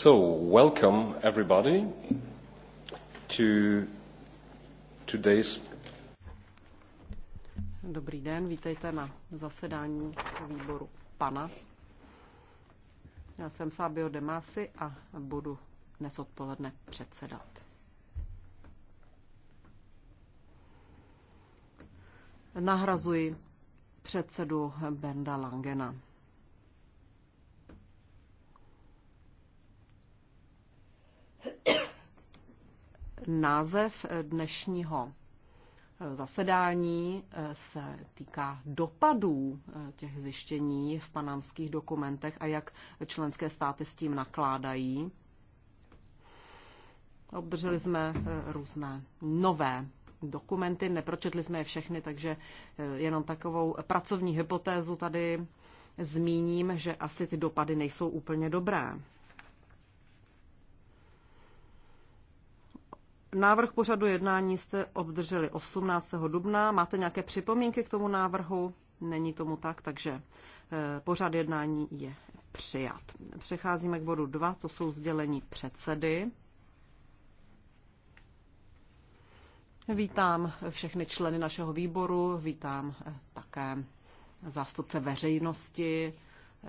So, welcome everybody to today's. Dobrý den, vítejte na zasedání výboru PANA. Já jsem Fabio De Masi a budu dnes odpoledne předsedat. Nahrazuji předsedu Benda Langena. Název dnešního eh, zasedání eh, se týká dopadů eh, těch zjištění v panamských dokumentech a jak členské státy s tím nakládají. Obdrželi jsme různé nové dokumenty, nepročetli jsme je všechny, takže jenom takovou pracovní hypotézu tady zmíním, že asi ty dopady nejsou úplně dobré. Návrh pořadu jednání jste obdrželi 18. dubna. Máte nějaké připomínky k tomu návrhu? Není tomu tak, takže eh, pořad jednání je přijat. Přecházíme k bodu 2, to jsou sdělení předsedy. Vítám všechny členy našeho výboru, vítám eh, také zástupce veřejnosti.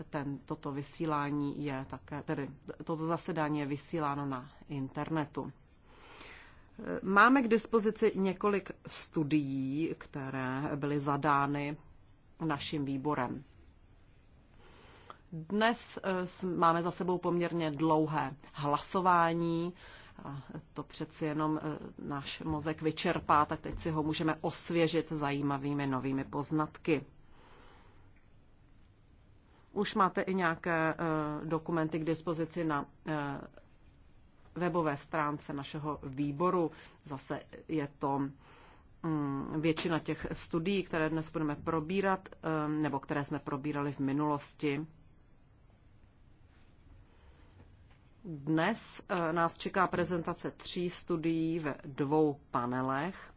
Ten, toto vysílání je také, tedy toto zasedání je vysíláno na internetu. Máme k dispozici několik studií, které byly zadány naším výborem. Dnes eh, máme za sebou poměrně dlouhé hlasování. To přeci jenom eh, náš mozek vyčerpá, tak teď si ho můžeme osvěžit zajímavými novými poznatky. Už máte i nějaké eh, dokumenty k dispozici na webové stránce našeho výboru. Zase je to mm, většina těch studií, které dnes budeme probírat, nebo které jsme probírali v minulosti. Dnes e, nás čeká prezentace tří studií ve dvou panelech.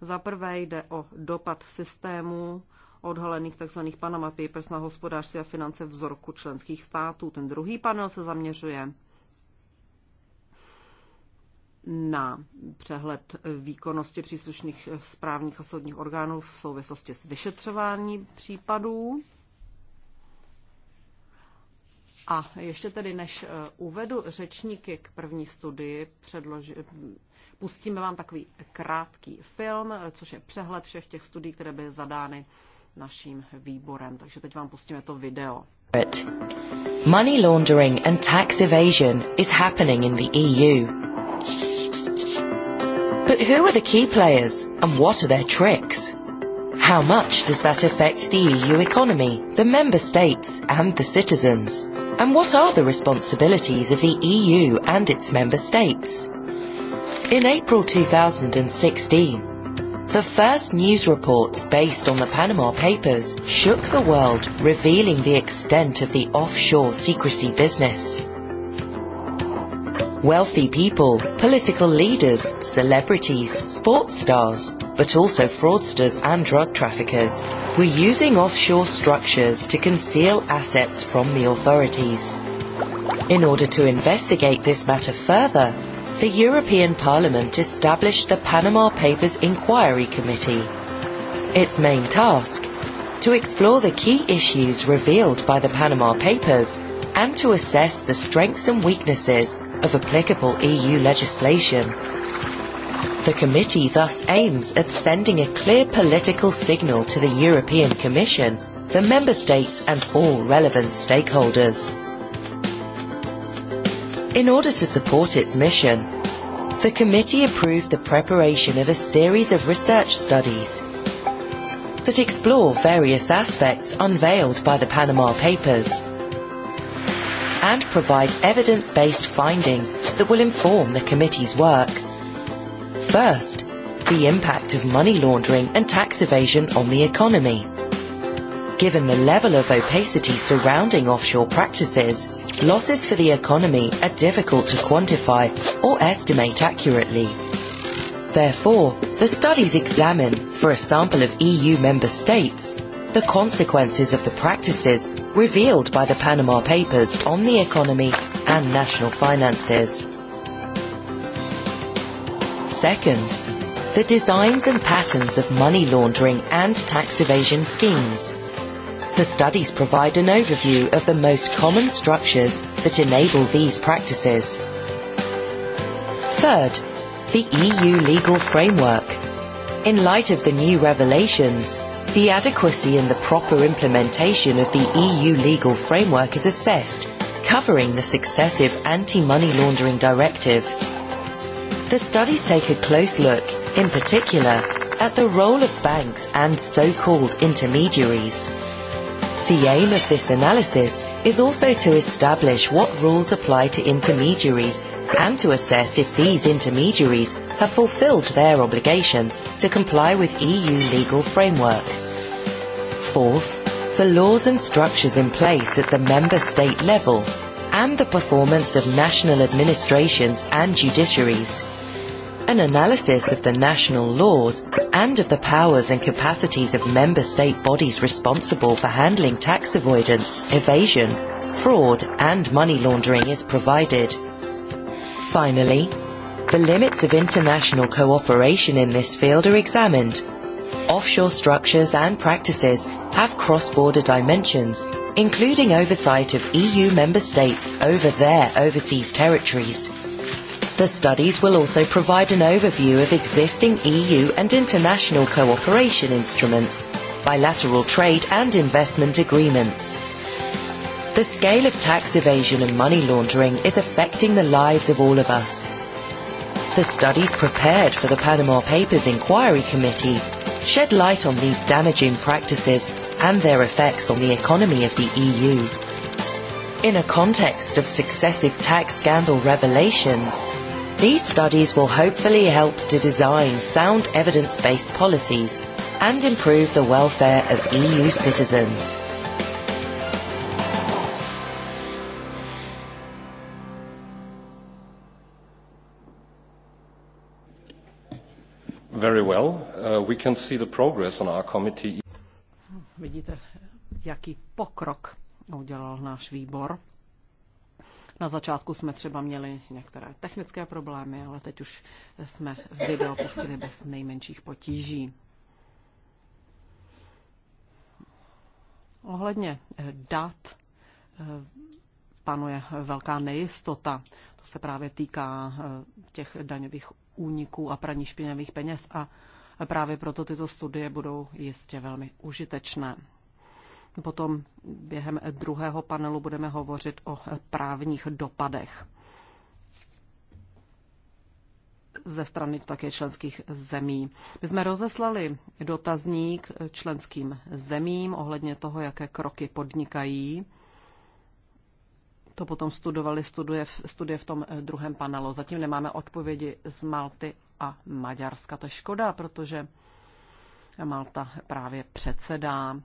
Za prvé jde o dopad systému odhalených tzv. Panama Papers na hospodářství a finance vzorku členských států. Ten druhý panel se zaměřuje na přehled výkonnosti příslušných správních a soudních orgánů v souvislosti s vyšetřováním případů. A ještě tedy, než eh, uvedu řečníky k první studii, předloži, pustíme vám takový krátký film, eh, což je přehled všech těch studií, které byly zadány naším výborem. Takže teď vám pustíme to video. Money laundering and tax evasion is happening in the EU. But who are the key players and what are their tricks? How much does that affect the EU economy, the member states and the citizens? And what are the responsibilities of the EU and its member states? In April 2016, the first news reports based on the Panama Papers shook the world, revealing the extent of the offshore secrecy business wealthy people, political leaders, celebrities, sports stars, but also fraudsters and drug traffickers. We're using offshore structures to conceal assets from the authorities. In order to investigate this matter further, the European Parliament established the Panama Papers Inquiry Committee. Its main task to explore the key issues revealed by the Panama Papers and to assess the strengths and weaknesses of applicable EU legislation. The committee thus aims at sending a clear political signal to the European Commission, the Member States and all relevant stakeholders. In order to support its mission, the committee approved the preparation of a series of research studies that explore various aspects unveiled by the Panama Papers and provide evidence-based findings that will inform the committee's work. First, the impact of money laundering and tax evasion on the economy. Given the level of opacity surrounding offshore practices, losses for the economy are difficult to quantify or estimate accurately. Therefore, the studies examine, for a sample of EU member states, the consequences of the practices revealed by the Panama Papers on the economy and national finances. Second, the designs and patterns of money laundering and tax evasion schemes. The studies provide an overview of the most common structures that enable these practices. Third, the EU legal framework. In light of the new revelations, the adequacy and the proper implementation of the EU legal framework is assessed, covering the successive anti-money laundering directives. The studies take a close look, in particular, at the role of banks and so-called intermediaries. The aim of this analysis is also to establish what rules apply to intermediaries and to assess if these intermediaries have fulfilled their obligations to comply with EU legal framework forth, the laws and structures in place at the member state level and the performance of national administrations and judiciaries. An analysis of the national laws and of the powers and capacities of member state bodies responsible for handling tax avoidance, evasion, fraud and money laundering is provided. Finally, the limits of international cooperation in this field are examined offshore structures and practices have cross-border dimensions, including oversight of EU member states over their overseas territories. The studies will also provide an overview of existing EU and international cooperation instruments, bilateral trade and investment agreements. The scale of tax evasion and money laundering is affecting the lives of all of us. The studies prepared for the Panama Papers Inquiry Committee shed light on these damaging practices and their effects on the economy of the EU. In a context of successive tax scandal revelations, these studies will hopefully help to design sound evidence-based policies and improve the welfare of EU citizens. very well. Uh, we can see the progress on our committee. Vidíte, jaký pokrok udělal náš výbor. Na začátku jsme třeba měli některé technické problémy, ale teď už jsme video pustili bez nejmenších potíží. Ohledně eh, dat eh, panuje velká nejistota. To se právě týká eh, těch daňových úniků a praní špinavých peněz a právě proto tyto studie budou jistě velmi užitečné. Potom během druhého panelu budeme hovořit o právních dopadech ze strany také členských zemí. My jsme rozeslali dotazník členským zemím ohledně toho, jaké kroky podnikají to potom studovali studie, studie v tom eh, druhém panelu. Zatím nemáme odpovědi z Malty a Maďarska. To je škoda, protože Malta právě předsedá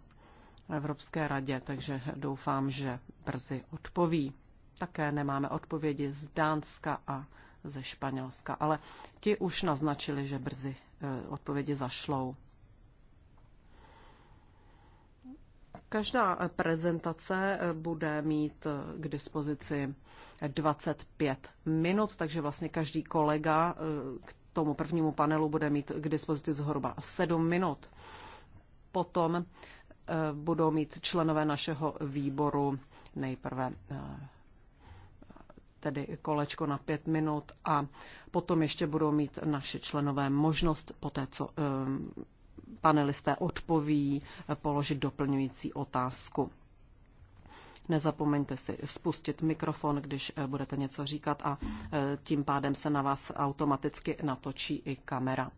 Evropské radě, takže doufám, že brzy odpoví. Také nemáme odpovědi z Dánska a ze Španělska, ale ti už naznačili, že brzy eh, odpovědi zašlou. Každá eh, prezentace eh, bude mít eh, k dispozici 25 minut, takže vlastně každý kolega k tomu prvnímu panelu bude mít k dispozici zhruba 7 minut. Potom budou mít členové našeho výboru nejprve tedy kolečko na pět minut a potom ještě budou mít naše členové možnost po té, co panelisté odpoví, eh, položit doplňující otázku. Nezapomeňte si spustit mikrofon, když eh, budete něco říkat a eh, tím pádem se na vás automaticky natočí i kamera.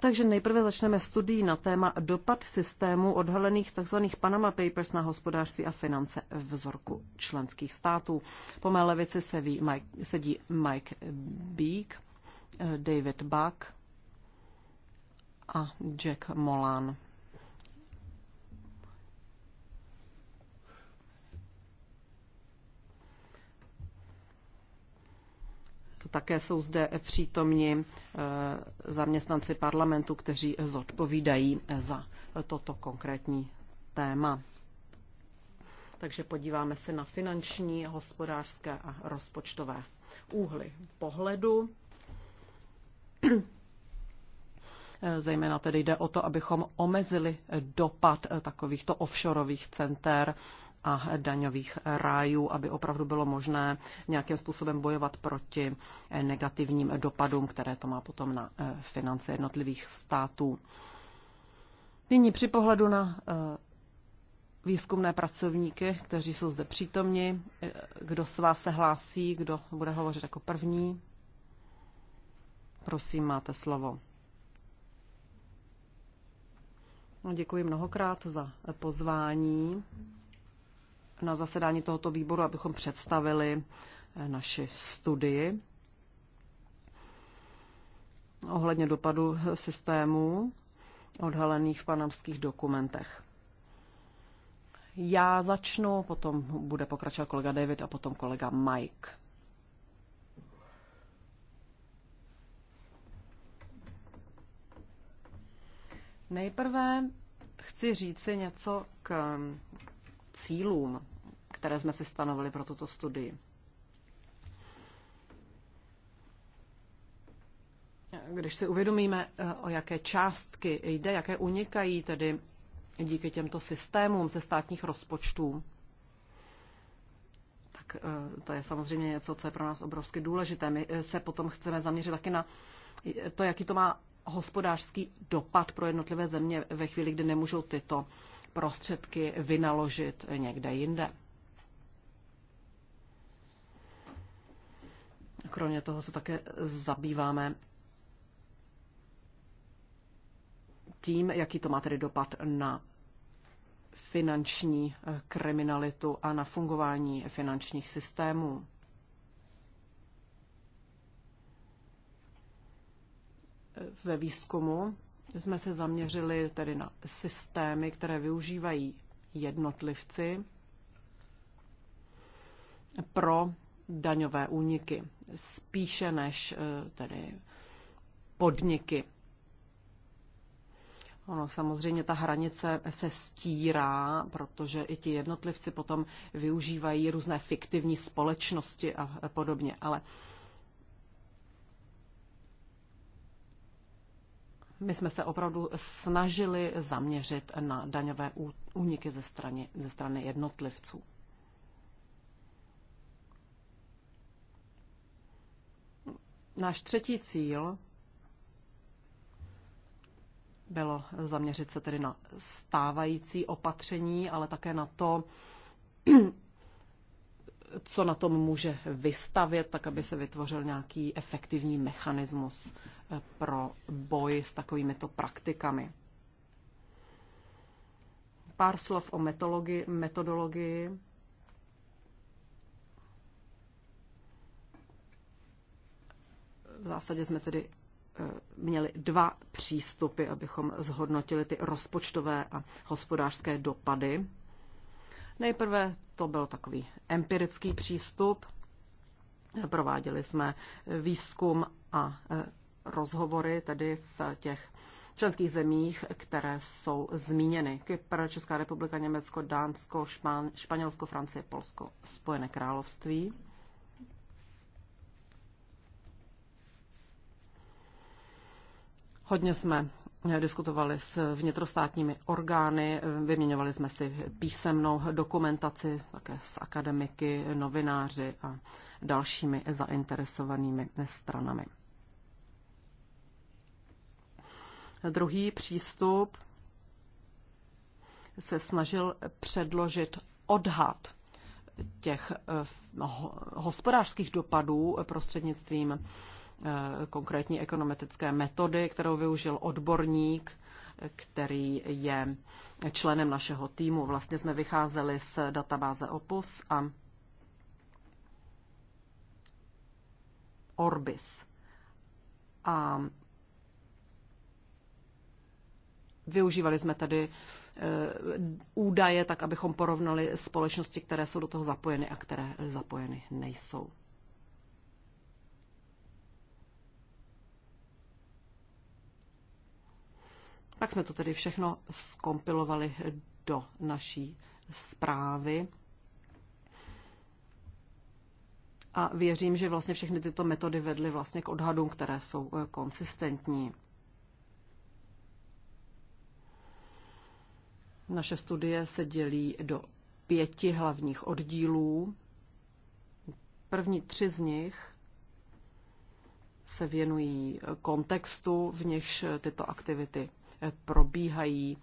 Takže nejprve začneme studií na téma dopad systému odhalených tzv. Panama Papers na hospodářství a finance v vzorku členských států. Po mé levici se ví Mike, sedí Mike Beek, David Buck, a Jack Molan. Také jsou zde přítomni eh, zaměstnanci parlamentu, kteří zodpovídají za toto konkrétní téma. Takže podíváme se na finanční, hospodářské a rozpočtové úhly pohledu. Eh, zejména tedy jde o to, abychom omezili dopad eh, takovýchto offshoreových center a daňových rájů, aby opravdu bylo možné nějakým způsobem bojovat proti eh, negativním dopadům, které to má potom na finance jednotlivých států. Nyní při pohledu na výzkumné pracovníky, kteří jsou zde přítomni. Kdo s vás se hlásí, kdo bude hovořit jako první? Prosím, máte slovo. No, děkuji mnohokrát za pozvání na zasedání tohoto výboru, abychom představili eh, naši studii ohledně dopadu eh, systému odhalených v panamských dokumentech. Já začnu, potom bude pokračovat kolega David a potom kolega Mike. Nejprve chci říci něco k um, cílům, které jsme si stanovili pro tuto studii. Když si uvědomíme, eh, o jaké částky jde, jaké unikají tedy díky těmto systémům ze státních rozpočtů, tak eh, to je samozřejmě něco, co je pro nás obrovsky důležité. My eh, se potom chceme zaměřit taky na to, jaký to má hospodářský dopad pro jednotlivé země ve chvíli, kdy nemůžou tyto prostředky vynaložit někde jinde. Kromě toho se také zabýváme tím, jaký to má tedy dopad na finanční kriminalitu a na fungování finančních systémů. ve výzkumu jsme se zaměřili tedy na systémy, které využívají jednotlivci pro daňové úniky, spíše než eh, tedy podniky. Ono samozřejmě ta hranice se stírá, protože i ti jednotlivci potom využívají různé fiktivní společnosti a podobně, ale My jsme se opravdu snažili zaměřit na daňové úniky ze strany, ze strany jednotlivců. Náš třetí cíl bylo zaměřit se tedy na stávající opatření, ale také na to, co na tom může vystavět, tak aby se vytvořil nějaký efektivní mechanismus pro boj s takovýmito praktikami. Pár slov o metodologii. metodologii. V zásadě jsme tedy eh, měli dva přístupy, abychom zhodnotili ty rozpočtové a hospodářské dopady. Nejprve to byl takový empirický přístup. Prováděli jsme výzkum a eh, rozhovory tedy v těch členských zemích, které jsou zmíněny. Kypr, Česká republika, Německo, Dánsko, Špán, Španělsko, Francie, Polsko, Spojené království. Hodně jsme diskutovali s vnitrostátními orgány, vyměňovali jsme si písemnou dokumentaci také s akademiky, novináři a dalšími zainteresovanými stranami. Druhý přístup se snažil předložit odhad těch eh, hospodářských dopadů prostřednictvím eh, konkrétní ekonometrické metody, kterou využil odborník, který je členem našeho týmu. Vlastně jsme vycházeli z databáze Opus a Orbis. A Využívali jsme tedy eh, údaje, tak abychom porovnali společnosti, které jsou do toho zapojeny a které zapojeny nejsou. Pak jsme to tedy všechno skompilovali do naší zprávy. A věřím, že vlastně všechny tyto metody vedly vlastně k odhadům, které jsou eh, konsistentní. Naše studie se dělí do pěti hlavních oddílů. První tři z nich se věnují kontextu, v nichž tyto aktivity probíhají,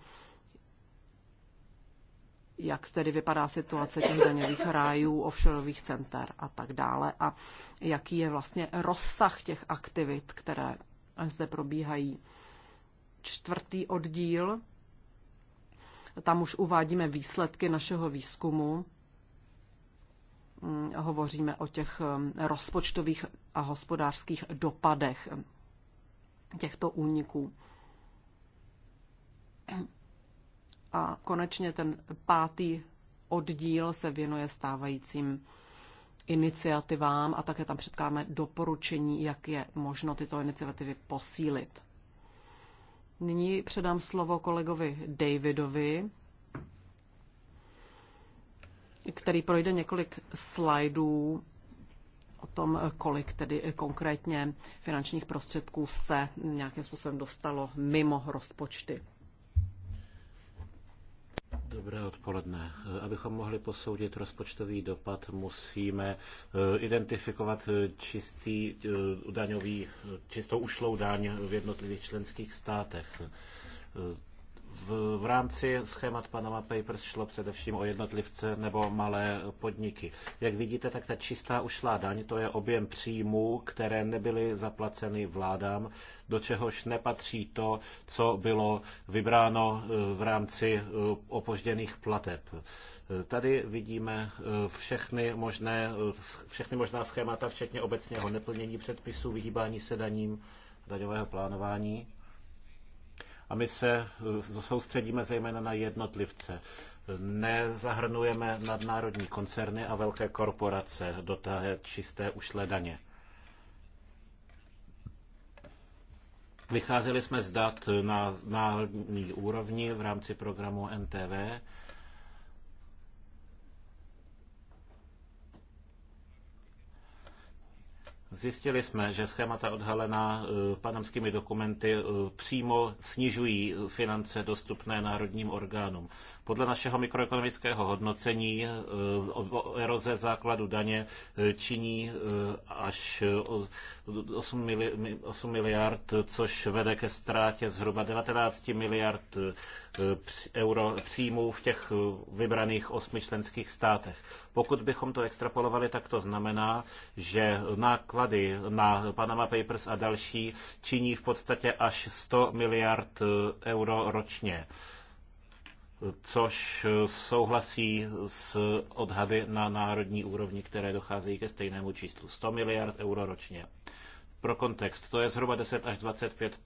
jak tedy vypadá situace těch daňových rájů, offshoreových center a tak dále a jaký je vlastně rozsah těch aktivit, které zde probíhají. Čtvrtý oddíl tam už uvádíme výsledky našeho výzkumu. Mm, hovoříme o těch mm, rozpočtových a hospodářských dopadech mm, těchto úniků. A konečně ten pátý oddíl se věnuje stávajícím iniciativám a také tam předkáme doporučení, jak je možno tyto iniciativy posílit. Nyní předám slovo kolegovi Davidovi, který projde několik slajdů o tom, kolik tedy konkrétně finančních prostředků se nějakým způsobem dostalo mimo rozpočty. Dobré odpoledne. Abychom mohli posoudit rozpočtový dopad, musíme eh, identifikovat eh, čistý eh, daňový, čistou ušlou daň v jednotlivých členských státech v, v rámci schémat Panama Papers šlo především o jednotlivce nebo malé podniky. Jak vidíte, tak ta čistá ušlá daň, to je objem příjmů, které nebyly zaplaceny vládám, do čehož nepatří to, co bylo vybráno eh, v rámci eh, opožděných plateb. Tady vidíme eh, všechny, možné, všechny možná schémata, včetně obecného neplnění předpisů, vyhýbání se daním, daňového plánování a my se eh, soustředíme zejména na jednotlivce. Nezahrnujeme nadnárodní koncerny a velké korporace do té čisté ušlé daně. Vycházeli jsme z dat na národní úrovni v rámci programu NTV Zjistili jsme, že schémata odhalená e, panamskými dokumenty e, přímo snižují finance dostupné národním orgánům. Podle našeho mikroekonomického hodnocení e, eroze základu daně činí až 8 miliard, což vede ke ztrátě zhruba 19 miliard euro příjmů v těch vybraných osmi členských státech. Pokud bychom to extrapolovali, tak to znamená, že náklad náklady na Panama Papers a další činí v podstatě až 100 miliard eh, euro ročně což eh, souhlasí s odhady na národní úrovni, které docházejí ke stejnému číslu 100 miliard euro ročně. Pro kontext, to je zhruba 10 až 25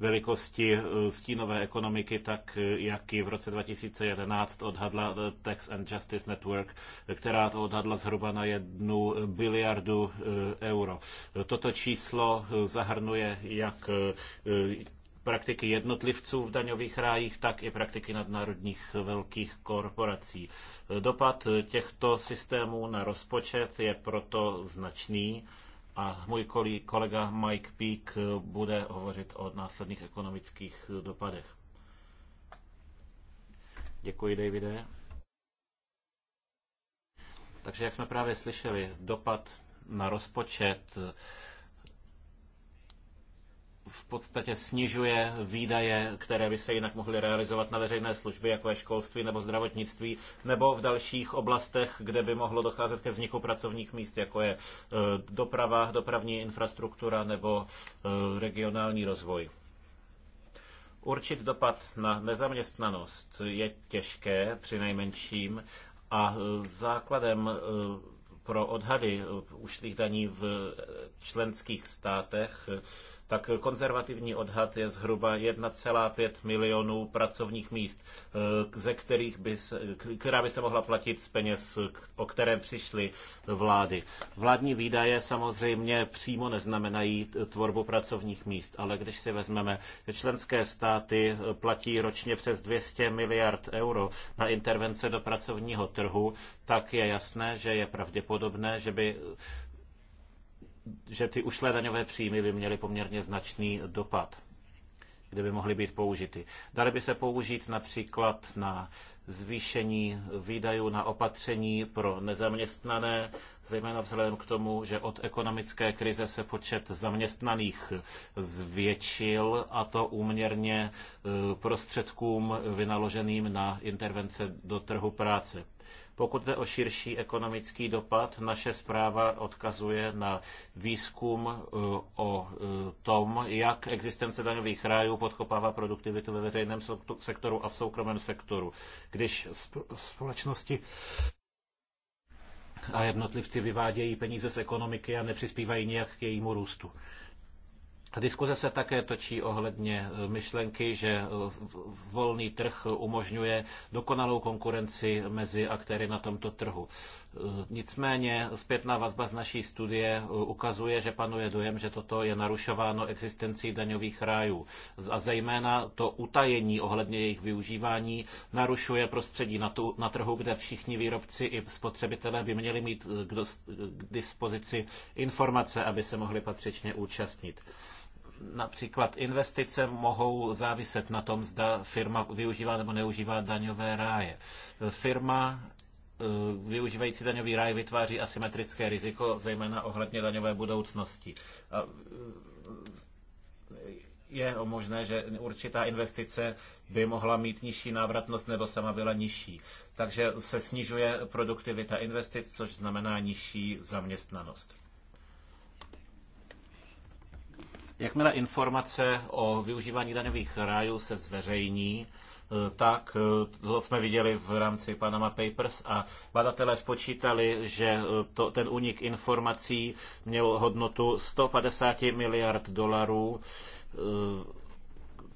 velikosti eh, stínové ekonomiky, tak eh, jak ji v roce 2011 odhadla eh, Tax and Justice Network, která to odhadla zhruba na jednu biliardu euro. Toto číslo zahrnuje jak praktiky jednotlivců v daňových rájích, tak i praktiky nadnárodních velkých korporací. Dopad těchto systémů na rozpočet je proto značný a můj kolega Mike Peak bude hovořit o následných ekonomických dopadech. Děkuji, Davide. Takže jak jsme právě slyšeli, dopad na rozpočet v podstatě snižuje výdaje, které by se jinak mohly realizovat na veřejné služby, jako je školství nebo zdravotnictví, nebo v dalších oblastech, kde by mohlo docházet ke vzniku pracovních míst, jako je e, doprava, dopravní infrastruktura nebo e, regionální rozvoj. Určit dopad na nezaměstnanost je těžké, při nejmenším, a e, základem pro odhady ušlých daní v členských státech tak konzervativní odhad je zhruba 1,5 milionů pracovních míst, eh, ze kterých by se, která by se mohla platit z peněz, o které přišly vlády. Vládní výdaje samozřejmě přímo neznamenají tvorbu pracovních míst, ale když si vezmeme, že členské státy platí ročně přes 200 miliard euro na intervence do pracovního trhu, tak je jasné, že je pravděpodobné, že by že ty ušlé daňové příjmy by měly poměrně značný dopad, kde by mohly být použity. Dali by se použít například na zvýšení výdajů na opatření pro nezaměstnané, zejména vzhledem k tomu, že od ekonomické krize se počet zaměstnaných zvětšil a to úměrně eh, prostředkům vynaloženým na intervence do trhu práce. Pokud jde o širší ekonomický dopad, naše zpráva odkazuje na výzkum e, o e, tom, jak existence daňových rájů podchopává produktivitu ve veřejném sektoru a v soukromém sektoru. Když společnosti a jednotlivci vyvádějí peníze z ekonomiky a nepřispívají nijak k jejímu růstu. Diskuze se také točí ohledně eh, myšlenky, že eh, volný trh umožňuje dokonalou konkurenci mezi aktéry na tomto trhu. Eh, nicméně zpětná vazba z naší studie ukazuje, že panuje dojem, že toto je narušováno existencí daňových rájů. A zejména to utajení ohledně jejich využívání narušuje prostředí na, tu, na trhu, kde všichni výrobci i spotřebitelé by měli mít k, k dispozici informace, aby se mohli patřičně účastnit například investice mohou záviset na tom, zda firma využívá nebo neužívá daňové ráje. Firma eh, využívající daňový ráj vytváří asymetrické riziko, zejména ohledně daňové budoucnosti. A eh, je možné, že určitá investice by mohla mít nižší návratnost nebo sama byla nižší. Takže se snižuje produktivita investic, což znamená nižší zaměstnanost. Jakmile informace o využívání daňových rájů se zveřejní, eh, tak eh, to jsme viděli v rámci Panama Papers a badatelé spočítali, že eh, to, ten únik informací měl hodnotu 150 miliard dolarů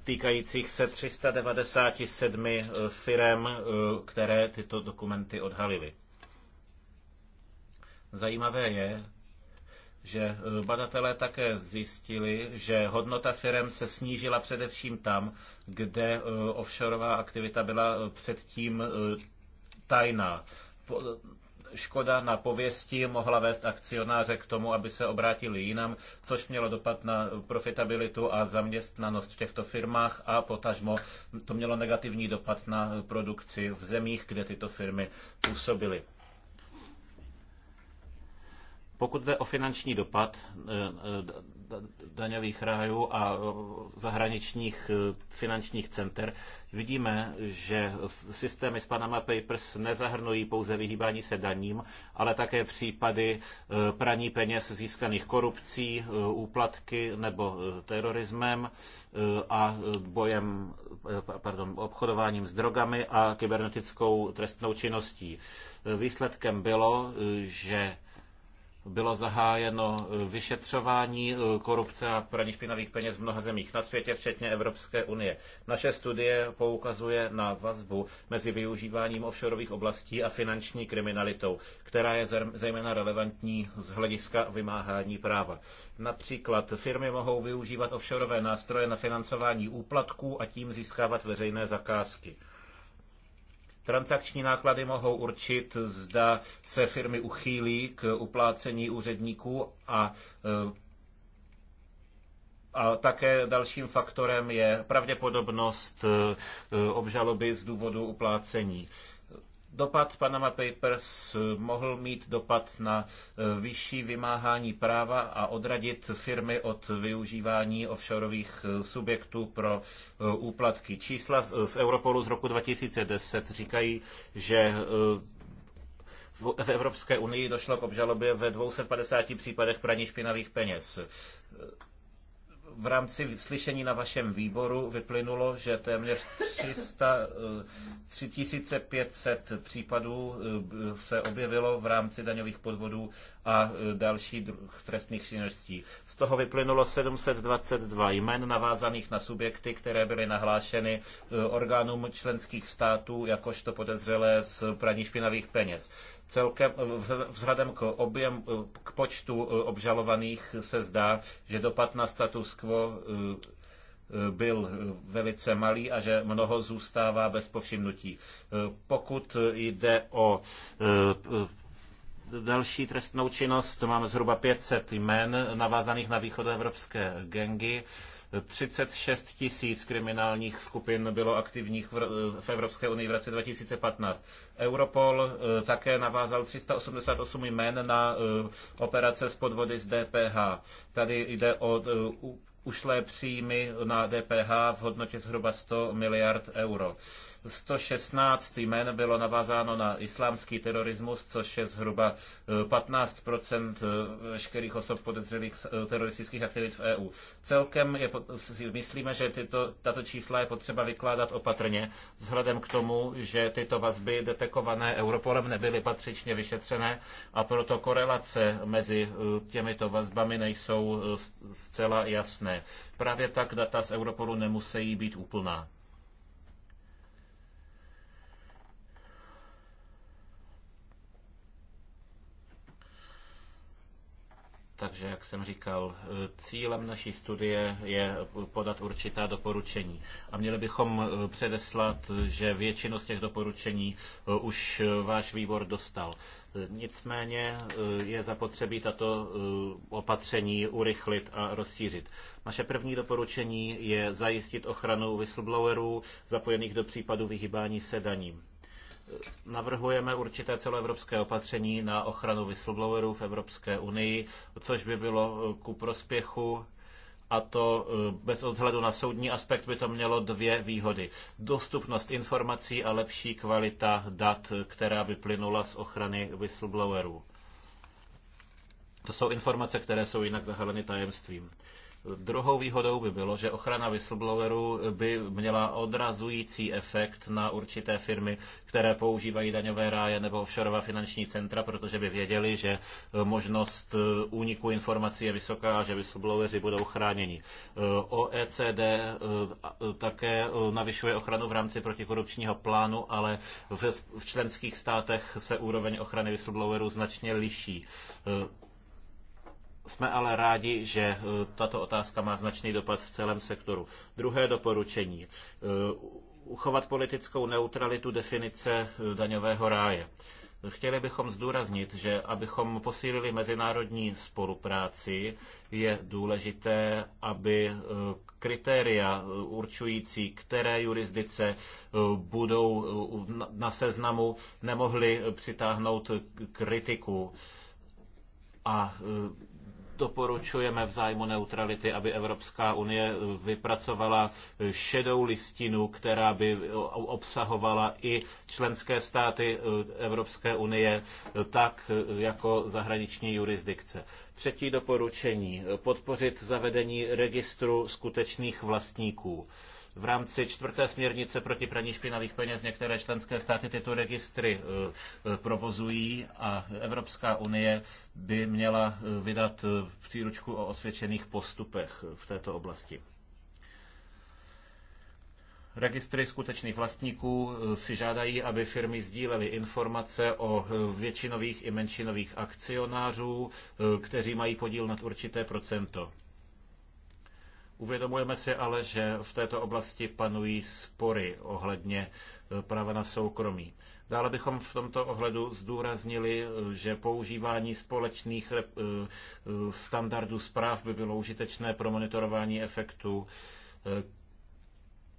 týkajících se 397 firem, které tyto dokumenty odhalily. Zajímavé je, že eh, badatelé také zjistili, že hodnota firm se snížila především tam, kde eh, offshoreová aktivita byla eh, předtím tajná. Škoda na pověsti mohla vést akcionáře k tomu, aby se obrátili jinam, což mělo dopad na profitabilitu a zaměstnanost v těchto firmách a potažmo to mělo negativní dopad na produkci v zemích, kde tyto firmy působily. Pokud jde o finanční dopad eh, eh, daňových rájů a zahraničních eh, finančních center, vidíme, že systémy z Panama Papers nezahrnují pouze vyhýbání se daním, ale také případy praní peněz získaných korupcí, úplatky nebo terorismem a bojem, pardon, obchodováním s drogami a kybernetickou trestnou činností. Výsledkem bylo, že bylo zahájeno eh, vyšetřování eh, korupce a praní špinavých peněz v mnoha zemích na světě, včetně Evropské unie. Naše studie poukazuje na vazbu mezi využíváním offshoreových oblastí a finanční kriminalitou, která je zejména relevantní z hlediska vymáhání práva. Například firmy mohou využívat offshoreové nástroje na financování úplatků a tím získávat veřejné zakázky. Transakční náklady mohou určit, zda se firmy uchýlí k uplácení úředníků a eh, a také dalším faktorem je pravděpodobnost eh, obžaloby z důvodu uplácení. Dopad Panama Papers mohl mít dopad na eh, vyšší vymáhání práva a odradit firmy od využívání offshoreových eh, subjektů pro eh, úplatky. Čísla z Europolu z roku 2010 říkají, že v Evropské unii došlo k obžalobě ve 250 případech praní špinavých peněz v rámci slyšení na vašem výboru vyplynulo, že téměř 300, 3500 eh, případů eh, se objevilo v rámci daňových podvodů a eh, dalších trestných činností. Z toho vyplynulo 722 jmen navázaných na subjekty, které byly nahlášeny orgánům členských států jakožto podezřelé z praní špinavých peněz. Celkem, eh, vzhledem k, objem, eh, k počtu eh, obžalovaných se zdá, že dopad na status quo byl velice malý a že mnoho zůstává bez povšimnutí. Pokud jde o další trestnou činnost, máme zhruba 500 jmen navázaných na východoevropské gengy. 36 tisíc kriminálních skupin bylo aktivních v Evropské unii v roce 2015. Europol eh, také navázal 388 jmén na eh, operace s podvody z DPH. Tady jde o eh, ušlé příjmy na DPH v hodnotě zhruba 100 miliard euro. 116 jmen bylo navázáno na islámský terorismus, což je zhruba 15 eh, eh, veškerých osob podezřelých z eh, teroristických aktivit v EU. Celkem je, myslíme, že tyto, tato čísla je potřeba vykládat opatrně, vzhledem k tomu, že tyto vazby detekované Europolem nebyly patřičně vyšetřené a proto korelace mezi těmito vazbami nejsou zcela jasné. Právě tak data z Europolu nemusí být úplná. Takže, jak jsem říkal, e, cílem naší studie je podat určitá doporučení. A měli bychom e, předeslat, že většinu z těch doporučení e, už váš výbor dostal. Nicméně je zapotřebí tato opatření urychlit a rozšířit. Naše první doporučení je zajistit ochranu whistleblowerů zapojených do případu vyhýbání se daním navrhujeme určité celoevropské opatření na ochranu whistleblowerů v Evropské unii, což by bylo eh, ku prospěchu a to eh, bez ohledu na soudní aspekt by to mělo dvě výhody. Dostupnost informací a lepší kvalita dat, která by plynula z ochrany whistleblowerů. To jsou informace, které jsou jinak zahaleny tajemstvím. Druhou výhodou by bylo, že ochrana whistleblowerů by měla odrazující efekt na určité firmy, které používají daňové ráje nebo offshoreová finanční centra, protože by věděli, že možnost eh, úniku informací je vysoká a že whistlebloweri budou chráněni. Eh, OECD eh, také navyšuje ochranu v rámci protikorupčního plánu, ale v členských státech se úroveň ochrany whistleblowerů značně liší. Jsme ale rádi, že e, tato otázka má značný dopad v celém sektoru. Druhé doporučení. E, uchovat politickou neutralitu definice e, daňového ráje. Chtěli bychom zdůraznit, že abychom posílili mezinárodní spolupráci, je důležité, aby kritéria určující, které jurisdice budou na seznamu, nemohly přitáhnout kritiku a doporučujeme v zájmu neutrality, aby Evropská unie vypracovala šedou listinu, která by obsahovala i členské státy Evropské unie, tak jako zahraniční jurisdikce. Třetí doporučení. Podpořit zavedení registru skutečných vlastníků. V rámci čtvrté směrnice proti praní špinavých peněz některé členské státy tyto registry eh, eh, provozují a Evropská unie by měla eh, vydat příručku o osvědčených postupech v této oblasti. Registry skutečných vlastníků si žádají, aby firmy sdílely informace o většinových i menšinových akcionářů, kteří mají podíl nad určité procento. Uvědomujeme si ale, že v této oblasti panují spory ohledně eh, práva na soukromí. Dále bychom v tomto ohledu zdůraznili, eh, že používání společných eh, standardů zpráv by bylo užitečné pro monitorování efektů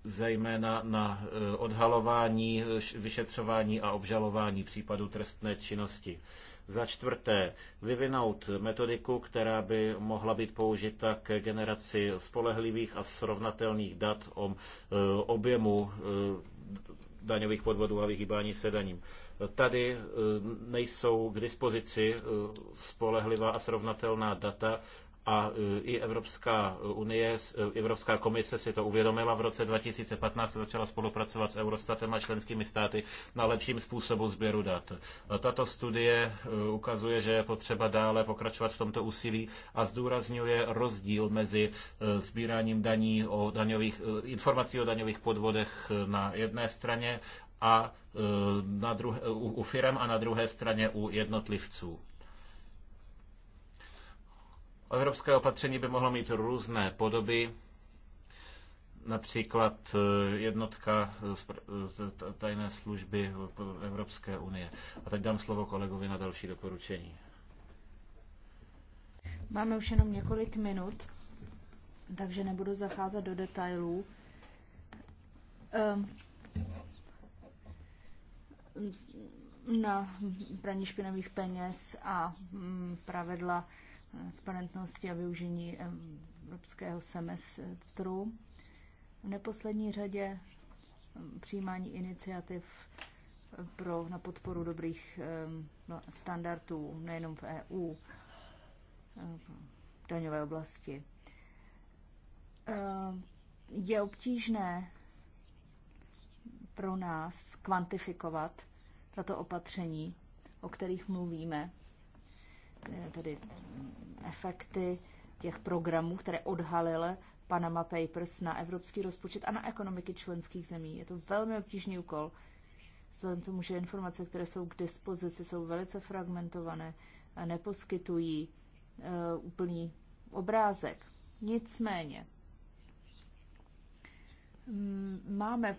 zejména na odhalování, vyšetřování a obžalování případů trestné činnosti. Za čtvrté, vyvinout metodiku, která by mohla být použita k generaci spolehlivých a srovnatelných dat o e, objemu e, daňových podvodů a vyhýbání se daním. Tady e, nejsou k dispozici spolehlivá a srovnatelná data a e, i Evropská unie, e, Evropská komise si to uvědomila v roce 2015 a začala spolupracovat s Eurostatem a členskými státy na lepším způsobu sběru dat. E, tato studie ukazuje, že je potřeba dále pokračovat v tomto úsilí a zdůrazňuje rozdíl mezi sbíráním daní o daňových, informací o daňových podvodech na jedné straně a na druhé, u, u firm a na druhé straně u jednotlivců. Evropské opatření by mohlo mít různé podoby, například eh, jednotka tajné služby Evropské unie. A teď dám slovo kolegovi na další doporučení. Máme už jenom několik minut, takže nebudu zacházet do detailů. Ehm, na praní špinavých peněz a mm, pravidla transparentnosti a využení evropského semestru. V neposlední řadě eh, přijímání iniciativ eh, pro, na podporu dobrých eh, no, standardů nejenom v EU, v daňové oblasti. Je obtížné pro nás kvantifikovat tato opatření, o kterých mluvíme, Eh, tedy efekty těch programů, které odhalil Panama Papers na evropský rozpočet a na ekonomiky členských zemí. Je to velmi obtížný úkol, vzhledem tomu, že informace, které jsou k dispozici, jsou velice fragmentované a neposkytují uh, úplný obrázek. Nicméně, mm, máme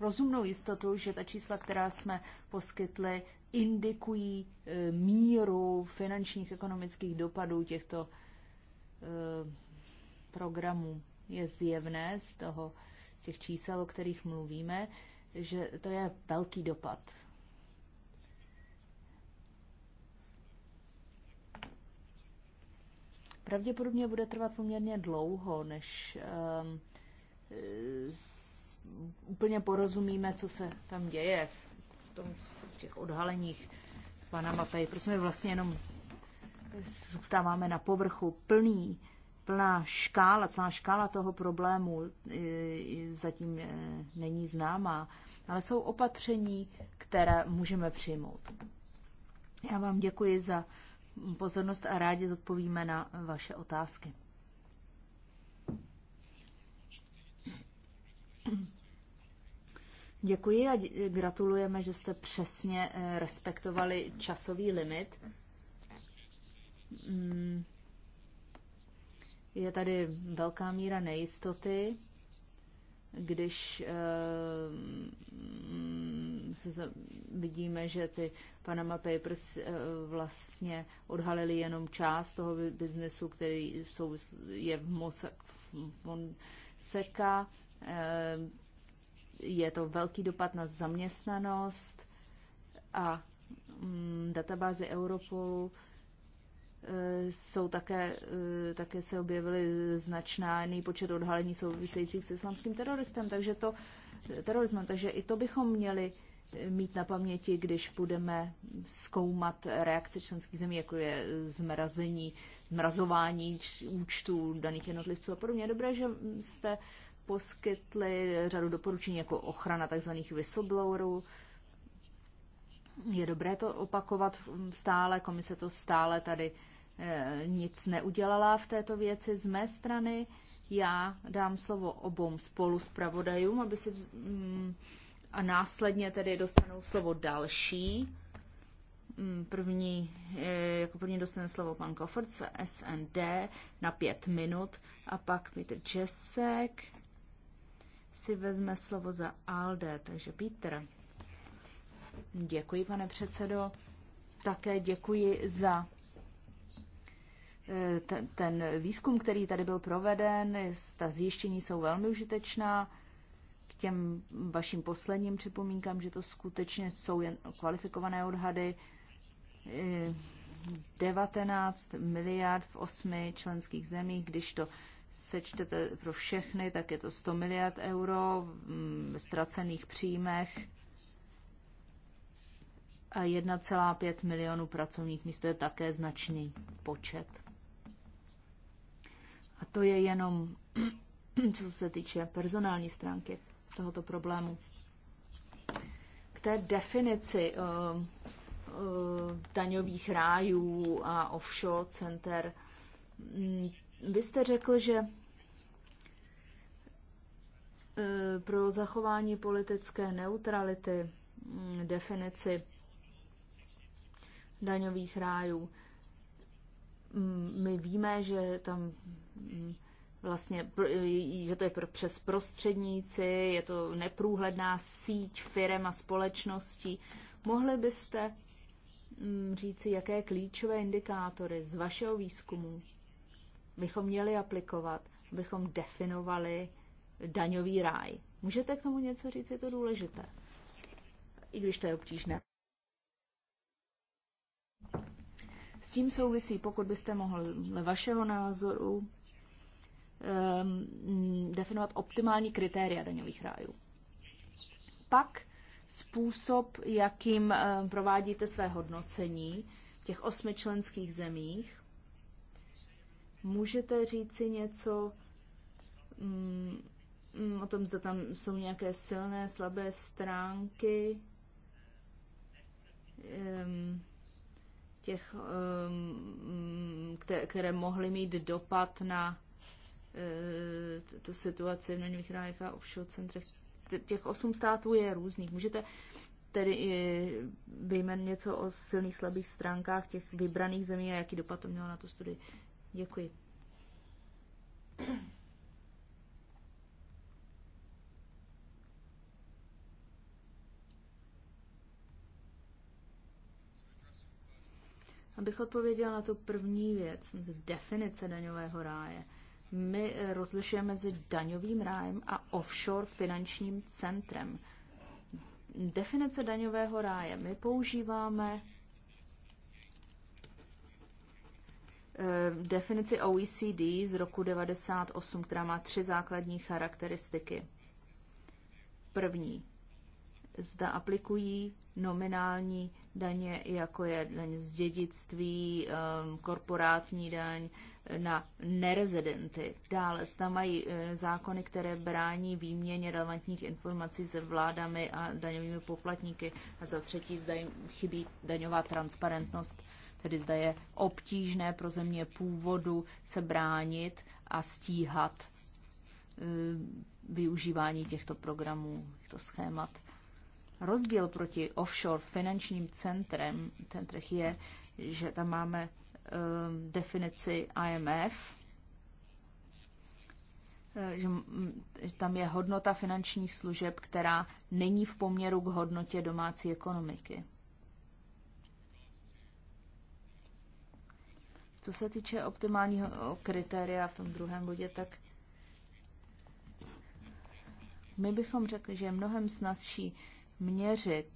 rozumnou jistotu, že ta čísla, která jsme poskytli, indikují eh, míru finančních ekonomických dopadů těchto eh, programů. Je zjevné z toho, z těch čísel, o kterých mluvíme, že to je velký dopad. Pravděpodobně bude trvat poměrně dlouho, než um, s, úplně porozumíme, co se tam děje v tom těch odhaleních Panama protože my vlastně jenom zůstáváme na povrchu plný, plná škála, celá škála toho problému e, zatím e, není známá, ale jsou opatření, které můžeme přijmout. Já vám děkuji za pozornost a rádi zodpovíme na vaše otázky. Děkuji a gratulujeme, že jste přesně eh, respektovali časový limit. Hmm. Je tady velká míra nejistoty, když eh, se vidíme, že ty Panama Papers eh, vlastně odhalili jenom část toho biznesu, který jsou, je v Mossack Fonseca je to velký dopad na zaměstnanost a mm, databázy Europolu e, jsou také, e, také se objevily značná počet odhalení souvisejících s islamským teroristem, takže to, terorismem, takže i to bychom měli e, mít na paměti, když budeme zkoumat reakce členských zemí, jako je zmrazení, zmrazování účtů daných jednotlivců a podobně. Je dobré, že jste poskytli řadu doporučení jako ochrana tzv. whistleblowerů. Je dobré to opakovat stále, komise to stále tady eh, nic neudělala v této věci z mé strany. Já dám slovo obou spolu zpravodajům, aby si vz... Mm, a následně tedy dostanou slovo další. Mm, první, eh, jako první dostane slovo pan Kofort z SND na pět minut a pak Peter Česek si vezme slovo za ALDE, takže Pítr. Děkuji, pane předsedo. Také děkuji za eh, ten výzkum, který tady byl proveden, ta zjištění jsou velmi užitečná. K těm vašim posledním připomínkám, že to skutečně jsou jen kvalifikované odhady. 19 eh, miliard v osmi členských zemích, když to sečtete pro všechny, tak je to 100 miliard euro v ztracených příjmech a 1,5 milionů pracovních míst. To je také značný počet. A to je jenom, co se týče personální stránky tohoto problému. K té definici uh, uh, daňových rájů a offshore center mm, vy jste řekl, že e, pro zachování politické neutrality mm, definici daňových rájů. Mm, my víme, že tam mm, vlastně, že to je přes prostředníci, je to neprůhledná síť firem a společností. Mohli byste říci, jaké klíčové indikátory z vašeho výzkumu bychom měli aplikovat, bychom definovali daňový ráj. Můžete k tomu něco říct, je to důležité, i když to je obtížné. S tím souvisí, pokud byste mohl dle vašeho názoru um, definovat optimální kritéria daňových rájů. Pak způsob, jakým um, provádíte své hodnocení v těch osmi členských zemích, Můžete říci něco mm, mm, o tom, zda tam jsou nějaké silné, slabé stránky těch, mm, které mohly mít dopad na e, tu situaci v daňových rájech a offshore centrech. Těch osm států je různých. Můžete tedy e, vyjmen něco o silných, slabých stránkách těch vybraných zemí a jaký dopad to mělo na tu studii. Děkuji. Abych odpověděl na tu první věc, definice daňového ráje. My eh, rozlišujeme mezi daňovým rájem a offshore finančním centrem. Definice daňového ráje. My používáme Eh, definici OECD z roku 1998, která má tři základní charakteristiky. První, zda aplikují nominální daně, jako je daň z dědictví, eh, korporátní daň eh, na nerezidenty. Dále zda mají zákony, které brání výměně relevantních informací se vládami a daňovými poplatníky. A za třetí zda jim chybí daňová transparentnost tedy zda je obtížné pro země původu se bránit a stíhat e, využívání těchto programů, těchto schémat. Rozdíl proti offshore finančním centrem, centrech je, že tam máme e, definici IMF, e, že tam je hodnota finančních služeb, která není v poměru k hodnotě domácí ekonomiky. Co se týče optimálního kritéria v tom druhém bodě, tak my bychom řekli, že je mnohem snazší měřit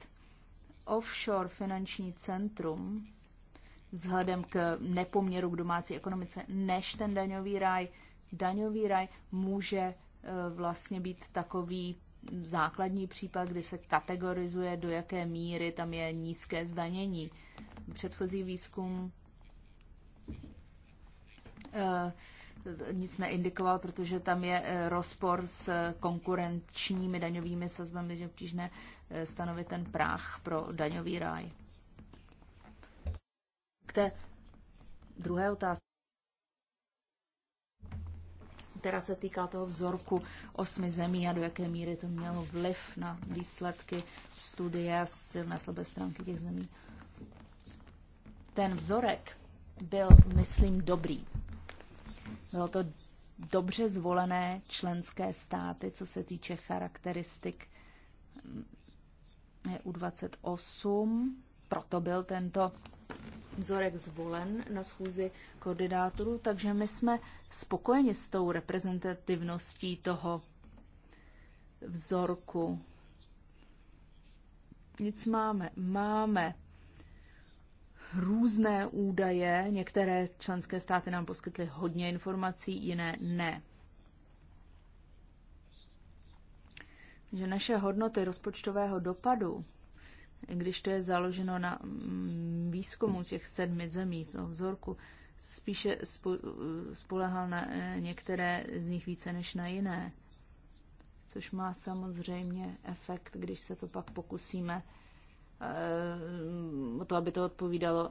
offshore finanční centrum vzhledem k nepoměru k domácí ekonomice, než ten daňový ráj. Daňový ráj může e, vlastně být takový základní případ, kdy se kategorizuje, do jaké míry tam je nízké zdanění. Předchozí výzkum Eh, nic neindikoval, protože tam je eh, rozpor s konkurenčními daňovými sazbami, že obtížné eh, stanovit ten práh pro daňový ráj. K té druhé otázce, která se týká toho vzorku osmi zemí a do jaké míry to mělo vliv na výsledky studie a silné slabé stránky těch zemí. Ten vzorek byl, myslím, dobrý bylo to dobře zvolené členské státy, co se týče charakteristik mm, EU28. Proto byl tento vzorek zvolen na schůzi koordinátorů, takže my jsme spokojeni s tou reprezentativností toho vzorku. Nic máme. Máme různé údaje. Některé členské státy nám poskytly hodně informací, jiné ne. Že naše hodnoty rozpočtového dopadu, když to je založeno na mm, výzkumu těch sedmi zemí, toho vzorku, spíše spolehal na eh, některé z nich více než na jiné. Což má samozřejmě efekt, když se to pak pokusíme Eh, o to, aby to odpovídalo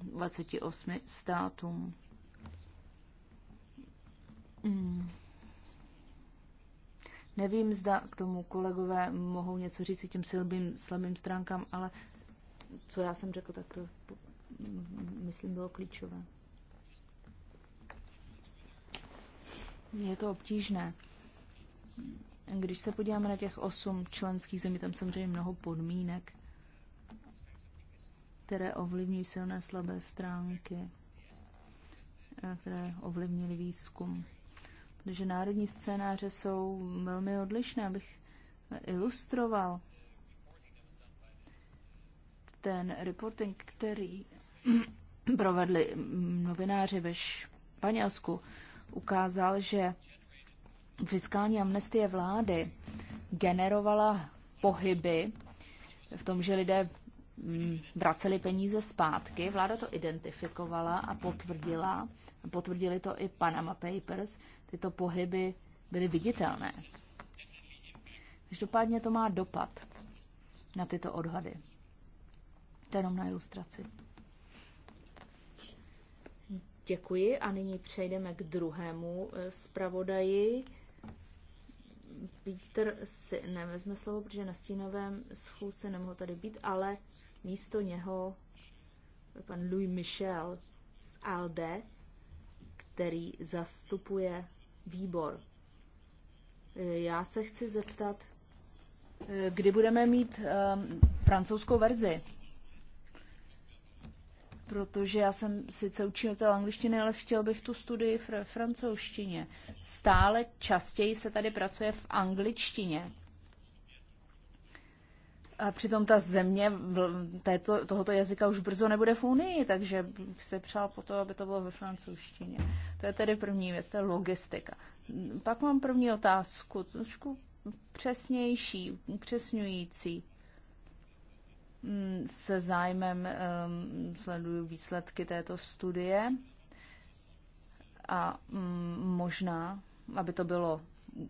28 mm, mm, státům. Mm. Nevím, zda k tomu kolegové mohou něco říct těm silbým, slabým stránkám, ale co já jsem řekl, tak to myslím bylo klíčové. Je to obtížné. Když se podíváme na těch osm členských zemí, tam samozřejmě mnoho podmínek které ovlivňují silné slabé stránky, eh, které ovlivnily výzkum. Protože národní scénáře jsou velmi odlišné, abych ilustroval ten reporting, který provedli novináři ve Španělsku, ukázal, že fiskální amnestie vlády generovala pohyby v tom, že lidé Mm, vraceli peníze zpátky. Vláda to identifikovala a potvrdila. Potvrdili to i Panama Papers. Tyto pohyby byly viditelné. Každopádně to má dopad na tyto odhady. To jenom na ilustraci. Děkuji a nyní přejdeme k druhému eh, zpravodaji. Peter si nevezme slovo, protože na stínovém schůzce nemohl tady být, ale místo něho pan Louis Michel z ALDE, který zastupuje výbor. E, já se chci zeptat, e, kdy budeme mít um, francouzskou verzi? Protože já jsem sice učitel angličtiny, ale chtěl bych tu studii v francouzštině. Stále častěji se tady pracuje v angličtině. A přitom ta země této, tohoto jazyka už brzo nebude v Unii, takže bych se přál po to, aby to bylo ve francouzštině. To je tedy první věc, to je logistika. Pak mám první otázku, trošku přesnější, upřesňující. Hmm, se zájmem um, sleduju výsledky této studie a um, možná, aby to bylo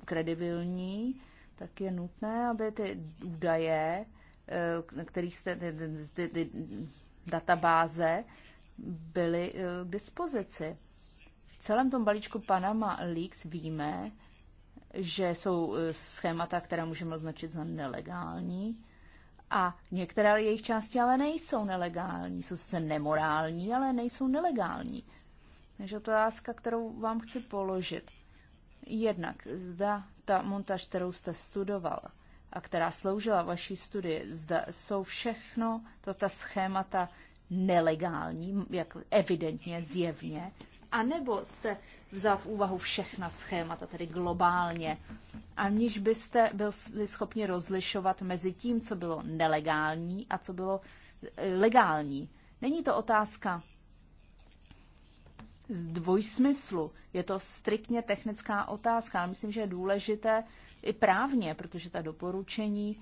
kredibilní, tak je nutné, aby ty údaje Eh, který jste, ty, ty, ty databáze byly eh, k dispozici. V celém tom balíčku Panama Leaks víme, že jsou eh, schémata, která můžeme označit za nelegální, a některé jejich části ale nejsou nelegální. Jsou sice nemorální, ale nejsou nelegální. Takže to je otázka, kterou vám chci položit. Jednak, zda ta montáž, kterou jste studoval, a která sloužila vaší studii, zda jsou všechno tato ta schémata nelegální, jak evidentně, zjevně, anebo jste vzal v úvahu všechna schémata, tedy globálně, aniž byste byli schopni rozlišovat mezi tím, co bylo nelegální a co bylo e, legální. Není to otázka z dvojsmyslu, je to striktně technická otázka, ale myslím, že je důležité i právně, protože ta doporučení,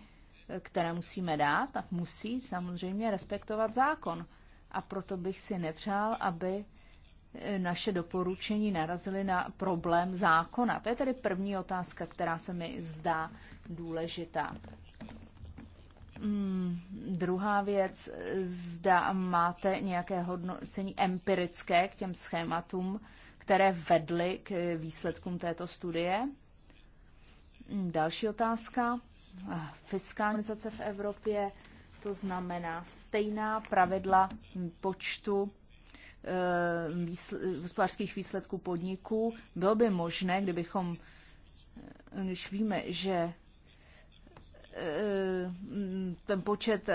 které musíme dát, tak musí samozřejmě respektovat zákon. A proto bych si nepřál, aby e, naše doporučení narazily na problém zákona. To je tedy první otázka, která se mi zdá důležitá. Hmm, druhá věc, e, zda máte nějaké hodnocení empirické k těm schématům, které vedly k e, výsledkům této studie? Mm, další otázka. Eh, fiskalizace v Evropě, to znamená stejná pravidla počtu eh, výsl- výsledků podniků. Bylo by možné, kdybychom, eh, když víme, že ten počet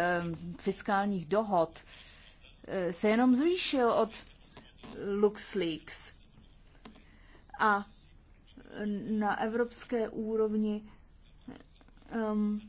fiskálních dohod se jenom zvýšil od LuxLeaks. A na evropské úrovni um,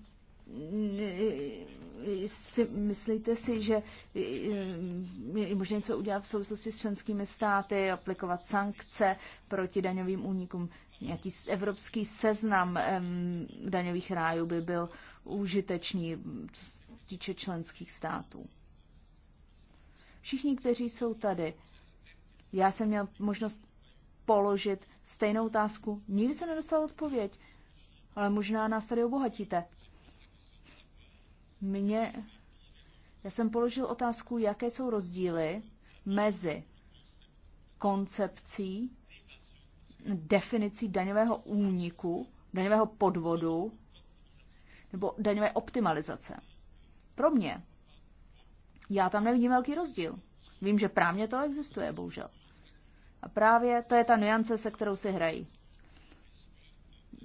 si, myslíte si, že um, je možné něco udělat v souvislosti s členskými státy, aplikovat sankce proti daňovým únikům? Nějaký evropský seznam um, daňových rájů by byl užitečný, co se týče členských států. Všichni, kteří jsou tady, já jsem měl možnost položit stejnou otázku. Nikdy jsem nedostal odpověď, ale možná nás tady obohatíte. Mně, já jsem položil otázku, jaké jsou rozdíly mezi koncepcí, definicí daňového úniku, daňového podvodu nebo daňové optimalizace. Pro mě, já tam nevidím velký rozdíl. Vím, že právně to existuje, bohužel. A právě to je ta nuance, se kterou si hrají.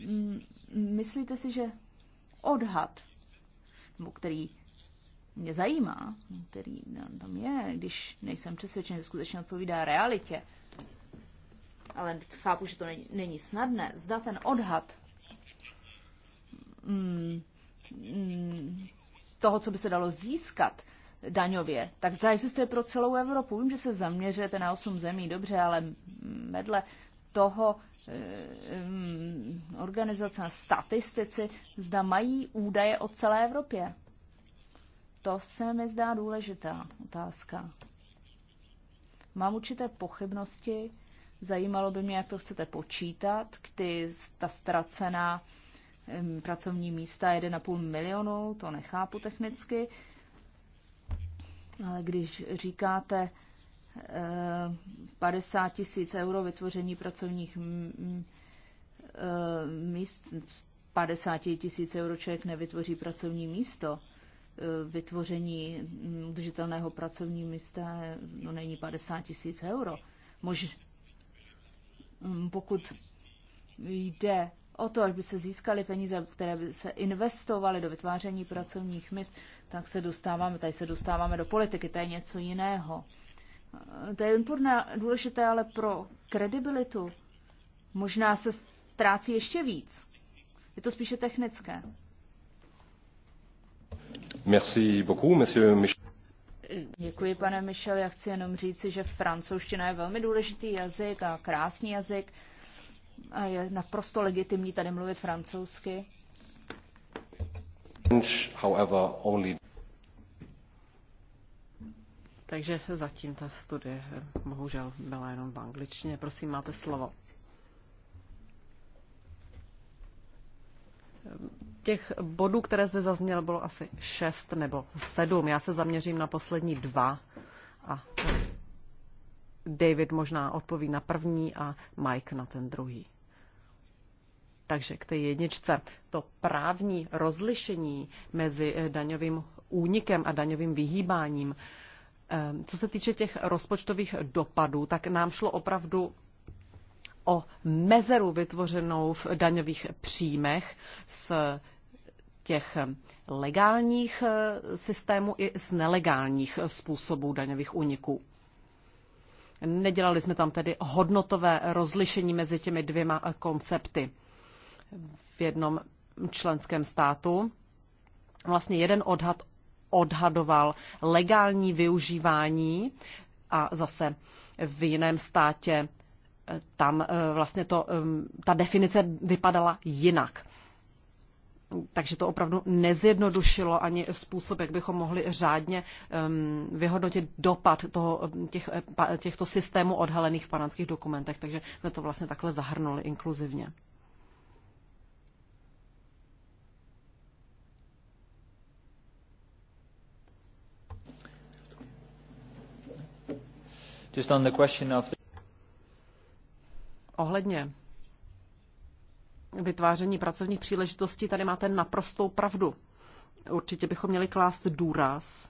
Mm, myslíte si, že odhad, nebo který mě zajímá, který tam je, když nejsem přesvědčen, že skutečně odpovídá realitě, ale chápu, že to není, není snadné, zda ten odhad mm, mm, toho, co by se dalo získat, daňově. Tak zda existuje pro celou Evropu. Vím, že se zaměřujete na 8 zemí, dobře, ale vedle toho eh, mm, organizace na statistici, zda mají údaje o celé Evropě. To se mi zdá důležitá otázka. Mám určité pochybnosti, zajímalo by mě, jak to chcete počítat, kdy ta ztracená mm, pracovní místa 1,5 milionu, to nechápu technicky. Ale když říkáte 50 eh, tisíc euro vytvoření pracovních eh, míst, 50 tisíc euro člověk nevytvoří pracovní místo, eh, vytvoření udržitelného pracovního místa no, není 50 tisíc euro. Mož, mm, pokud jde o to, by se získaly peníze, které by se investovaly do vytváření pracovních míst, tak se dostáváme, tady se dostáváme do politiky, to je něco jiného. To je podná, důležité ale pro kredibilitu. Možná se ztrácí ještě víc. Je to spíše technické. Merci beaucoup, monsieur Michel. Děkuji, pane Michel. Já chci jenom říci, že francouzština je velmi důležitý jazyk a krásný jazyk a je naprosto legitimní tady mluvit francouzsky. Takže zatím ta studie bohužel byla jenom v angličtině. Prosím, máte slovo. Těch bodů, které zde zazněl, bylo asi šest nebo sedm. Já se zaměřím na poslední dva a David možná odpoví na první a Mike na ten druhý. Takže k té jedničce. To právní rozlišení mezi eh, daňovým únikem a daňovým vyhýbáním. Eh, co se týče těch rozpočtových dopadů, tak nám šlo opravdu o mezeru vytvořenou v daňových příjmech z těch legálních eh, systémů i z nelegálních způsobů daňových úniků. Nedělali jsme tam tedy hodnotové rozlišení mezi těmi dvěma koncepty v jednom členském státu. Vlastně jeden odhad odhadoval legální využívání a zase v jiném státě eh, tam eh, vlastně to, eh, ta definice vypadala jinak takže to opravdu nezjednodušilo ani způsob, jak bychom mohli řádně vyhodnotit dopad toho, těch, e, těchto systémů odhalených v panamských dokumentech. Takže jsme to vlastně takhle zahrnuli inkluzivně. Just on the question of the... Ohledně vytváření pracovních příležitostí, tady máte naprostou pravdu. Určitě bychom měli klást důraz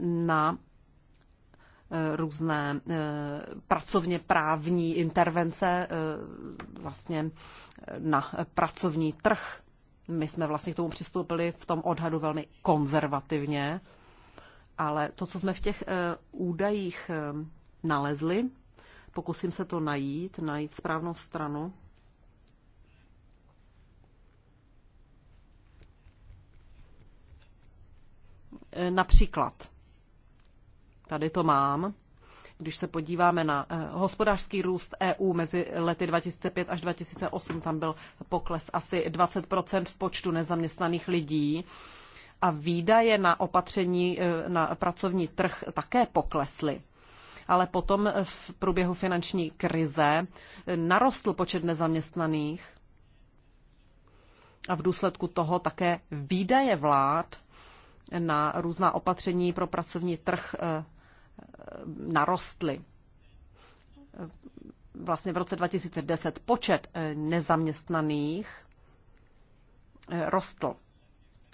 na eh, různé eh, pracovně právní intervence eh, vlastně na pracovní trh. My jsme vlastně k tomu přistoupili v tom odhadu velmi konzervativně, ale to, co jsme v těch údajích nalezli, Pokusím se to najít, najít správnou stranu. E, například, tady to mám, když se podíváme na e, hospodářský růst EU mezi lety 2005 až 2008, tam byl pokles asi 20 v počtu nezaměstnaných lidí a výdaje na opatření e, na pracovní trh také poklesly ale potom v průběhu finanční krize narostl počet nezaměstnaných a v důsledku toho také výdaje vlád na různá opatření pro pracovní trh eh, eh, narostly. Vlastně v roce 2010 počet eh, nezaměstnaných rostl.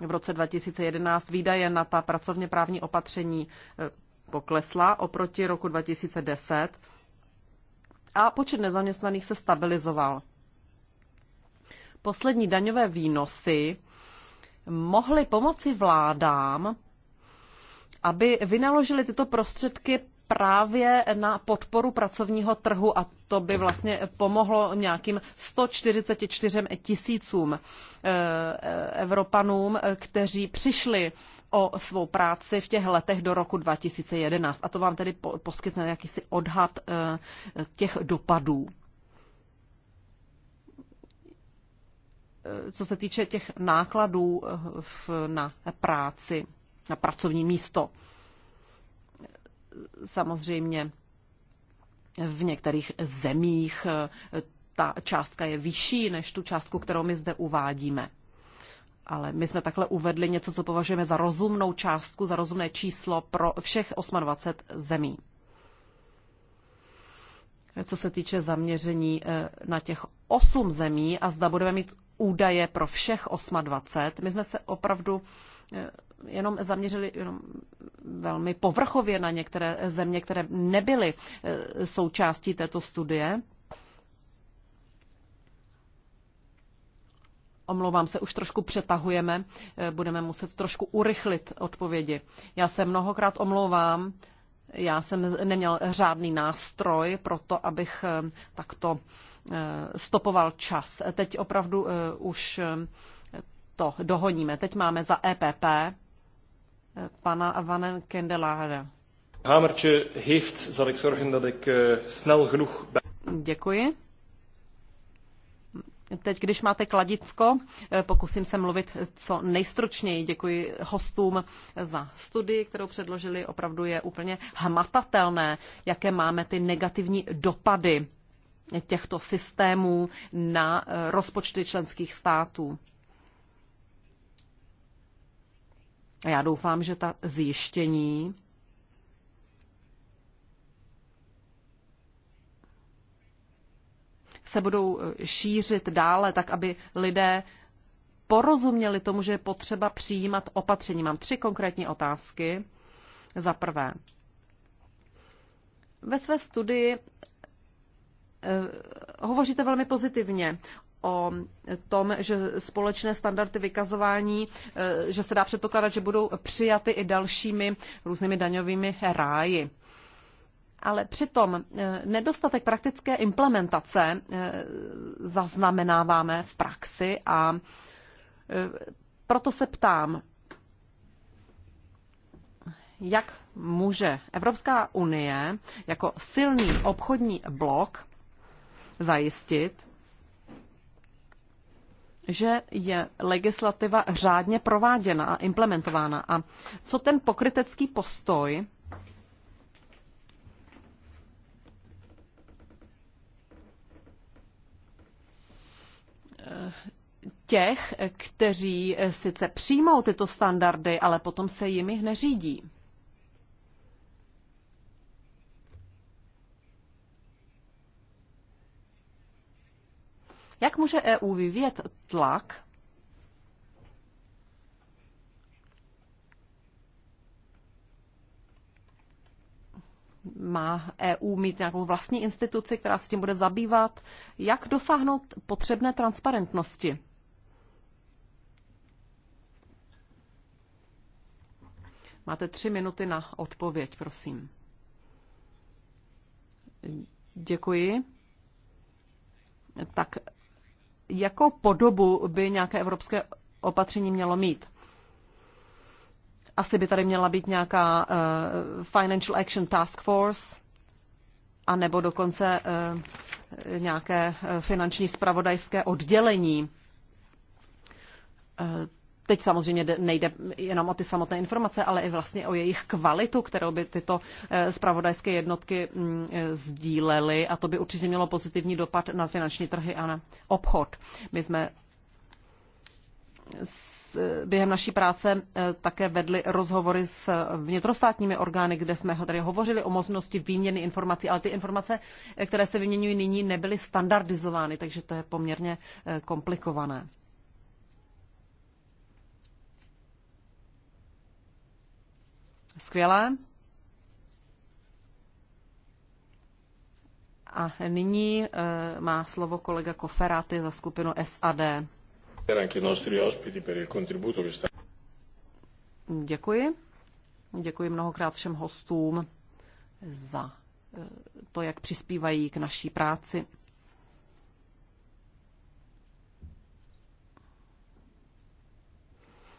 V roce 2011 výdaje na ta pracovně právní opatření poklesla oproti roku 2010 a počet nezaměstnaných se stabilizoval. Poslední daňové výnosy mohly pomoci vládám, aby vynaložili tyto prostředky právě na podporu pracovního trhu a to by vlastně pomohlo nějakým 144 tisícům eh, eh, Evropanům, kteří přišli o svou práci v těch letech do roku 2011. A to vám tedy poskytne jakýsi odhad eh, těch dopadů. Eh, co se týče těch nákladů eh, na práci, na pracovní místo, samozřejmě v některých zemích ta částka je vyšší než tu částku, kterou my zde uvádíme ale my jsme takhle uvedli něco, co považujeme za rozumnou částku, za rozumné číslo pro všech 28 zemí. Co se týče zaměření eh, na těch 8 zemí a zda budeme mít údaje pro všech 28, my jsme se opravdu eh, jenom zaměřili jenom velmi povrchově na některé země, které nebyly eh, součástí této studie. Omlouvám se, už trošku přetahujeme, eh, budeme muset trošku urychlit odpovědi. Já se mnohokrát omlouvám, já jsem neměl řádný nástroj pro to, abych eh, takto eh, stopoval čas. Teď opravdu už to dohoníme. Teď máme za EPP pana Vanen Kendelára. Hamertje heeft, zal ik dat ik snel genoeg... Děkuji. Teď, když máte kladicko, eh, pokusím se mluvit co nejstručněji. Děkuji hostům za studii, kterou předložili. Opravdu je úplně hmatatelné, jaké máme ty negativní dopady těchto systémů na eh, rozpočty členských států. A já doufám, že ta zjištění se budou eh, šířit dále, tak aby lidé porozuměli tomu, že je potřeba přijímat opatření. Mám tři konkrétní otázky. Za prvé, ve své studii eh, hovoříte velmi pozitivně o tom, že společné standardy vykazování, eh, že se dá předpokládat, že budou přijaty i dalšími různými daňovými ráji ale přitom eh, nedostatek praktické implementace eh, zaznamenáváme v praxi a eh, proto se ptám, jak může Evropská unie jako silný obchodní blok zajistit, že je legislativa řádně prováděna a implementována. A co ten pokrytecký postoj těch, kteří eh, sice přijmou tyto standardy, ale potom se jimi neřídí. Jak může EU vyvíjet tlak má EU mít nějakou vlastní instituci, která se tím bude zabývat, jak dosáhnout potřebné transparentnosti. Máte tři minuty na odpověď, prosím. Děkuji. Tak jakou podobu by nějaké evropské opatření mělo mít? Asi by tady měla být nějaká uh, Financial Action Task Force, a nebo dokonce uh, nějaké eh, finanční spravodajské oddělení. Uh, Teď samozřejmě nejde jenom o ty samotné informace, ale i vlastně o jejich kvalitu, kterou by tyto spravodajské eh, jednotky mm, eh, sdílely a to by určitě mělo pozitivní dopad na finanční trhy a na obchod. My jsme eh, během naší práce také vedli rozhovory s vnitrostátními orgány, kde jsme tady hovořili o možnosti výměny informací, ale ty informace, které se vyměňují nyní, nebyly standardizovány, takže to je poměrně komplikované. Skvělé. A nyní uh, má slovo kolega Koferáty za skupinu SAD. Děkuji. Děkuji mnohokrát všem hostům za eh, to, jak přispívají k naší práci.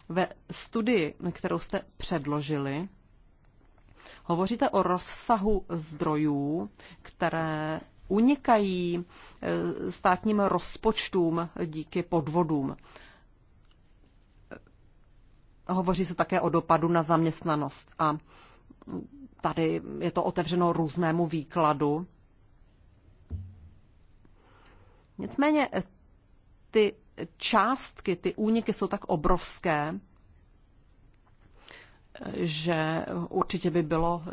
Ve studii, kterou jste předložili, Hovoříte o rozsahu zdrojů, které unikají eh, státním rozpočtům díky podvodům. Hovoří se také o dopadu na zaměstnanost a tady je to otevřeno různému výkladu. Nicméně eh, ty částky, ty úniky jsou tak obrovské, že určitě by bylo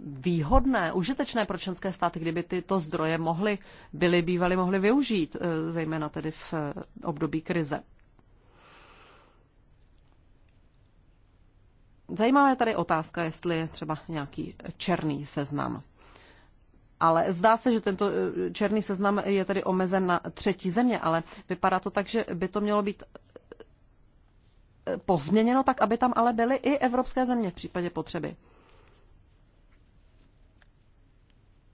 výhodné, užitečné pro členské státy, kdyby tyto zdroje mohly, byly bývaly, mohly využít, eh, zejména tedy v eh, období krize. Zajímavá je tady otázka, jestli je třeba nějaký černý seznam. Ale zdá se, že tento eh, černý seznam je tedy omezen na třetí země, ale vypadá to tak, že by to mělo být pozměněno tak, aby tam ale byly i evropské země v případě potřeby.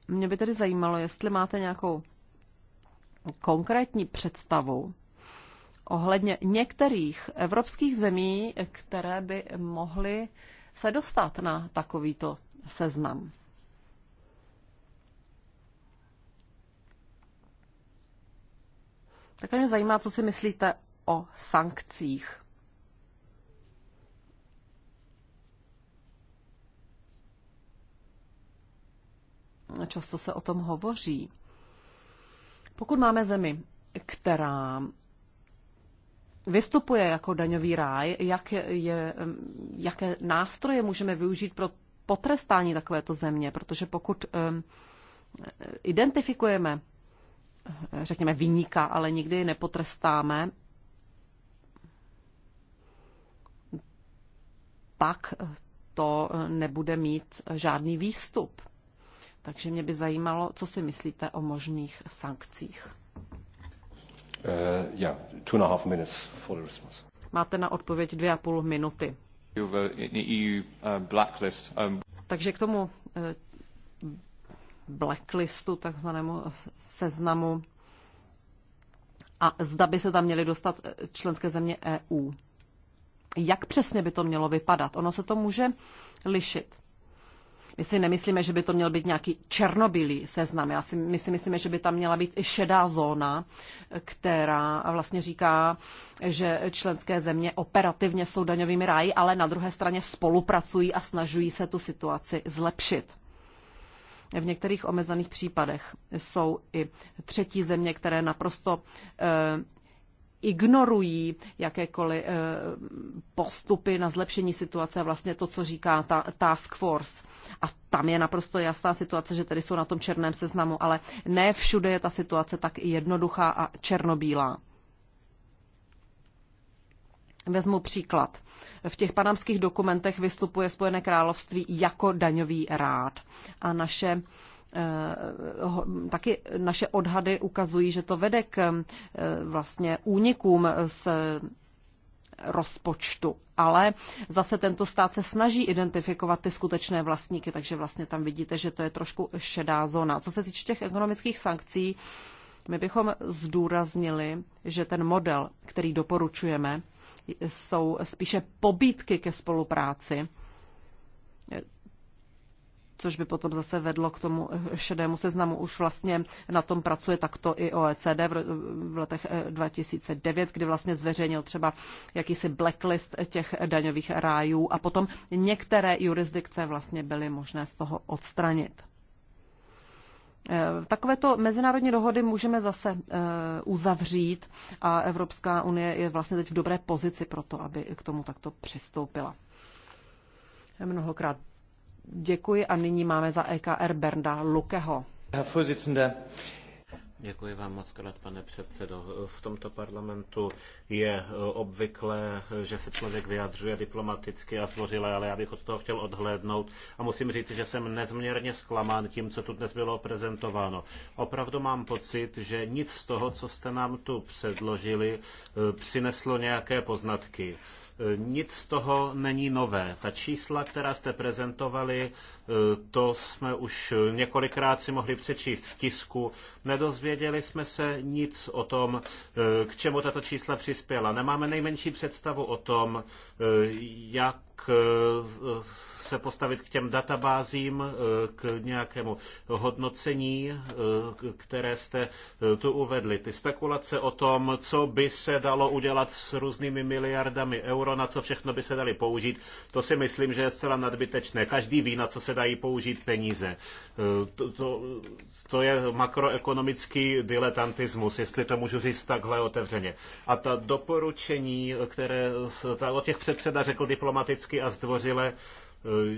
Mě by tedy zajímalo, jestli máte nějakou konkrétní představu ohledně některých evropských zemí, které by mohly se dostat na takovýto seznam. Také mě zajímá, co si myslíte o sankcích. často se o tom hovoří. Pokud máme zemi, která vystupuje jako daňový ráj, jak je, jaké nástroje můžeme využít pro potrestání takovéto země, protože pokud identifikujeme, řekněme, vyníka, ale nikdy nepotrestáme, pak to nebude mít žádný výstup. Takže mě by zajímalo, co si myslíte o možných sankcích. Uh, yeah, two and a half minutes for the response. Máte na odpověď dvě a půl minuty. E uh, um, Takže k tomu eh, blacklistu, takzvanému eh, seznamu, a zda by se tam měly dostat členské země EU. Jak přesně by to mělo vypadat? Ono se to může lišit. My si nemyslíme, že by to měl být nějaký černobylý seznam. Já si, my si myslíme, že by tam měla být i šedá zóna, která vlastně říká, že členské země operativně jsou daňovými ráji, ale na druhé straně spolupracují a snažují se tu situaci zlepšit. V některých omezených případech jsou i třetí země, které naprosto eh, ignorují jakékoliv eh, postupy na zlepšení situace, vlastně to, co říká ta task force. A tam je naprosto jasná situace, že tady jsou na tom černém seznamu, ale ne všude je ta situace tak jednoduchá a černobílá. Vezmu příklad. V těch panamských dokumentech vystupuje Spojené království jako daňový rád. A naše Eh, taky naše odhady ukazují, že to vede k eh, vlastně únikům z rozpočtu. Ale zase tento stát se snaží identifikovat ty skutečné vlastníky, takže vlastně tam vidíte, že to je trošku šedá zóna. Co se týče těch ekonomických sankcí, my bychom zdůraznili, že ten model, který doporučujeme, jsou spíše pobídky ke spolupráci což by potom zase vedlo k tomu šedému seznamu. Už vlastně na tom pracuje takto i OECD v letech 2009, eh, kdy vlastně zveřejnil třeba jakýsi blacklist těch daňových rájů a potom některé jurisdikce vlastně byly možné z toho odstranit. Eh, takovéto mezinárodní dohody můžeme zase eh, uzavřít a Evropská unie je vlastně teď v dobré pozici pro to, aby k tomu takto přistoupila. Mnohokrát Děkuji a nyní máme za EKR Bernda Lukeho. Herr Děkuji vám moc krát, pane předsedo. V tomto parlamentu je eh, obvyklé, eh, že se člověk vyjadřuje diplomaticky a zdvořile, ale já bych od toho chtěl odhlédnout a musím říct, že jsem nezměrně zklamán tím, co tu dnes bylo prezentováno. Opravdu mám pocit, že nic z toho, co jste nám tu předložili, eh, přineslo nějaké poznatky. Nic z toho není nové. Ta čísla, která jste prezentovali, Eh, to jsme už několikrát si mohli přečíst v tisku. Nedozvěděli jsme se nic o tom, eh, k čemu tato čísla přispěla. Nemáme nejmenší představu o tom, eh, jak Eh, se postavit k těm databázím, eh, k nějakému hodnocení, eh, které jste tu uvedli. Ty spekulace o tom, co by se dalo udělat s různými miliardami euro, na co všechno by se dali použít, to si myslím, že je zcela nadbytečné. Každý ví, na co se dají použít peníze. To, to, to je makroekonomický diletantismus, jestli to můžu říct takhle otevřeně. A ta doporučení, které ta, o těch předseda řekl diplomaticky, a zdvořile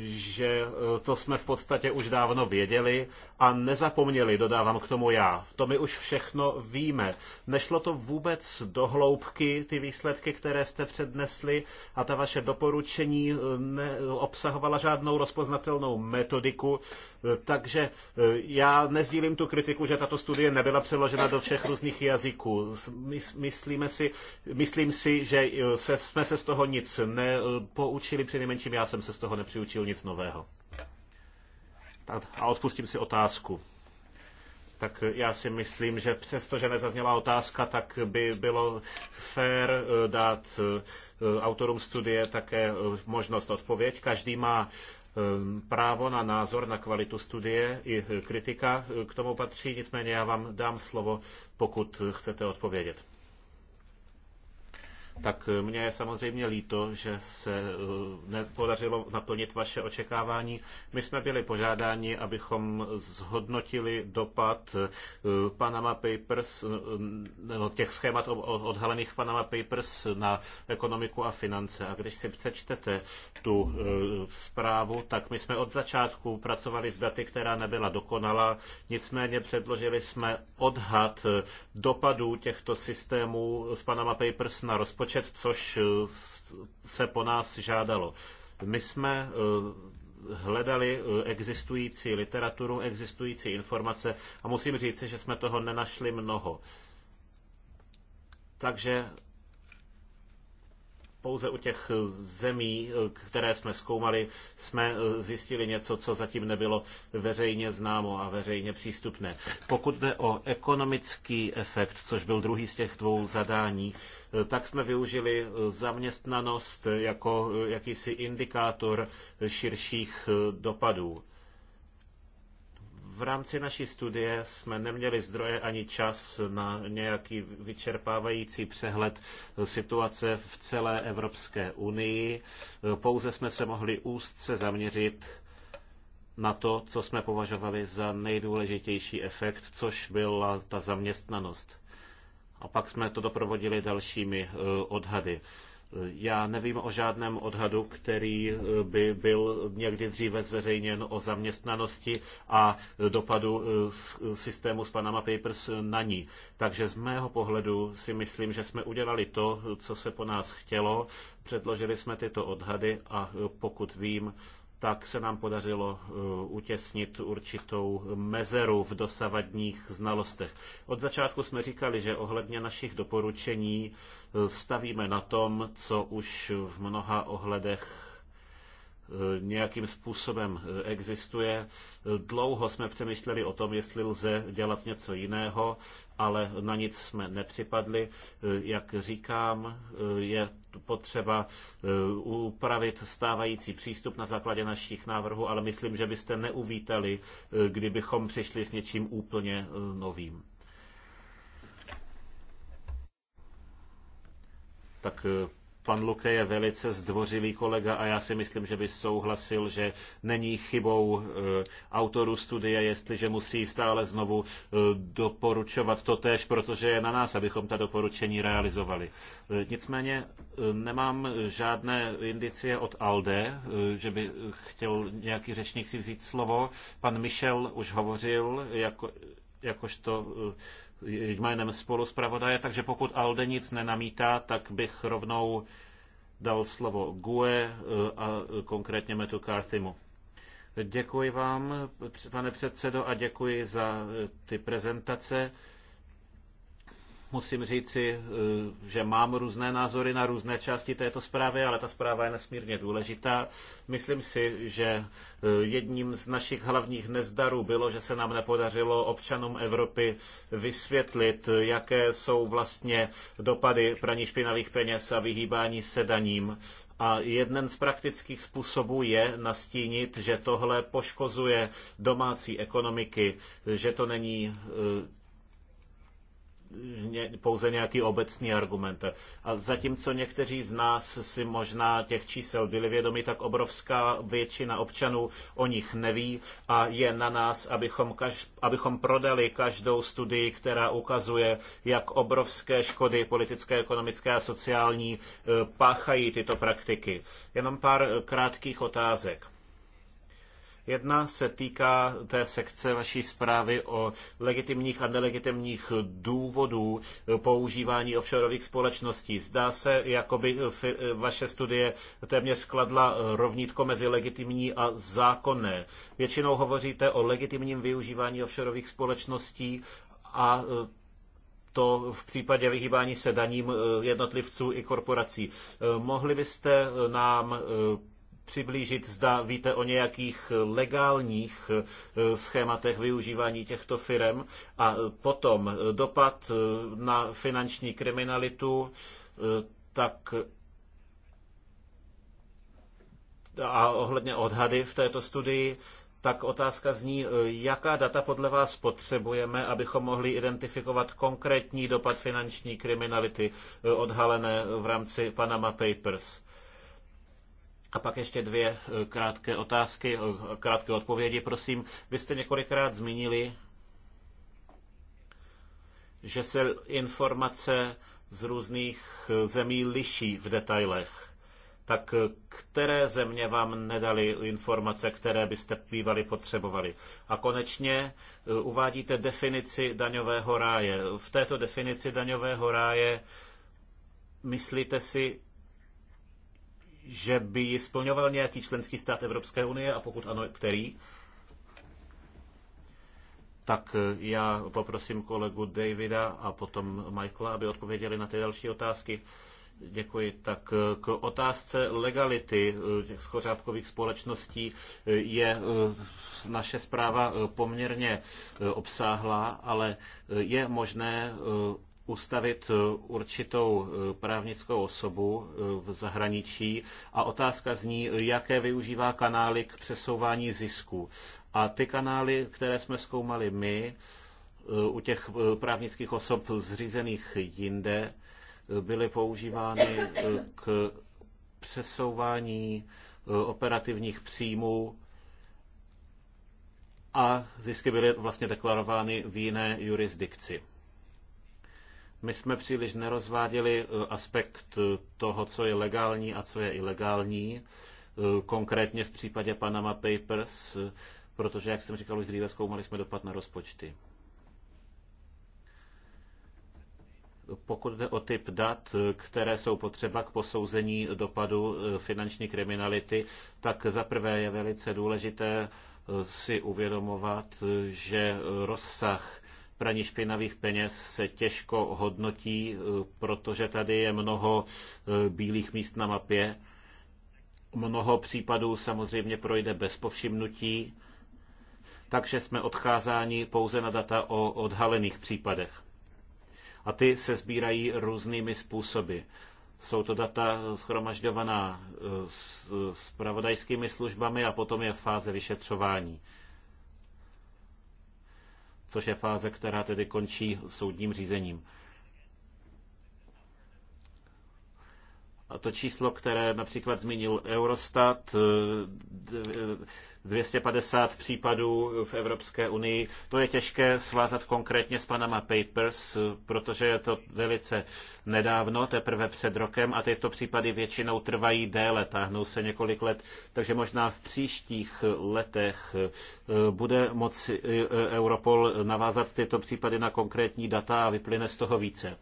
že eh, to jsme v podstatě už dávno věděli a nezapomněli, dodávám k tomu já. To my už všechno víme. Nešlo to vůbec do hloubky, ty výsledky, které jste přednesli a ta vaše doporučení eh, obsahovala žádnou rozpoznatelnou metodiku, eh, takže já nezdílím tu kritiku, že tato studie nebyla přeložena do všech různých jazyků. Myslíme si, myslím si, že se, jsme se z toho nic nepoučili, přinejmenším já jsem se z toho nepřišel nepřiučil nic nového. A odpustím si otázku. Tak já si myslím, že přesto, že nezazněla otázka, tak by bylo fér eh, dát eh, autorům studie také eh, možnost odpověď. Každý má právo na názor na kvalitu studie i kritika k tomu patří, nicméně já vám dám slovo, pokud chcete odpovědět tak mě je samozřejmě líto, že se eh, nepodařilo naplnit vaše očekávání. My jsme byli požádáni, abychom zhodnotili dopad eh, Panama Papers, eh, nebo těch schémat odhalených Panama Papers na ekonomiku a finance. A když si přečtete tu zprávu, tak my jsme od začátku pracovali s daty, která nebyla dokonalá, nicméně předložili jsme odhad dopadů těchto systémů z Panama Papers na rozpočet rozpočet, což eh, se po nás žádalo. My jsme eh, hledali eh, existující literaturu, existující informace a musím říci, že jsme toho nenašli mnoho. Takže pouze u těch zemí, které jsme zkoumali, jsme eh, zjistili něco, co zatím nebylo veřejně známo a veřejně přístupné. Pokud jde o ekonomický efekt, což byl druhý z těch dvou zadání, eh, tak jsme využili eh, zaměstnanost jako jakýsi indikátor širších dopadů. V rámci naší studie jsme neměli zdroje ani čas na nějaký vyčerpávající přehled situace v celé Evropské unii. Pouze jsme se mohli úzce zaměřit na to, co jsme považovali za nejdůležitější efekt, což byla ta zaměstnanost. A pak jsme to doprovodili dalšími eh, odhady. Já nevím o žádném odhadu, který eh, by byl někdy dříve zveřejněn o zaměstnanosti a dopadu eh, systému s Panama Papers na ní. Takže z mého pohledu si myslím, že jsme udělali to, co se po nás chtělo. Předložili jsme tyto odhady a eh, pokud vím, tak se nám podařilo eh, utěsnit určitou mezeru v dosavadních znalostech. Od začátku jsme říkali, že ohledně našich doporučení eh, stavíme na tom, co už v mnoha ohledech eh, nějakým způsobem existuje. Dlouho jsme přemýšleli o tom, jestli lze dělat něco jiného ale na nic jsme nepřipadli. Eh, jak říkám, eh, je potřeba eh, upravit stávající přístup na základě našich návrhů, ale myslím, že byste neuvítali, kdybychom přišli s něčím úplně novým. Tak Pan Luke je velice zdvořilý kolega a já si myslím, že by souhlasil, že není chybou eh, autorů studie, jestliže musí stále znovu eh, doporučovat to tež, protože je na nás, abychom ta doporučení realizovali. Eh, nicméně nemám žádné indicie od ALDE, že by chtěl nějaký řečník si vzít slovo. Pan Michel už hovořil jako, jakožto jménem spoluspravodaje, takže pokud Alde nic nenamítá, tak bych rovnou dal slovo GUE eh, a konkrétně Metu Carthymu. Děkuji vám, pane předsedo, a děkuji za eh, ty prezentace musím říci, eh, že mám různé názory na různé části této zprávy, ale ta zpráva je nesmírně důležitá. Myslím si, že eh, jedním z našich hlavních nezdarů bylo, že se nám nepodařilo občanům Evropy vysvětlit, jaké jsou vlastně dopady praní špinavých peněz a vyhýbání se daním. A jeden z praktických způsobů je nastínit, že tohle poškozuje domácí ekonomiky, že to není eh, pouze nějaký obecný argument. A zatímco někteří z nás si možná těch čísel byli vědomi, tak obrovská většina občanů o nich neví a je na nás, abychom, kaž, abychom prodali každou studii, která ukazuje, jak obrovské škody politické, ekonomické a sociální eh, páchají tyto praktiky. Jenom pár krátkých otázek. Jedna se týká té sekce vaší zprávy o legitimních a nelegitimních důvodů používání offshoreových společností. Zdá se, jako by vaše studie téměř skladla rovnítko mezi legitimní a zákonné. Většinou hovoříte o legitimním využívání offshoreových společností a to v případě vyhýbání se daním jednotlivců i korporací. Mohli byste nám přiblížit, zda víte o nějakých legálních eh, schématech využívání těchto firm a eh, potom eh, dopad na finanční kriminalitu, tak a ohledně odhady v této studii, tak otázka zní, jaká data podle vás potřebujeme, abychom mohli identifikovat konkrétní dopad finanční kriminality odhalené v rámci Panama Papers. A pak ještě dvě eh, krátké otázky, eh, krátké odpovědi, prosím. Vy jste několikrát zmínili, že se informace z různých eh, zemí liší v detailech. Tak které země vám nedali informace, které byste bývali potřebovali? A konečně uvádíte definici daňového ráje. V této definici daňového ráje myslíte si, že by ji splňoval nějaký členský stát Evropské unie a pokud ano, který? Tak já poprosím kolegu Davida a potom Michaela, aby odpověděli na ty další otázky. Děkuji. Tak k otázce legality těch schořápkových společností je naše zpráva poměrně obsáhlá, ale je možné ustavit eh, určitou eh, právnickou osobu eh, v zahraničí a otázka zní, jaké využívá kanály k přesouvání zisků. A ty kanály, které jsme zkoumali my, u těch právnických osob zřízených jinde, byly používány k přesouvání operativních příjmů a zisky byly vlastně deklarovány v jiné jurisdikci. My jsme příliš nerozváděli e, aspekt e, toho, co je legální a co je ilegální, e, konkrétně v případě Panama Papers, protože, jak jsem říkal už dříve, zkoumali jsme dopad na rozpočty. Pokud jde o typ dat, které jsou potřeba k posouzení dopadu finanční kriminality, tak zaprvé je velice důležité si uvědomovat, že rozsah praní špinavých peněz se těžko hodnotí, e, protože tady je mnoho e, bílých míst na mapě. Mnoho případů samozřejmě projde bez povšimnutí, takže jsme odcházáni pouze na data o odhalených případech. A ty se sbírají různými způsoby. Jsou to data schromažďovaná e, s spravodajskými službami a potom je fáze vyšetřování což je fáze, která tedy končí soudním řízením. A to číslo, které například zmínil Eurostat, eh, 250 případů v Evropské unii. To je těžké svázat konkrétně s Panama Papers, protože je to velice nedávno, teprve před rokem a tyto případy většinou trvají déle, táhnou se několik let, takže možná v příštích letech eh, bude moci eh, Europol navázat tyto případy na konkrétní data a vyplyne z toho více.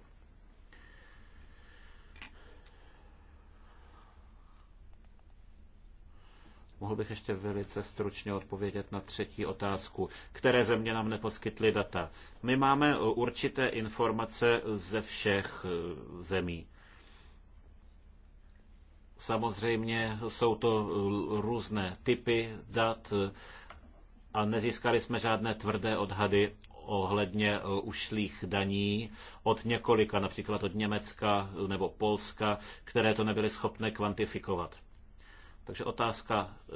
Mohl bych ještě velice stručně odpovědět na třetí otázku. Které země nám neposkytly data? My máme e, určité informace ze všech e, zemí. Samozřejmě jsou to e, různé typy dat a nezískali jsme žádné tvrdé odhady ohledně ušlých daní od několika, například od Německa nebo Polska, které to nebyly schopné kvantifikovat. Takže otázka, eh,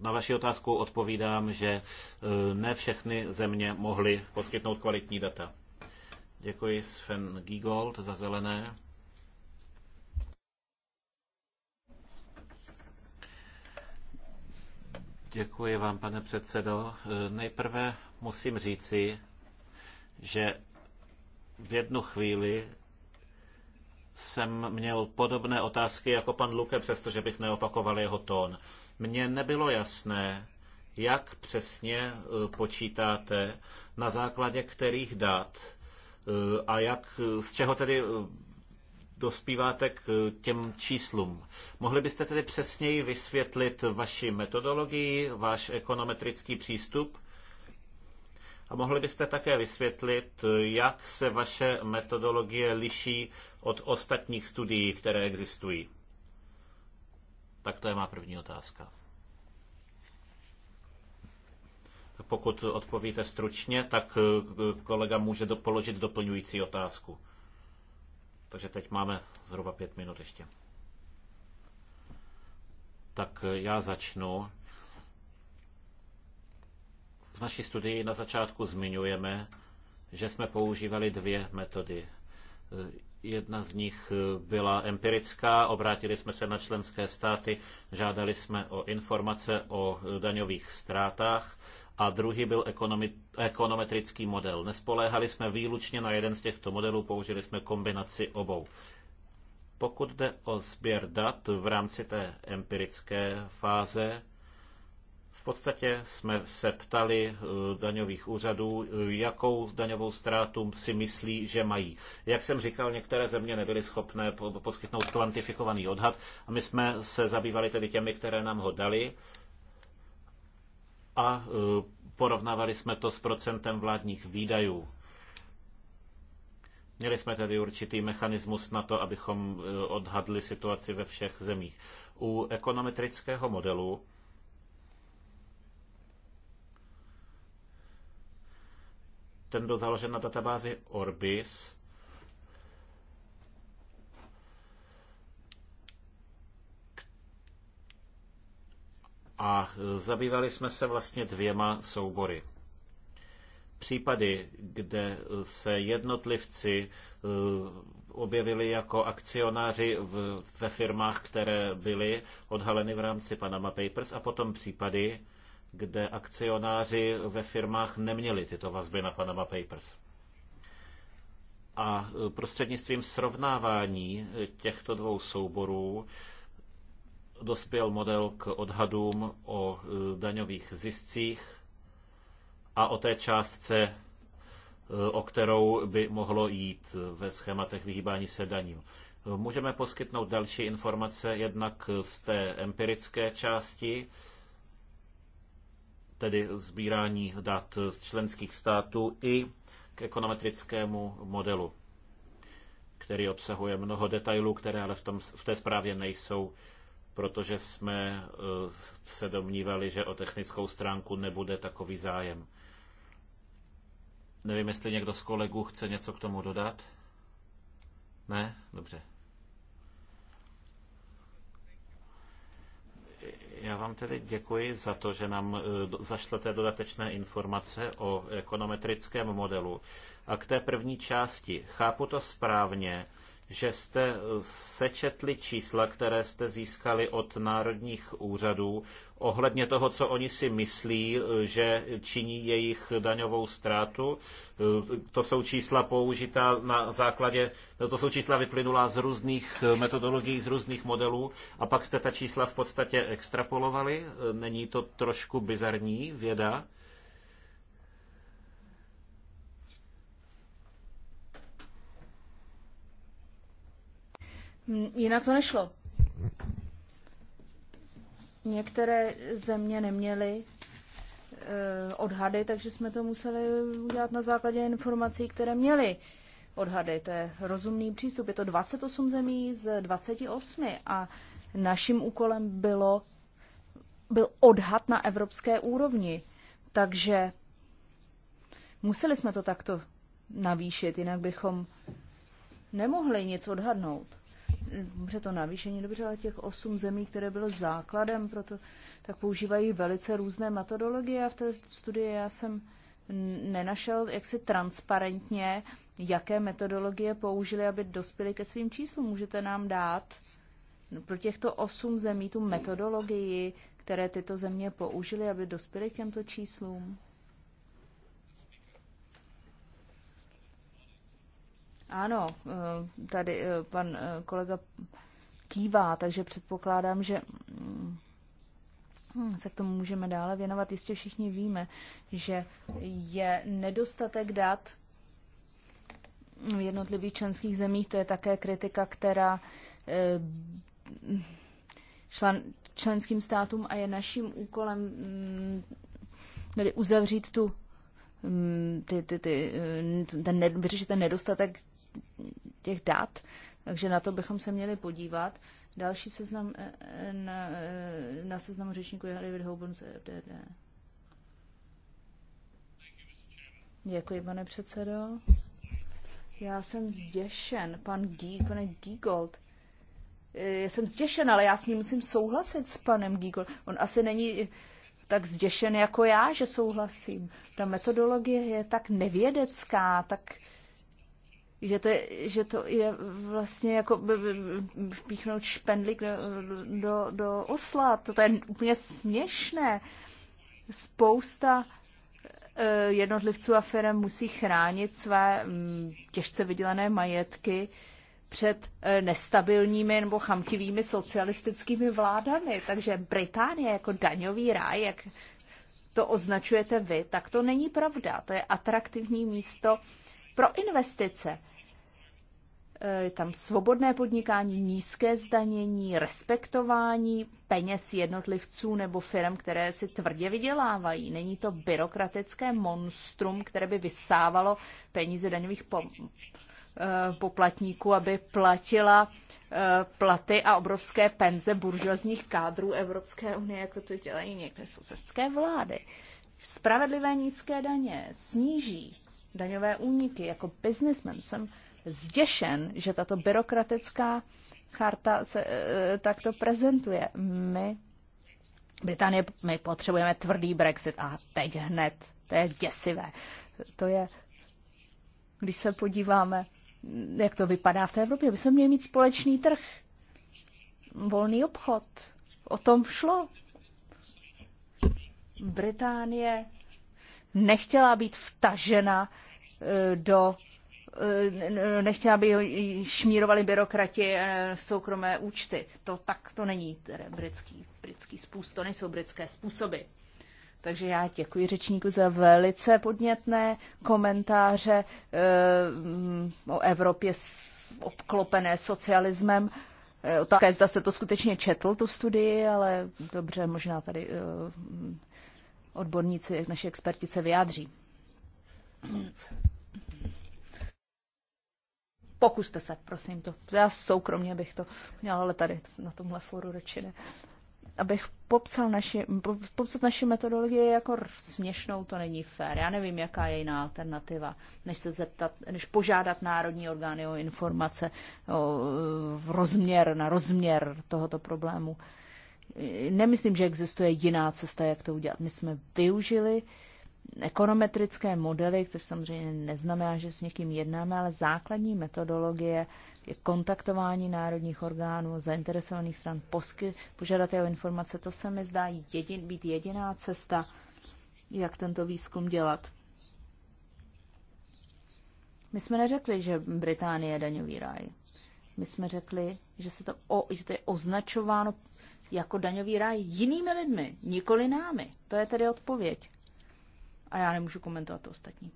na vaši otázku odpovídám, že eh, ne všechny země mohly poskytnout kvalitní data. Děkuji Sven Giegold za zelené. Děkuji vám, pane předsedo. Eh, nejprve musím říci, že v jednu chvíli jsem měl podobné otázky jako pan Luke, přestože bych neopakoval jeho tón. Mně nebylo jasné, jak přesně e, počítáte, na základě kterých dat e, a jak, e, z čeho tedy dospíváte k těm číslům. Mohli byste tedy přesněji vysvětlit vaši metodologii, váš ekonometrický přístup? A mohli byste také vysvětlit, jak se vaše metodologie liší od ostatních studií, které existují? Tak to je má první otázka. Pokud odpovíte stručně, tak eh, kolega může do, položit doplňující otázku. Takže teď máme zhruba pět minut ještě. Tak eh, já začnu. V naší studii na začátku zmiňujeme, že jsme používali dvě metody. Jedna z nich byla empirická, obrátili jsme se na členské státy, žádali jsme o informace o daňových ztrátách a druhý byl ekonometrický model. Nespoléhali jsme výlučně na jeden z těchto modelů, použili jsme kombinaci obou. Pokud jde o sběr dat v rámci té empirické fáze, v podstatě jsme se ptali eh, daňových úřadů, eh, jakou daňovou ztrátu si myslí, že mají. Jak jsem říkal, některé země nebyly schopné poskytnout kvantifikovaný odhad a my jsme se zabývali tedy těmi, které nám ho dali a eh, porovnávali jsme to s procentem vládních výdajů. Měli jsme tedy určitý mechanismus na to, abychom odhadli situaci ve všech zemích. U ekonometrického modelu ten byl založen na databázi Orbis. A zabývali jsme se vlastně dvěma soubory. Případy, kde se jednotlivci eh, objevili jako akcionáři v, ve firmách, které byly odhaleny v rámci Panama Papers a potom případy, kde akcionáři ve firmách neměli tyto vazby na Panama Papers. A e, prostřednictvím srovnávání e, těchto dvou souborů dospěl model k odhadům o e, daňových ziscích a o té částce, o kterou by mohlo jít ve schématech vyhýbání se daním. Můžeme poskytnout další informace jednak z té empirické části, tedy sbírání dat z členských států i k ekonometrickému modelu, který obsahuje mnoho detailů, které ale v, tom, v té zprávě nejsou, protože jsme eh, se domnívali, že o technickou stránku nebude takový zájem. Nevím, jestli někdo z kolegů chce něco k tomu dodat. Ne? Dobře. Já vám tedy děkuji za to, že nám e, zašlete dodatečné informace o ekonometrickém modelu. A k té první části. Chápu to správně, že jste eh, sečetli čísla, které jste získali od národních úřadů ohledně toho, co oni si myslí, eh, že činí jejich daňovou ztrátu. Eh, to jsou čísla použitá na základě, no, to jsou čísla vyplynulá z různých metodologií, z různých modelů a pak jste ta čísla v podstatě extrapolovali. Není to trošku bizarní věda? Hm, jinak to nešlo. Některé země neměly eh, odhady, takže jsme to museli udělat na základě informací, které měli odhady. To je rozumný přístup. Je to 28 zemí z 28 a naším úkolem bylo, byl odhad na evropské úrovni. Takže museli jsme to takto navýšit, jinak bychom nemohli nic odhadnout dobře to navýšení, dobře, ale těch osm zemí, které bylo základem proto tak používají velice různé metodologie a v té studii já jsem nenašel jaksi transparentně, jaké metodologie použili, aby dospěli ke svým číslům. Můžete nám dát pro těchto osm zemí tu metodologii, které tyto země použily, aby dospěli k těmto číslům? Ano, eh, tady eh, pan eh, kolega kývá, takže předpokládám, že mm, hm, se k tomu můžeme dále věnovat. Jistě všichni víme, že je nedostatek dat v jednotlivých členských zemích. To je také kritika, která šla členským státům a je naším úkolem mm, tedy uzavřít tu mm, ty, ty, ty, ten, vyřešit ten nedostatek těch dat, takže na to bychom se měli podívat. Další seznam eh, eh, na, eh, na seznamu řečníku je David Hoban z FDD. Děkuji, pane předsedo. Já jsem zděšen, pan G, pane Giegold. Já jsem zděšen, ale já s ním musím souhlasit s panem Giegold. On asi není tak zděšen jako já, že souhlasím. Ta metodologie je tak nevědecká, tak že to, je, že to je vlastně jako vpíchnout špendlík do, do, do osla. To je úplně směšné. Spousta e, jednotlivců a firm musí chránit své těžce vydělané majetky před e, nestabilními nebo chamtivými socialistickými vládami. Takže Británie jako daňový ráj, jak to označujete vy, tak to není pravda. To je atraktivní místo pro investice je tam svobodné podnikání, nízké zdanění, respektování peněz jednotlivců nebo firm, které si tvrdě vydělávají. Není to byrokratické monstrum, které by vysávalo peníze daňových po, eh, poplatníků, aby platila eh, platy a obrovské penze buržoazních kádrů Evropské unie, jako to dělají některé sousedské vlády. Spravedlivé nízké daně sníží daňové úniky. Jako biznismen jsem zděšen, že tato byrokratická charta se e, takto prezentuje. My, Británie, my potřebujeme tvrdý Brexit a teď hned. To je děsivé. To je, když se podíváme, jak to vypadá v té Evropě, bychom měli mít společný trh, volný obchod. O tom šlo. Británie nechtěla být vtažena e, do Eh, nechtěla, aby šmírovali byrokrati eh, soukromé účty. To tak to není tedy britský, britský způsob, to nejsou britské způsoby. Takže já děkuji řečníku za velice podnětné komentáře eh, o Evropě obklopené socialismem. Také zda se to skutečně četl, tu studii, ale dobře, možná tady odborníci, naši experti se vyjádří. Pokuste se, prosím to. Já soukromně bych to měla, ale tady na tomhle foru radši ne. Abych popsal naši, popsat naši metodologii jako směšnou, to není fér. Já nevím, jaká je jiná alternativa, než se zeptat, než požádat národní orgány o informace, o rozměr, na rozměr tohoto problému. Nemyslím, že existuje jiná cesta, jak to udělat. My jsme využili uh, ekonometrické modely, což samozřejmě neznamená, že s někým jednáme, ale základní metodologie je kontaktování národních orgánů, zainteresovaných stran, posky, požadaté o informace. To se mi zdá jedin, být jediná cesta, jak tento výzkum dělat. My jsme neřekli, že Británie je daňový ráj. My jsme řekli, že, se to, o, že to je označováno jako daňový ráj jinými lidmi, nikoli námi. To je tedy odpověď. A já nemůžu komentovat to ostatní.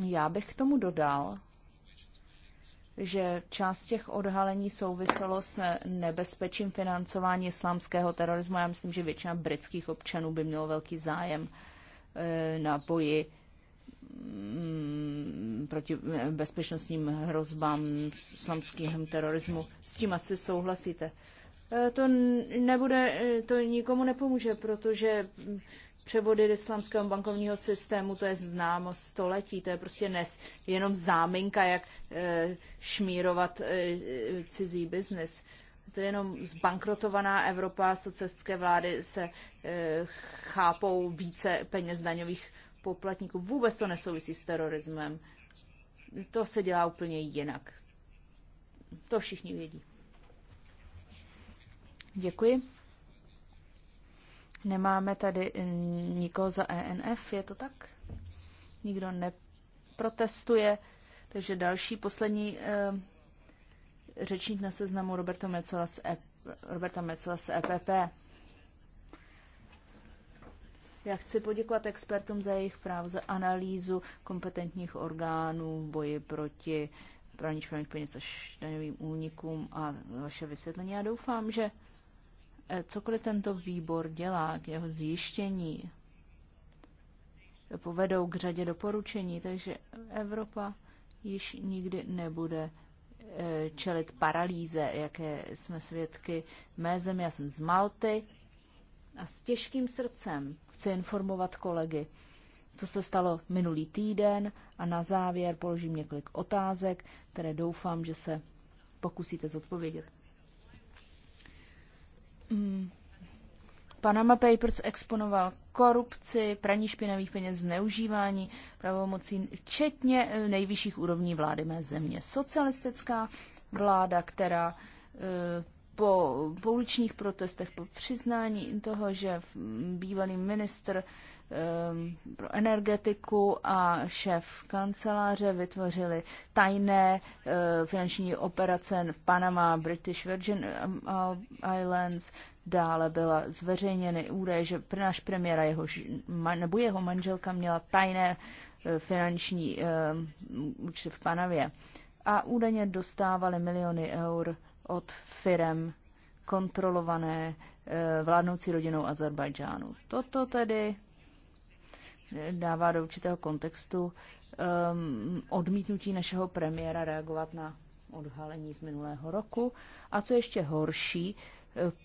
Já bych k tomu dodal, že část těch odhalení souviselo s nebezpečím financování islámského terorismu. Já myslím, že většina britských občanů by mělo velký zájem eh, na boji mm, proti eh, bezpečnostním hrozbám islámského terorismu. S tím asi souhlasíte. Eh, to nebude, eh, to nikomu nepomůže, protože mm, převody do islamského bankovního systému, to je známo století, to je prostě nes, jenom záminka, jak eh, šmírovat cizí biznis. To je jenom zbankrotovaná Evropa, socestské vlády se chápou více peněz daňových poplatníků. Vůbec to nesouvisí s terorismem. To se dělá úplně jinak. To všichni vědí. Děkuji. Nemáme tady eh, nikoho za ENF, je to tak? Nikdo neprotestuje. Takže další, poslední eh, řečník na seznamu Roberto Mecola z EP, Roberta Mecola z EPP. Já chci poděkovat expertům za jejich právo, za analýzu kompetentních orgánů v boji proti právní špinavých peněz a daňovým únikům a vaše vysvětlení. Já doufám, že cokoliv tento výbor dělá k jeho zjištění, povedou k řadě doporučení, takže Evropa již nikdy nebude eh, čelit paralýze, jaké jsme svědky mé země. Já jsem z Malty a s těžkým srdcem chci informovat kolegy, co se stalo minulý týden a na závěr položím několik otázek, které doufám, že se pokusíte zodpovědět. Mm. Panama Papers exponoval korupci, praní špinavých peněz, zneužívání pravomocí, včetně eh, nejvyšších úrovní vlády mé země. Socialistická vláda, která eh, po pouličních protestech, po přiznání toho, že bývalý ministr Ehm, pro energetiku a šéf kanceláře vytvořili tajné eh, finanční operace v Panama, British Virgin ehm, eh, Islands. Dále byla zveřejněny údaje, že náš premiér a jeho, nebo jeho manželka měla tajné eh, finanční ehm, účty v Panavě. A údajně dostávali miliony eur od firem kontrolované vládnoucí rodinou Azerbajdžánu. Toto tedy dává do určitého kontextu um, odmítnutí našeho premiéra reagovat na odhalení z minulého roku. A co ještě horší,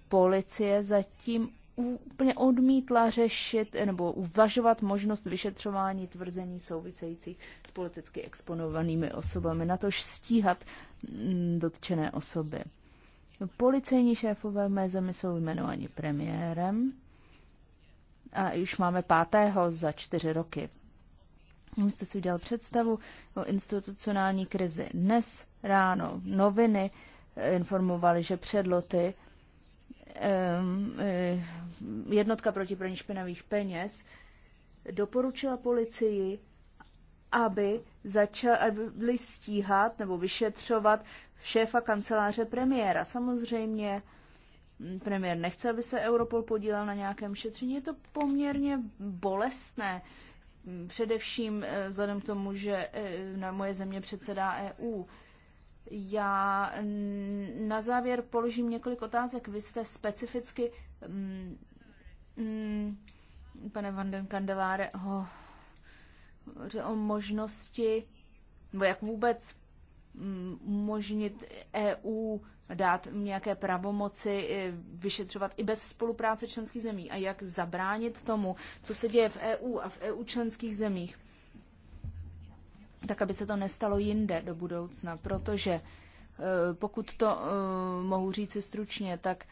policie zatím úplně odmítla řešit nebo uvažovat možnost vyšetřování tvrzení souvisejících s politicky exponovanými osobami, na tož stíhat mm, dotčené osoby. Policejní šéfové mé zemi jsou jmenováni premiérem a už máme pátého za čtyři roky. Jste si udělal představu o institucionální krizi. Dnes ráno noviny eh, informovaly, že předloty ehm, eh, jednotka proti praní špinavých peněz doporučila policii, aby začali stíhat nebo vyšetřovat šéfa kanceláře premiéra. Samozřejmě Premiér nechce, aby se Europol podílel na nějakém šetření. Je to poměrně bolestné. Především eh, vzhledem k tomu, že eh, na moje země předsedá EU. Já na závěr položím několik otázek. Vy jste specificky, mm, mm, pane Van den Kandeláre, o, o možnosti, nebo jak vůbec mm, umožnit EU dát nějaké pravomoci eh, vyšetřovat i bez spolupráce členských zemí a jak zabránit tomu, co se děje v EU a v EU členských zemích, tak aby se to nestalo jinde do budoucna, protože eh, pokud to eh, mohu říci stručně, tak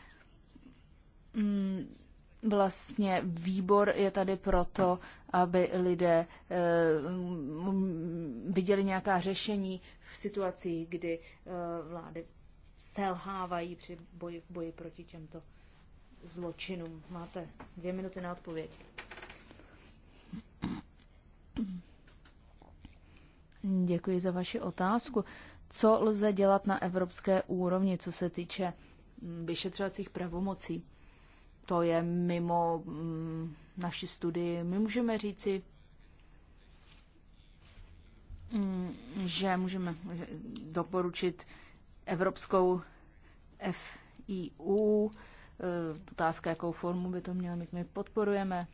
mm, vlastně výbor je tady proto, aby lidé mm, viděli nějaká řešení v situaci, kdy vlády selhávají při boji, boji proti těmto zločinům. Máte dvě minuty na odpověď. Děkuji za vaši otázku. Co lze dělat na evropské úrovni, co se týče mm, vyšetřovacích pravomocí? To je mimo mm, naši studii. My můžeme říci, mm, že můžeme doporučit evropskou FIU. E, otázka, jakou formu by to mělo mít. My podporujeme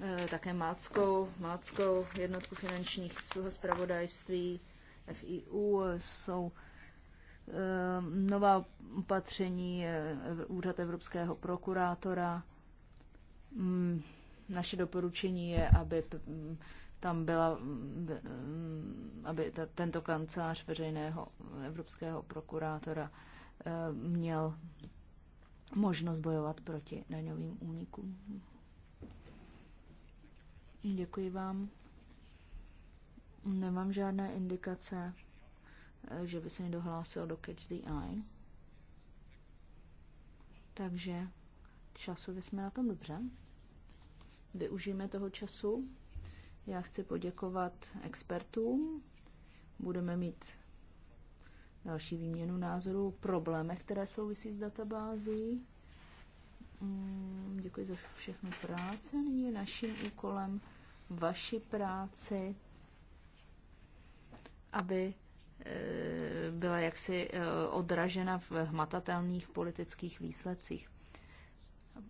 e, také Máckou, Máckou jednotku finančních zpravodajství FIU jsou e, nová opatření Úřad Evropského prokurátora. Mm, naše doporučení je, aby tam byla, mm, aby ta, tento kancelář veřejného evropského prokurátora eh, měl možnost bojovat proti daňovým únikům. Děkuji vám. Nemám žádné indikace, eh, že by se mi dohlásil do Catch the Eye. Takže časově jsme na tom dobře. Využijeme toho času. Já chci poděkovat expertům. Budeme mít další výměnu názorů o problémech, které souvisí s databází. Mm, děkuji za všechnu práci. Nyní je naším úkolem vaši práci, aby e, byla jaksi e, odražena v hmatatelných politických výsledcích.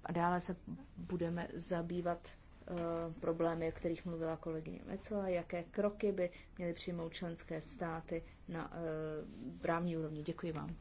A dále se budeme zabývat Eh, problémy, o kterých mluvila kolegyně Mecola, jaké kroky by měly přijmout členské státy na eh, právní úrovni. Děkuji vám.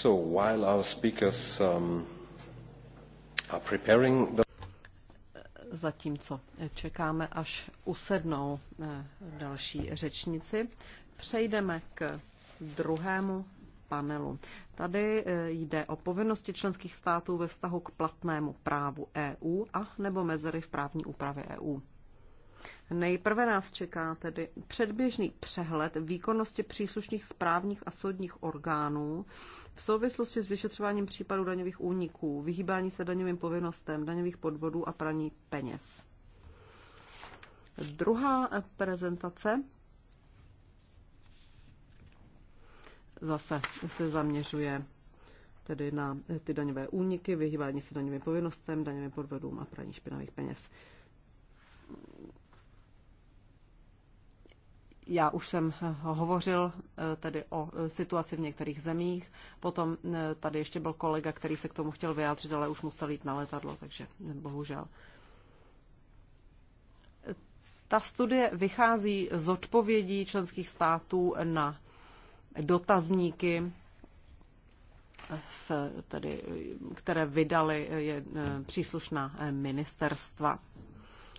So while our speakers um, are preparing the... Zatímco čekáme, až usednou eh, další řečníci, přejdeme k druhému panelu. Tady eh, jde o povinnosti členských států ve vztahu k platnému právu EU a nebo mezery v právní úpravě EU. Nejprve nás čeká tedy předběžný přehled výkonnosti příslušných správních a soudních orgánů v souvislosti s vyšetřováním případů daňových úniků, vyhýbání se daňovým povinnostem, daňových podvodů a praní peněz. Druhá prezentace zase se zaměřuje tedy na ty daňové úniky, vyhýbání se daňovým povinnostem, daňovým podvodům a praní špinavých peněz. Já už jsem eh, hovořil eh, tedy o eh, situaci v některých zemích. Potom tady ještě byl kolega, který se k tomu chtěl vyjádřit, ale už musel jít na letadlo, takže bohužel. Ta studie vychází z odpovědí členských států na dotazníky, v, tedy, které vydali je, příslušná ministerstva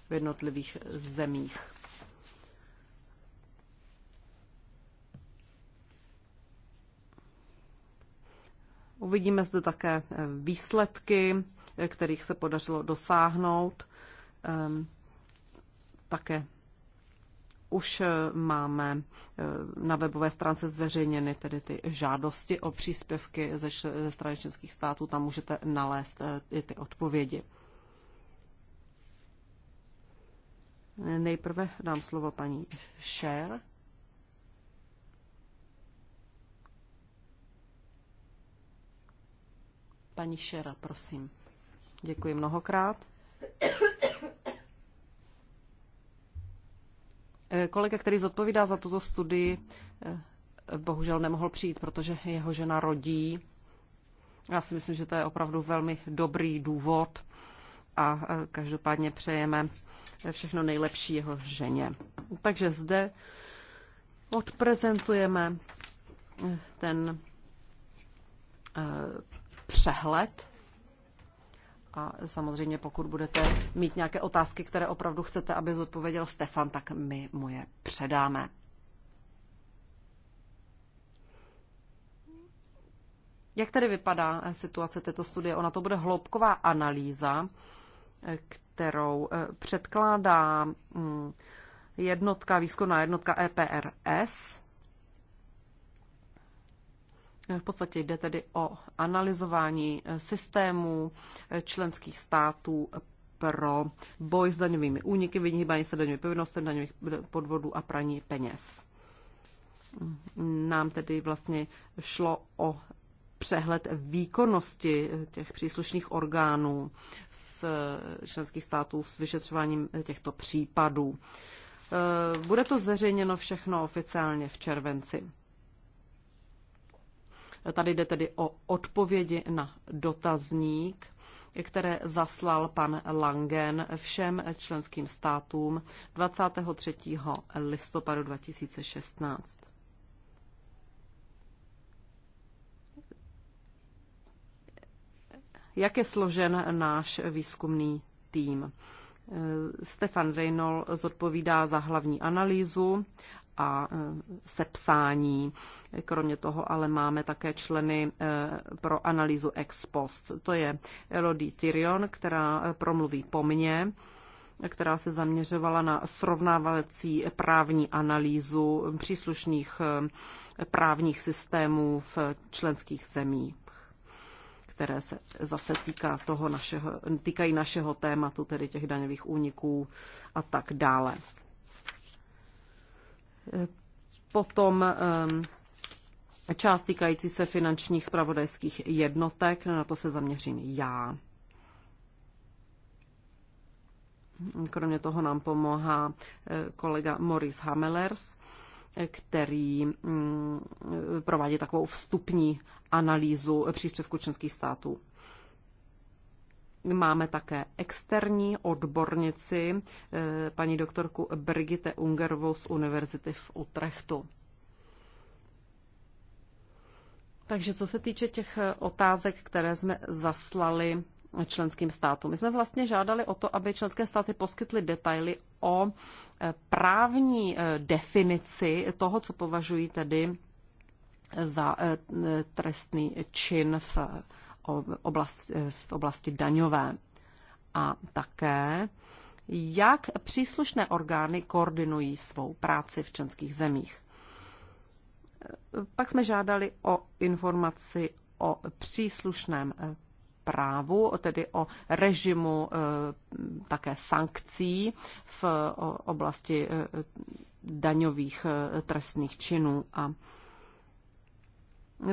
v jednotlivých zemích. Uvidíme zde také eh, výsledky, eh, kterých se podařilo dosáhnout. Ehm, také už eh, máme na webové stránce zveřejněny tedy ty žádosti o příspěvky ze, ze strany členských států. Tam můžete nalézt i ty odpovědi. Nejprve dám slovo paní Sher. Paní Šera, prosím. Děkuji mnohokrát. Eh, kolega, který zodpovídá za tuto studii, eh, bohužel nemohl přijít, protože jeho žena rodí. Já si myslím, že to je opravdu velmi dobrý důvod a eh, každopádně přejeme všechno nejlepší jeho ženě. Takže zde odprezentujeme ten přehled. A samozřejmě, pokud budete mít nějaké otázky, které opravdu chcete, aby zodpověděl Stefan, tak my mu je předáme. Jak tedy vypadá situace této studie? Ona to bude hloubková analýza, kterou eh, předkládá mm, jednotka, výzkumná jednotka EPRS. Eh, v podstatě jde tedy o analyzování eh, systémů eh, členských států pro boj s daňovými úniky, vyhýbání se daňovým povinnostem, daňových podvodů a praní peněz. Nám tedy vlastně šlo o přehled výkonnosti těch příslušných orgánů z členských států s vyšetřováním těchto případů. Bude to zveřejněno všechno oficiálně v červenci. Tady jde tedy o odpovědi na dotazník, které zaslal pan Langen všem členským státům 23. listopadu 2016. Jak je složen náš výzkumný tým? Stefan Reynol zodpovídá za hlavní analýzu a e, sepsání. Kromě toho ale máme také členy e, pro analýzu ex post. To je Elodie Tyrion, která e, promluví po mně která se zaměřovala na srovnávací právní analýzu příslušných právních systémů v členských zemích které se zase týká toho našeho, týkají našeho tématu, tedy těch daňových úniků a tak dále. Potom ehm, část týkající se finančních spravodajských jednotek, no, na to se zaměřím já. Kromě toho nám pomohá eh, kolega Morris Hamelers, eh, který mm, provádí takovou vstupní analýzu příspěvku členských států. Máme také externí odbornici, eh, paní doktorku Brigitte Ungerovou z Univerzity v Utrechtu. Takže co se týče těch otázek, které jsme zaslali členským státům, my jsme vlastně žádali o to, aby členské státy poskytly detaily o eh, právní eh, definici toho, co považují tedy za trestný čin v oblast, v oblasti daňové. A také, jak příslušné orgány koordinují svou práci v členských zemích. Pak jsme žádali o informaci o příslušném eh, právu, tedy o režimu eh, také sankcí v oblasti eh, daňových trestných činů a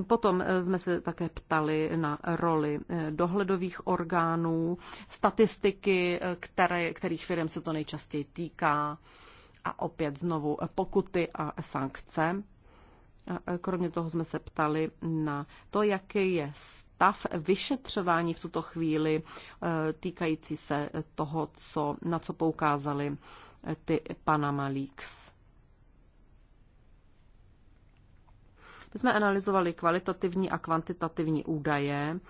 Potom eh, jsme se také ptali na roli eh, dohledových orgánů, statistiky, eh, které, kterých firm se to nejčastěji týká a opět znovu pokuty a sankce. kromě toho jsme se ptali na to, jaký je stav vyšetřování v tuto chvíli týkající se toho, co, na co poukázali ty Panama Leaks. My jsme analyzovali kvalitativní a kvantitativní údaje,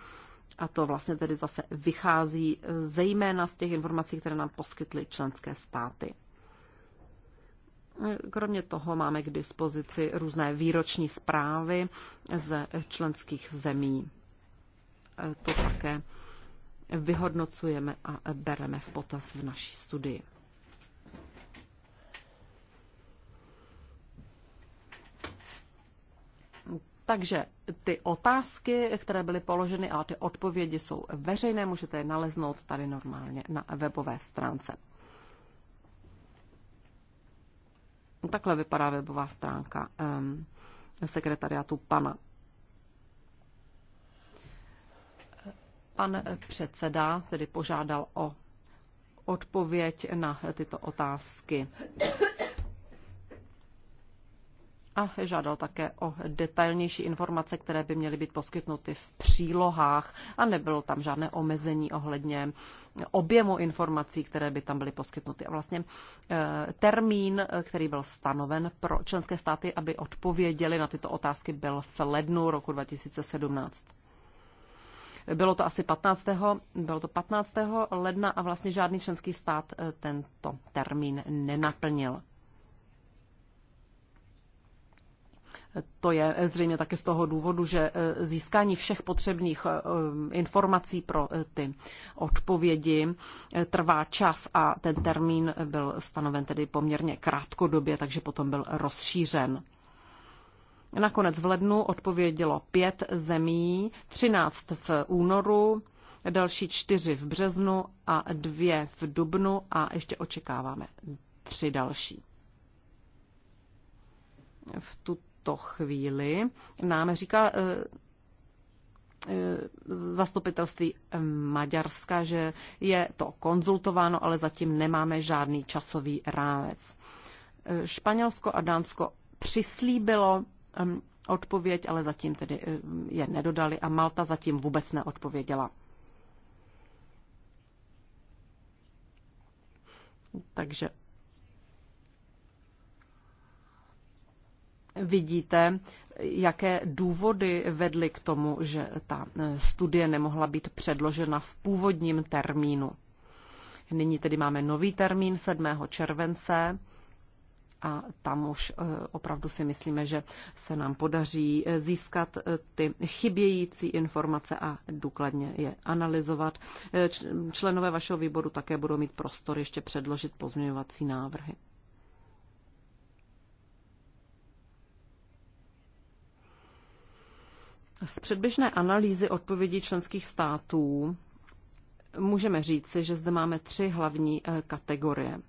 a to vlastně tedy zase vychází e, zejména z těch informací, které nám poskytly členské státy. E, kromě toho máme k dispozici různé výroční zprávy ze členských zemí. E, to také vyhodnocujeme a bereme v potaz v naší studii. Takže ty otázky, které byly položeny a ty odpovědi jsou veřejné, můžete je naleznout tady normálně na webové stránce. Takhle vypadá webová stránka um, sekretariátu pana. Pan předseda tedy požádal o odpověď na tyto otázky a žádal také o detailnější informace, které by měly být poskytnuty v přílohách a nebylo tam žádné omezení ohledně objemu informací, které by tam byly poskytnuty. A vlastně eh, termín, eh, který byl stanoven pro členské státy, aby odpověděli na tyto otázky, byl v lednu roku 2017. Bylo to asi 15. Bylo to 15. ledna a vlastně žádný členský stát eh, tento termín nenaplnil. To je zřejmě také z toho důvodu, že e, získání všech potřebných e, e, informací pro ty odpovědi trvá čas a ten termín byl stanoven tedy poměrně krátkodobě, takže potom byl rozšířen. Nakonec v lednu odpovědělo pět zemí, 13 v únoru, další čtyři v březnu a dvě v dubnu a ještě očekáváme tři další. V tuto tuto chvíli nám říká eh, eh, zastupitelství Maďarska, že je to konzultováno, ale zatím nemáme žádný časový rámec. Eh, Španělsko a Dánsko přislíbilo ehm, odpověď, ale zatím tedy je nedodali a Malta zatím vůbec neodpověděla. Takže vidíte, jaké důvody vedly k tomu, že ta eh, studie nemohla být předložena v původním termínu. Nyní tedy máme nový termín 7. července a tam už eh, opravdu si myslíme, že se nám podaří eh, získat ty chybějící informace a důkladně je analyzovat. Členové vašeho výboru také budou mít prostor ještě předložit pozměňovací návrhy. Z předběžné analýzy odpovědí členských států můžeme říci, že zde máme tři hlavní eh, kategorie.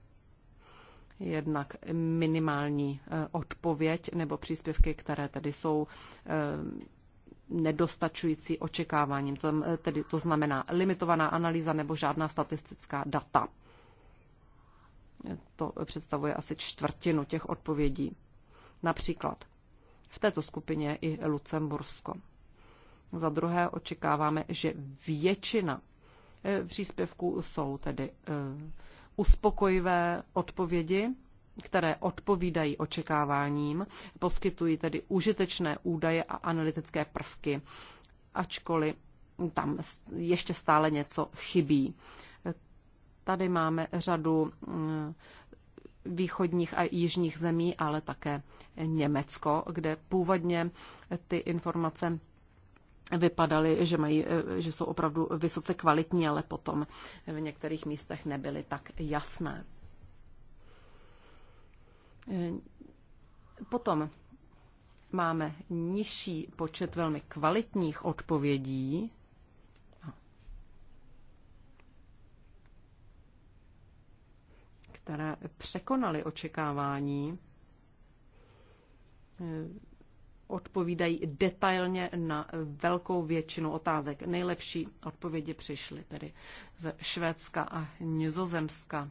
Jednak minimální eh, odpověď nebo příspěvky, které tedy jsou eh, nedostačující očekáváním. To, tedy to znamená limitovaná analýza nebo žádná statistická data. To představuje asi čtvrtinu těch odpovědí. Například v této skupině i Lucembursko. Za druhé očekáváme, že většina eh, příspěvků jsou tedy eh, uspokojivé odpovědi, které odpovídají očekáváním, poskytují tedy užitečné údaje a analytické prvky, ačkoliv tam ještě stále něco chybí. Tady máme řadu mm, východních a jižních zemí, ale také Německo, kde původně ty informace vypadaly, že, mají, eh, že jsou opravdu vysoce kvalitní, ale potom v některých místech nebyly tak jasné. Eh, potom máme nižší počet velmi kvalitních odpovědí. které překonaly očekávání eh, odpovídají detailně na velkou většinu otázek. Nejlepší odpovědi přišly tedy ze Švédska a Nizozemska.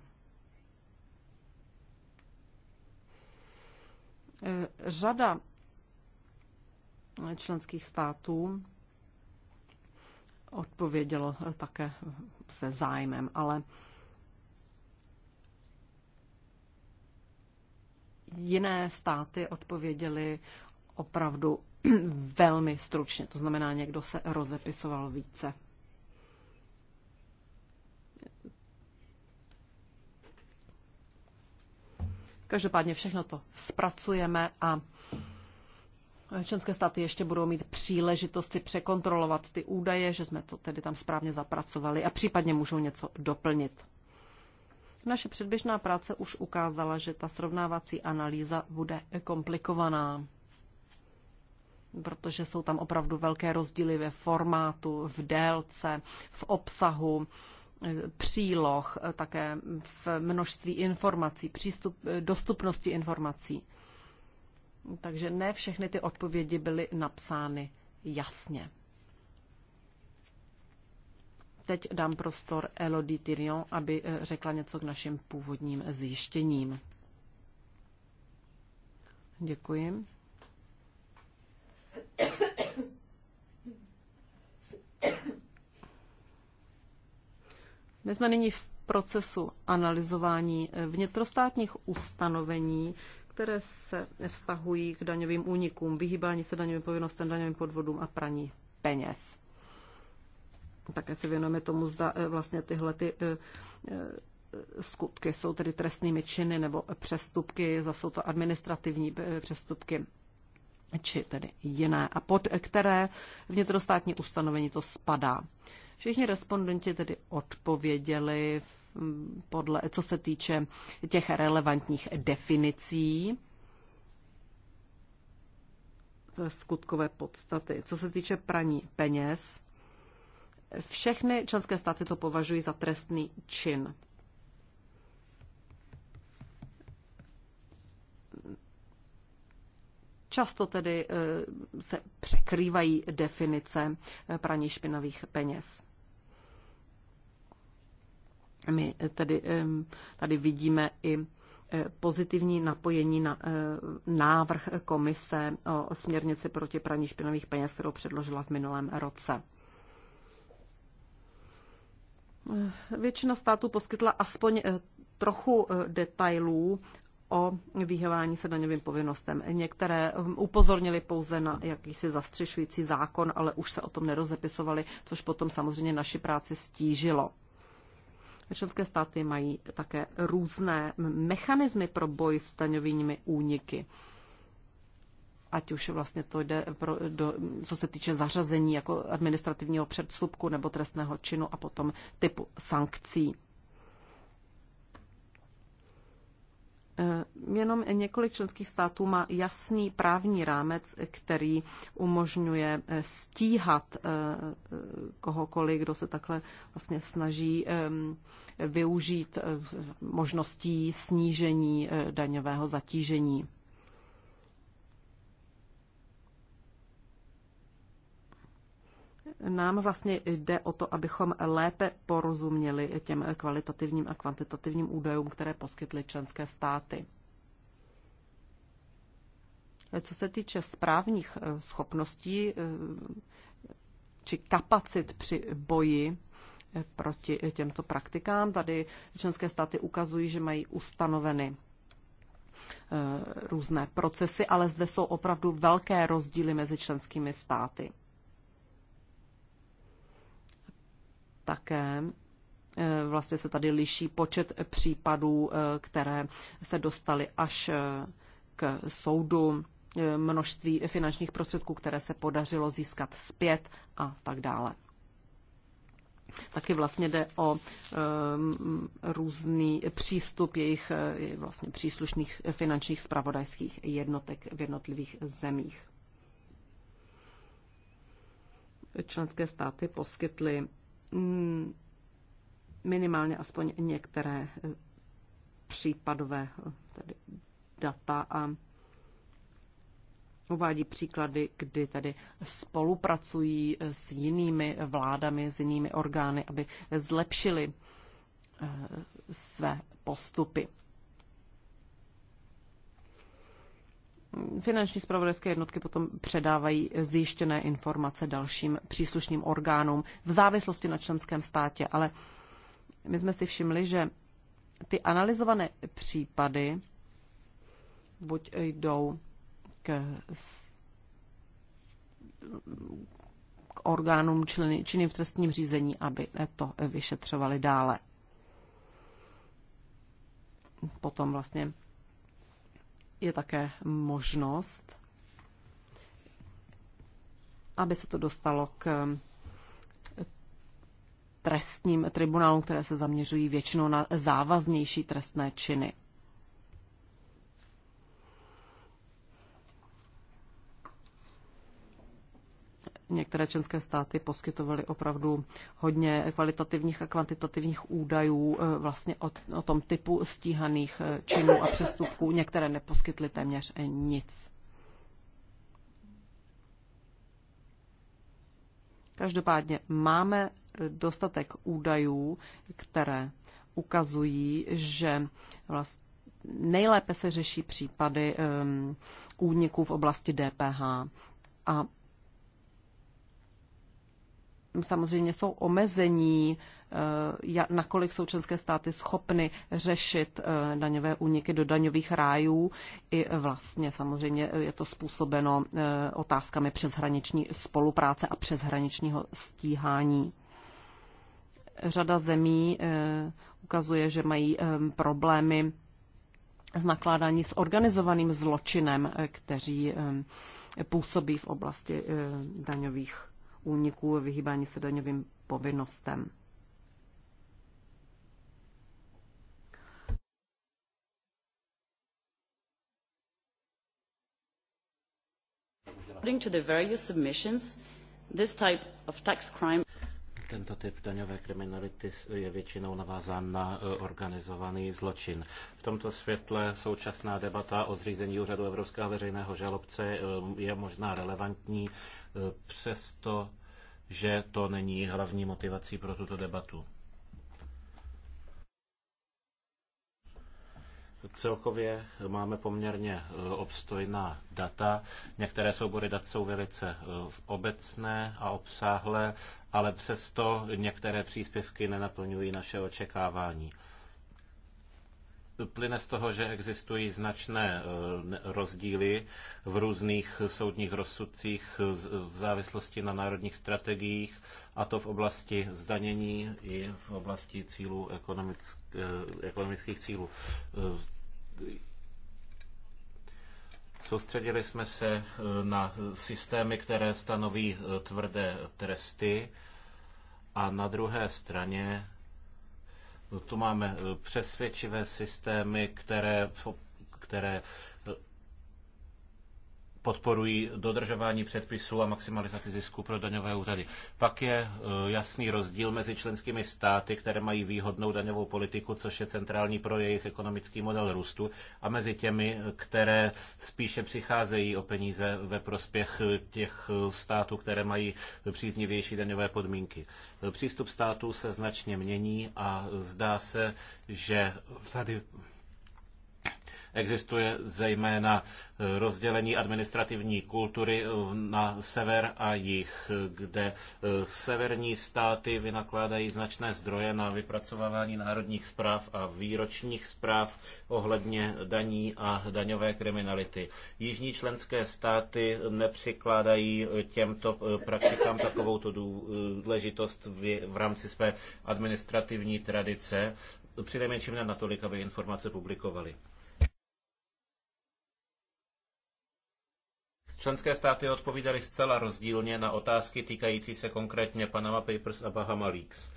E, řada členských států odpovědělo také se zájmem, ale jiné státy odpověděly opravdu velmi stručně, to znamená, někdo se rozepisoval více. Každopádně všechno to zpracujeme a členské státy ještě budou mít příležitost si překontrolovat ty údaje, že jsme to tedy tam správně zapracovali a případně můžou něco doplnit. Naše předběžná práce už ukázala, že ta srovnávací analýza bude komplikovaná protože jsou tam opravdu velké rozdíly ve formátu, v délce, v obsahu příloh, také v množství informací, přístup, dostupnosti informací. Takže ne všechny ty odpovědi byly napsány jasně. Teď dám prostor Elodie Tyrion, aby eh, řekla něco k našim původním zjištěním. Děkuji. My jsme nyní v procesu analyzování eh, vnitrostátních ustanovení, které se vztahují k daňovým únikům, vyhýbání se daňovým povinnostem, daňovým podvodům a praní peněz. Také se věnujeme tomu, zda eh, vlastně tyhle ty eh, skutky jsou tedy trestnými činy nebo přestupky, zda jsou to administrativní přestupky či tedy jiné, a pod které vnitrostátní ustanovení to spadá. Všichni respondenti tedy odpověděli podle, co se týče těch relevantních definicí skutkové podstaty. Co se týče praní peněz, všechny členské státy to považují za trestný čin. Často tedy eh, se překrývají definice eh, praní špinavých peněz. My eh, tedy tady vidíme i pozitivní napojení na návrh komise o směrnici proti praní špinavých peněz, kterou předložila v minulém roce. Většina států poskytla aspoň trochu detailů o vyhýlání se daňovým povinnostem. Některé hm, upozornili pouze na jakýsi zastřešující zákon, ale už se o tom nerozepisovali, což potom samozřejmě naši práci stížilo. Členské státy mají také různé mechanismy pro boj s daňovými úniky. Ať už vlastně to jde, pro, do, co se týče zařazení jako administrativního předslupku nebo trestného činu a potom typu sankcí. Eh, jenom několik členských států má jasný právní rámec, který umožňuje eh, stíhat eh, kohokoliv, kdo se takhle vlastně snaží využít možností snížení daňového zatížení. nám vlastně jde o to, abychom lépe porozuměli těm kvalitativním a kvantitativním údajům, které poskytly členské státy. Co se týče správních eh, schopností eh, či kapacit při boji eh, proti těmto praktikám, tady členské státy ukazují, že mají ustanoveny různé procesy, ale zde jsou opravdu velké rozdíly mezi členskými státy. také eh, vlastně se tady liší počet případů, eh, které se dostaly až eh, k soudu, množství finančních prostředků, které se podařilo získat zpět a tak dále. Taky vlastně jde o um, různý přístup jejich vlastně příslušných finančních spravodajských jednotek v jednotlivých zemích. Členské státy poskytly Mm, minimálně aspoň některé eh, případové eh, tedy data a uvádí příklady, kdy tedy spolupracují eh, s jinými vládami, s jinými orgány, aby zlepšili své postupy. Finanční spravodajské jednotky potom předávají zjištěné informace dalším příslušným orgánům v závislosti na členském státě, ale my jsme si všimli, že ty analyzované případy buď jdou k, k orgánům činným v trestním řízení, aby to vyšetřovali dále. Potom vlastně je také možnost, aby se to dostalo k trestním tribunálům, které se zaměřují většinou na závaznější trestné činy. některé členské státy poskytovaly opravdu hodně kvalitativních a kvantitativních údajů eh, vlastně o, o tom typu stíhaných eh, činů a přestupků. Některé neposkytly téměř eh, nic. Každopádně máme dostatek údajů, které ukazují, že vlastně nejlépe se řeší případy um, úniků v oblasti DPH. A samozřejmě jsou omezení, eh, nakolik jsou členské státy schopny řešit eh, daňové úniky do daňových rájů. I vlastně samozřejmě je to způsobeno eh, otázkami přeshraniční spolupráce a přeshraničního stíhání. Řada zemí ukazuje, že mají problémy s nakládání s organizovaným zločinem, kteří působí v oblasti daňových úniků a vyhýbání se daňovým povinnostem. According to the various submissions, this type of tax crime tento typ daňové kriminality je většinou navázán na e, organizovaný zločin. V tomto světle současná debata o zřízení úřadu Evropského veřejného žalobce e, je možná relevantní, e, přesto že to není hlavní motivací pro tuto debatu. Celkově máme poměrně e, obstojná data. Některé soubory dat jsou velice e, obecné a obsáhlé, ale přesto některé příspěvky nenaplňují naše očekávání plyne z toho, že existují značné eh, rozdíly v různých soudních rozsudcích v závislosti na národních strategiích, a to v oblasti zdanění i v oblasti cílů ekonomick, eh, ekonomických cílů. Eh, soustředili jsme se na systémy, které stanoví tvrdé tresty a na druhé straně No, tu máme eh, přesvědčivé systémy, které, které eh, podporují dodržování předpisů a maximalizaci zisku pro daňové úřady. Pak je e, jasný rozdíl mezi členskými státy, které mají výhodnou daňovou politiku, což je centrální pro jejich ekonomický model růstu, a mezi těmi, které spíše přicházejí o peníze ve prospěch těch států, které mají příznivější daňové podmínky. Přístup států se značně mění a zdá se, že tady Existuje zejména eh, rozdělení administrativní kultury eh, na sever a jih, kde eh, severní státy vynakládají značné zdroje na vypracovávání národních zpráv a výročních zpráv ohledně daní a daňové kriminality. Jižní členské státy nepřikládají těmto praktikám takovou důležitost v, v rámci své administrativní tradice, přinejmenším ne natolik, aby informace publikovali. Členské státy odpovídaly zcela rozdílně na otázky týkající se konkrétně Panama Papers a Bahama Leaks.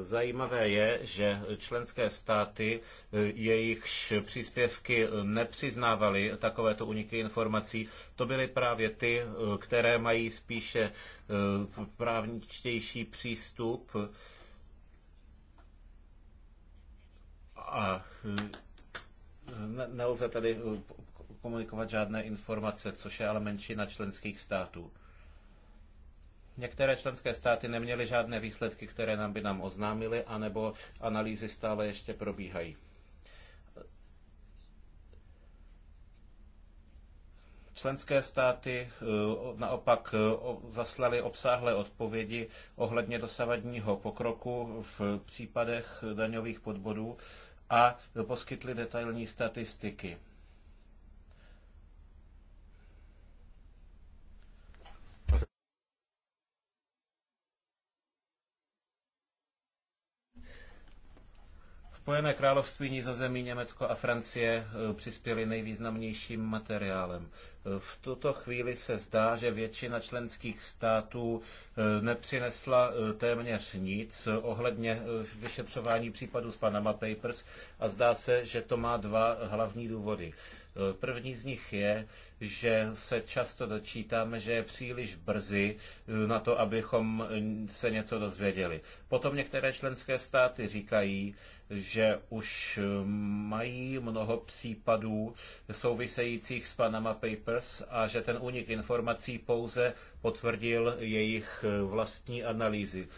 Zajímavé je, že členské státy, eh, jejichž příspěvky nepřiznávaly takovéto uniky informací, to byly právě ty, eh, které mají spíše eh, právničtější přístup a nelze tedy komunikovat žádné informace, což je ale menšina členských států. Některé členské státy neměly žádné výsledky, které nám by nám oznámily, anebo analýzy stále ještě probíhají. Členské státy eh, naopak eh, zaslali obsáhlé odpovědi ohledně dosavadního pokroku v případech daňových podbodů a poskytli detailní statistiky. Spojené království, Nizozemí, Německo a Francie eh, přispěly nejvýznamnějším materiálem. Eh, v tuto chvíli se zdá, že většina členských států eh, nepřinesla téměř nic ohledně vyšetřování případu z Panama Papers a zdá se, že to má dva hlavní důvody. První z nich je, že se často dočítáme, že je příliš brzy na to, abychom se něco dozvěděli. Potom některé členské státy říkají, že už eh, mají mnoho případů souvisejících s Panama Papers a že ten únik informací pouze potvrdil jejich eh, vlastní analýzy.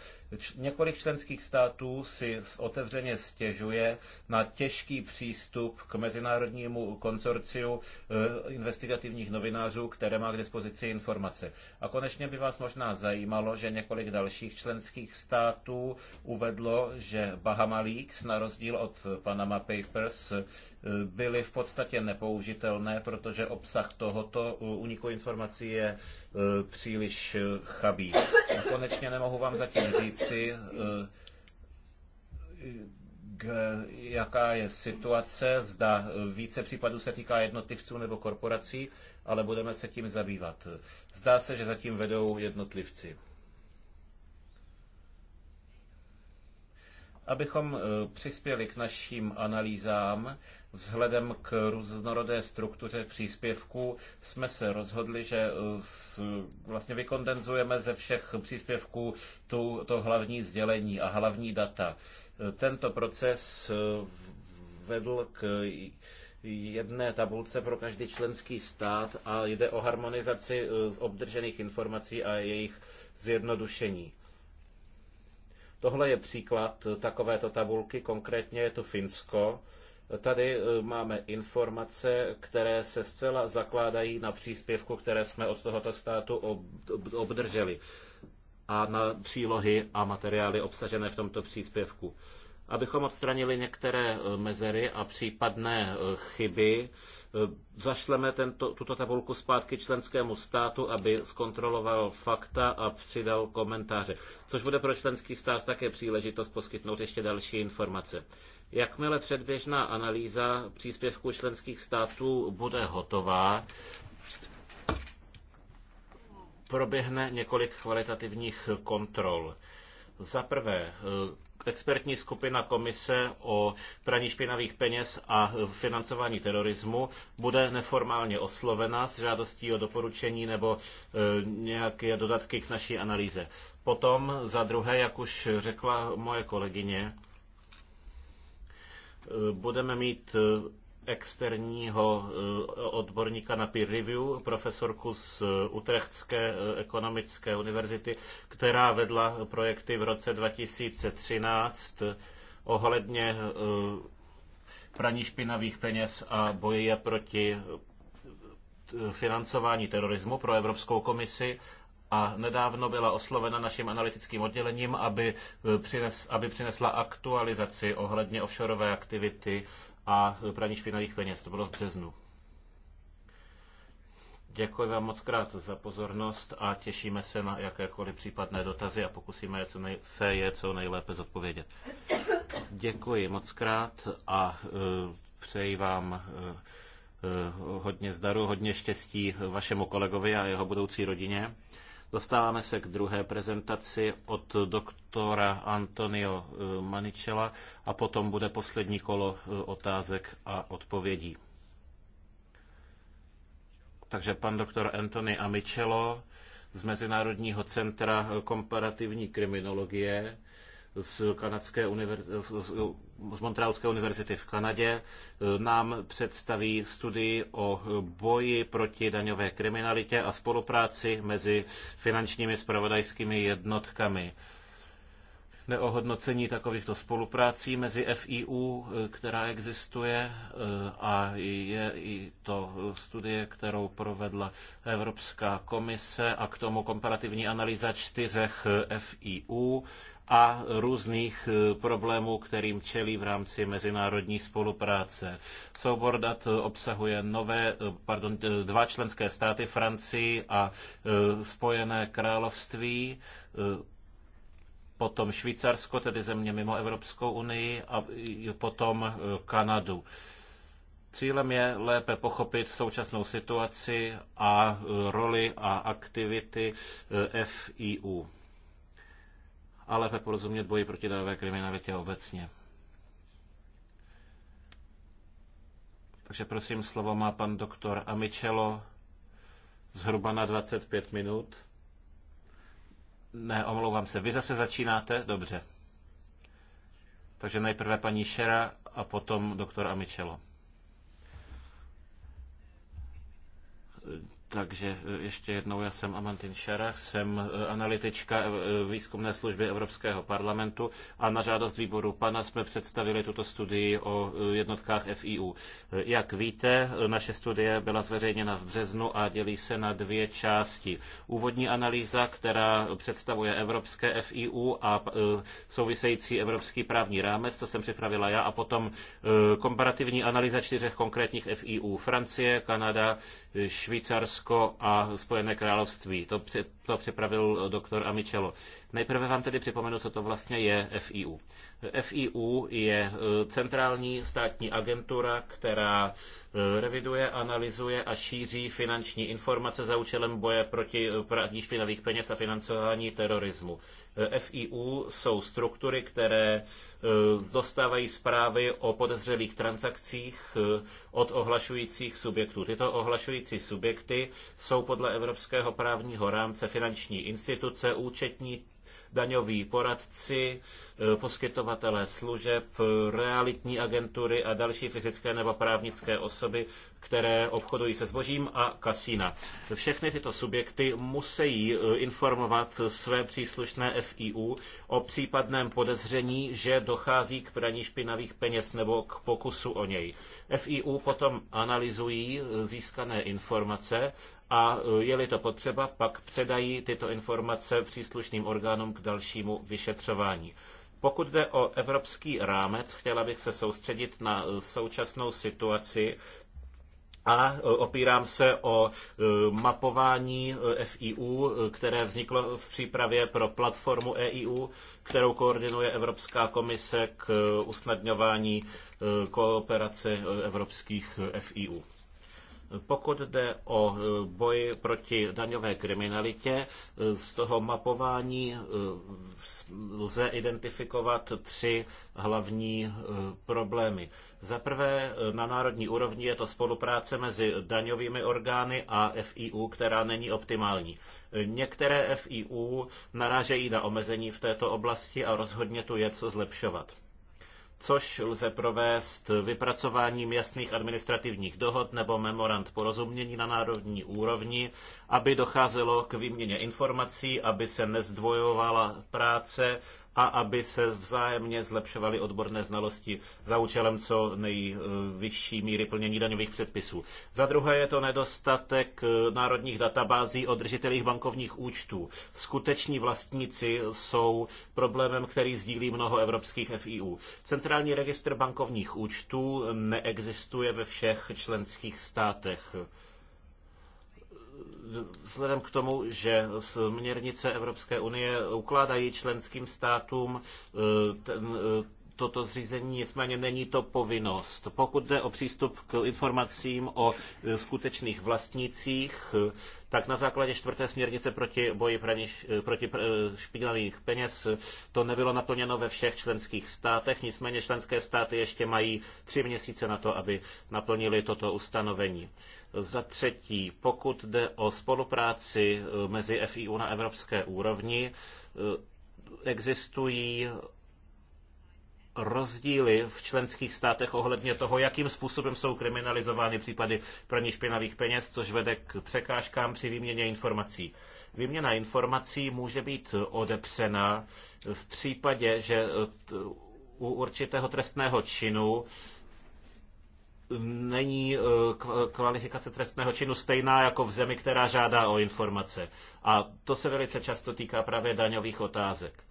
Několik členských států si otevřeně stěžuje na těžký přístup k mezinárodnímu konsorciu eh, investigativních novinářů, které má k dispozici informace. A konečně by vás možná zajímalo, že několik dalších členských států uvedlo, že Bahama Leaks, na rozdíl od Panama Papers, eh, byly v podstatě nepoužitelné, protože obsah tohoto eh, uniku informací je Eh, příliš eh, chabí. A konečně nemohu vám zatím říci, eh, jaká je situace, zda více případů se týká jednotlivců nebo korporací, ale budeme se tím zabývat. Zdá se, že zatím vedou jednotlivci. Abychom přispěli k našim analýzám, Vzhledem k různorodé struktuře příspěvků jsme se rozhodli, že eh, vlastně vykondenzujeme ze všech příspěvků tu, to hlavní sdělení a hlavní data. Eh, tento proces eh, vedl k jedné tabulce pro každý členský stát a jde o harmonizaci obdržených informací a jejich zjednodušení. Tohle je příklad takovéto tabulky, konkrétně je to Finsko. Tady eh, máme informace, které se zcela zakládají na příspěvku, které jsme od tohoto státu obdrželi a na přílohy a materiály obsažené v tomto příspěvku. Abychom odstranili některé eh, mezery a případné eh, chyby, zašleme tento, tuto tabulku zpátky členskému státu, aby zkontroloval fakta a přidal komentáře, což bude pro členský stát také příležitost poskytnout ještě další informace. Jakmile předběžná analýza příspěvků členských států bude hotová, proběhne několik kvalitativních kontrol. Za prvé, eh, expertní skupina komise o praní špinavých peněz a financování terorismu bude neformálně oslovena s žádostí o doporučení nebo eh, nějaké dodatky k naší analýze. Potom, za druhé, jak už řekla moje kolegyně, budeme mít eh, externího eh, odborníka na peer review, profesorku z eh, Utrechtské ekonomické univerzity, která vedla projekty v roce 2013 ohledně praní špinavých peněz a boje proti financování terorismu pro Evropskou komisi a nedávno byla oslovena naším analytickým oddělením, aby, eh, přines, aby přinesla aktualizaci ohledně offshoreové aktivity a praní špinavých peněz. To bylo v březnu. Děkuji vám moc krát za pozornost a těšíme se na jakékoliv případné dotazy a pokusíme je co nej- se je co nejlépe zodpovědět. Děkuji moc krát a uh, přeji vám uh, uh, hodně zdaru, hodně štěstí vašemu kolegovi a jeho budoucí rodině. Dostáváme se k druhé prezentaci od doktora Antonio eh, Manichela a potom bude poslední kolo eh, otázek a odpovědí. Takže pan doktor Anthony Amicello z Mezinárodního centra eh, komparativní kriminologie z, kanadské univerz... z Montrealské univerzity v Kanadě e, nám představí studii o boji proti daňové kriminalitě a spolupráci mezi finančními spravodajskými jednotkami neohodnocení takovýchto spoluprácí mezi FIU, e, která existuje e, a je i to studie, kterou provedla Evropská komise a k tomu komparativní analýza čtyřech FIU a různých eh, problémů, kterým čelí v rámci mezinárodní spolupráce. Soubor dat obsahuje nové, eh, pardon, eh, dva členské státy, Francii a Spojené království, potom Švýcarsko, tedy země mimo Evropskou unii a potom Kanadu. Cílem je lépe pochopit současnou situaci a roli a aktivity FIU a lépe porozumět boji proti dajové kriminalitě obecně. Takže prosím, slovo má pan doktor Amicello zhruba na 25 minut. Ne, omlouvám se, vy zase začínáte? Dobře. Takže nejprve paní Šera a potom doktor Amicello. Takže e, ještě jednou, já jsem Amantin Šerach, jsem e, analytička e, výzkumné služby Evropského parlamentu a na žádost výboru PANA jsme představili tuto studii o jednotkách FIU. Jak víte, naše studie byla zveřejněna v březnu a dělí se na dvě části. Úvodní analýza, která představuje evropské FIU a související evropský právní rámec, co jsem připravila já, a potom komparativní analýza čtyřech konkrétních FIU. Francie, Kanada, Švýcarsko a Spojené království. To, při, to připravil doktor Amicello. Nejprve vám tedy připomenu, co to vlastně je FIU. FIU je e, centrální státní agentura, která e, reviduje, analyzuje a šíří finanční informace za účelem boje proti e, praní špinavých peněz a financování terorismu. FIU jsou struktury, které dostávají zprávy o podezřelých transakcích od ohlašujících subjektů. Tyto ohlašující subjekty jsou podle evropského právního rámce finanční instituce, účetní daňoví poradci, eh, poskytovatelé služeb, eh, realitní agentury a další fyzické nebo právnické osoby, které obchodují se zbožím a kasína. Všechny tyto subjekty musí eh, informovat své příslušné FIU o případném podezření, že dochází k praní špinavých peněz nebo k pokusu o něj. FIU potom analyzují získané informace a e, je-li to potřeba, pak předají tyto informace příslušným orgánům k dalšímu vyšetřování. Pokud jde o evropský rámec, chtěla bych se soustředit na e, současnou situaci, a e, opírám se o mapování FIU, které vzniklo v přípravě pro platformu EIU, kterou koordinuje Evropská komise k usnadňování kooperace evropských FIU. Pokud jde o e, boj proti daňové kriminalitě, e, z toho mapování e, lze identifikovat tři hlavní problémy. Za prvé, na národní úrovni je to spolupráce mezi daňovými orgány a FIU, která není optimální. Některé FIU narážejí na omezení v této oblasti a rozhodně tu je co zlepšovat což lze provést vypracováním jasných administrativních dohod nebo memorand porozumění na národní úrovni, aby docházelo k výměně informací, aby se nezdvojovala práce a aby se vzájemně zlepšovaly odborné znalosti za účelem co nejvyšší míry plnění daňových předpisů. Za druhé je to nedostatek eh, národních databází o držitelích bankovních účtů. Skuteční vlastníci jsou problémem, který sdílí mnoho evropských FIU. Centrální registr bankovních účtů neexistuje ve všech členských státech vzhledem k tomu, že směrnice Evropské unie ukládají členským státům e, ten, e, toto zřízení, nicméně není to povinnost. Pokud jde o přístup k informacím o e, skutečných vlastnících, tak na základě čtvrté směrnice proti boji praní, proti špinavých peněz to nebylo naplněno ve všech členských státech, nicméně členské státy ještě mají tři měsíce na to, aby naplnili toto ustanovení. Za třetí, pokud jde o spolupráci eh, mezi FIU na evropské úrovni, eh, existují rozdíly v členských státech ohledně toho, jakým způsobem jsou kriminalizovány případy praní špinavých peněz, což vede k překážkám při výměně informací. Výměna informací může být odepřena v případě, že eh, u určitého trestného činu není eh, kvalifikace trestného činu stejná jako v zemi, která žádá o informace. A to se velice často týká právě daňových otázek.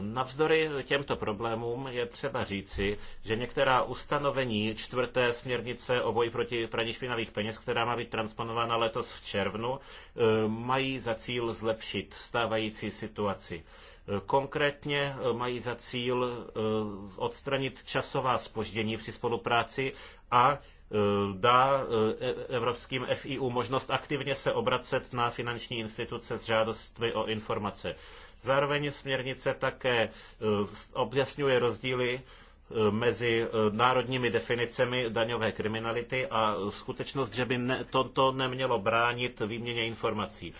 Navzdory těmto problémům je třeba říci, že některá ustanovení čtvrté směrnice o boji proti praní špinavých peněz, která má být transponována letos v červnu, eh, mají za cíl zlepšit stávající situaci. Eh, konkrétně eh, mají za cíl odstranit časová zpoždění při spolupráci a dá e, evropským FIU možnost aktivně se obracet na finanční instituce s žádostmi o informace. Zároveň směrnice také e, objasňuje rozdíly e, mezi e, národními definicemi daňové kriminality a skutečnost, že by ne, toto nemělo bránit výměně informací.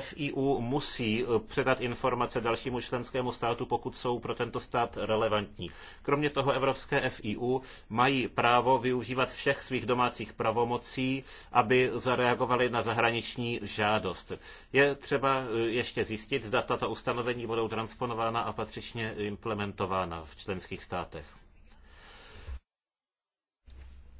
FIU musí eh, předat informace dalšímu členskému státu, pokud jsou pro tento stát relevantní. Kromě toho evropské FIU mají právo využívat všech svých domácích pravomocí, aby zareagovali na zahraniční žádost. Je třeba eh, ještě zjistit, zda tato ustanovení budou transponována a patřičně implementována v členských státech.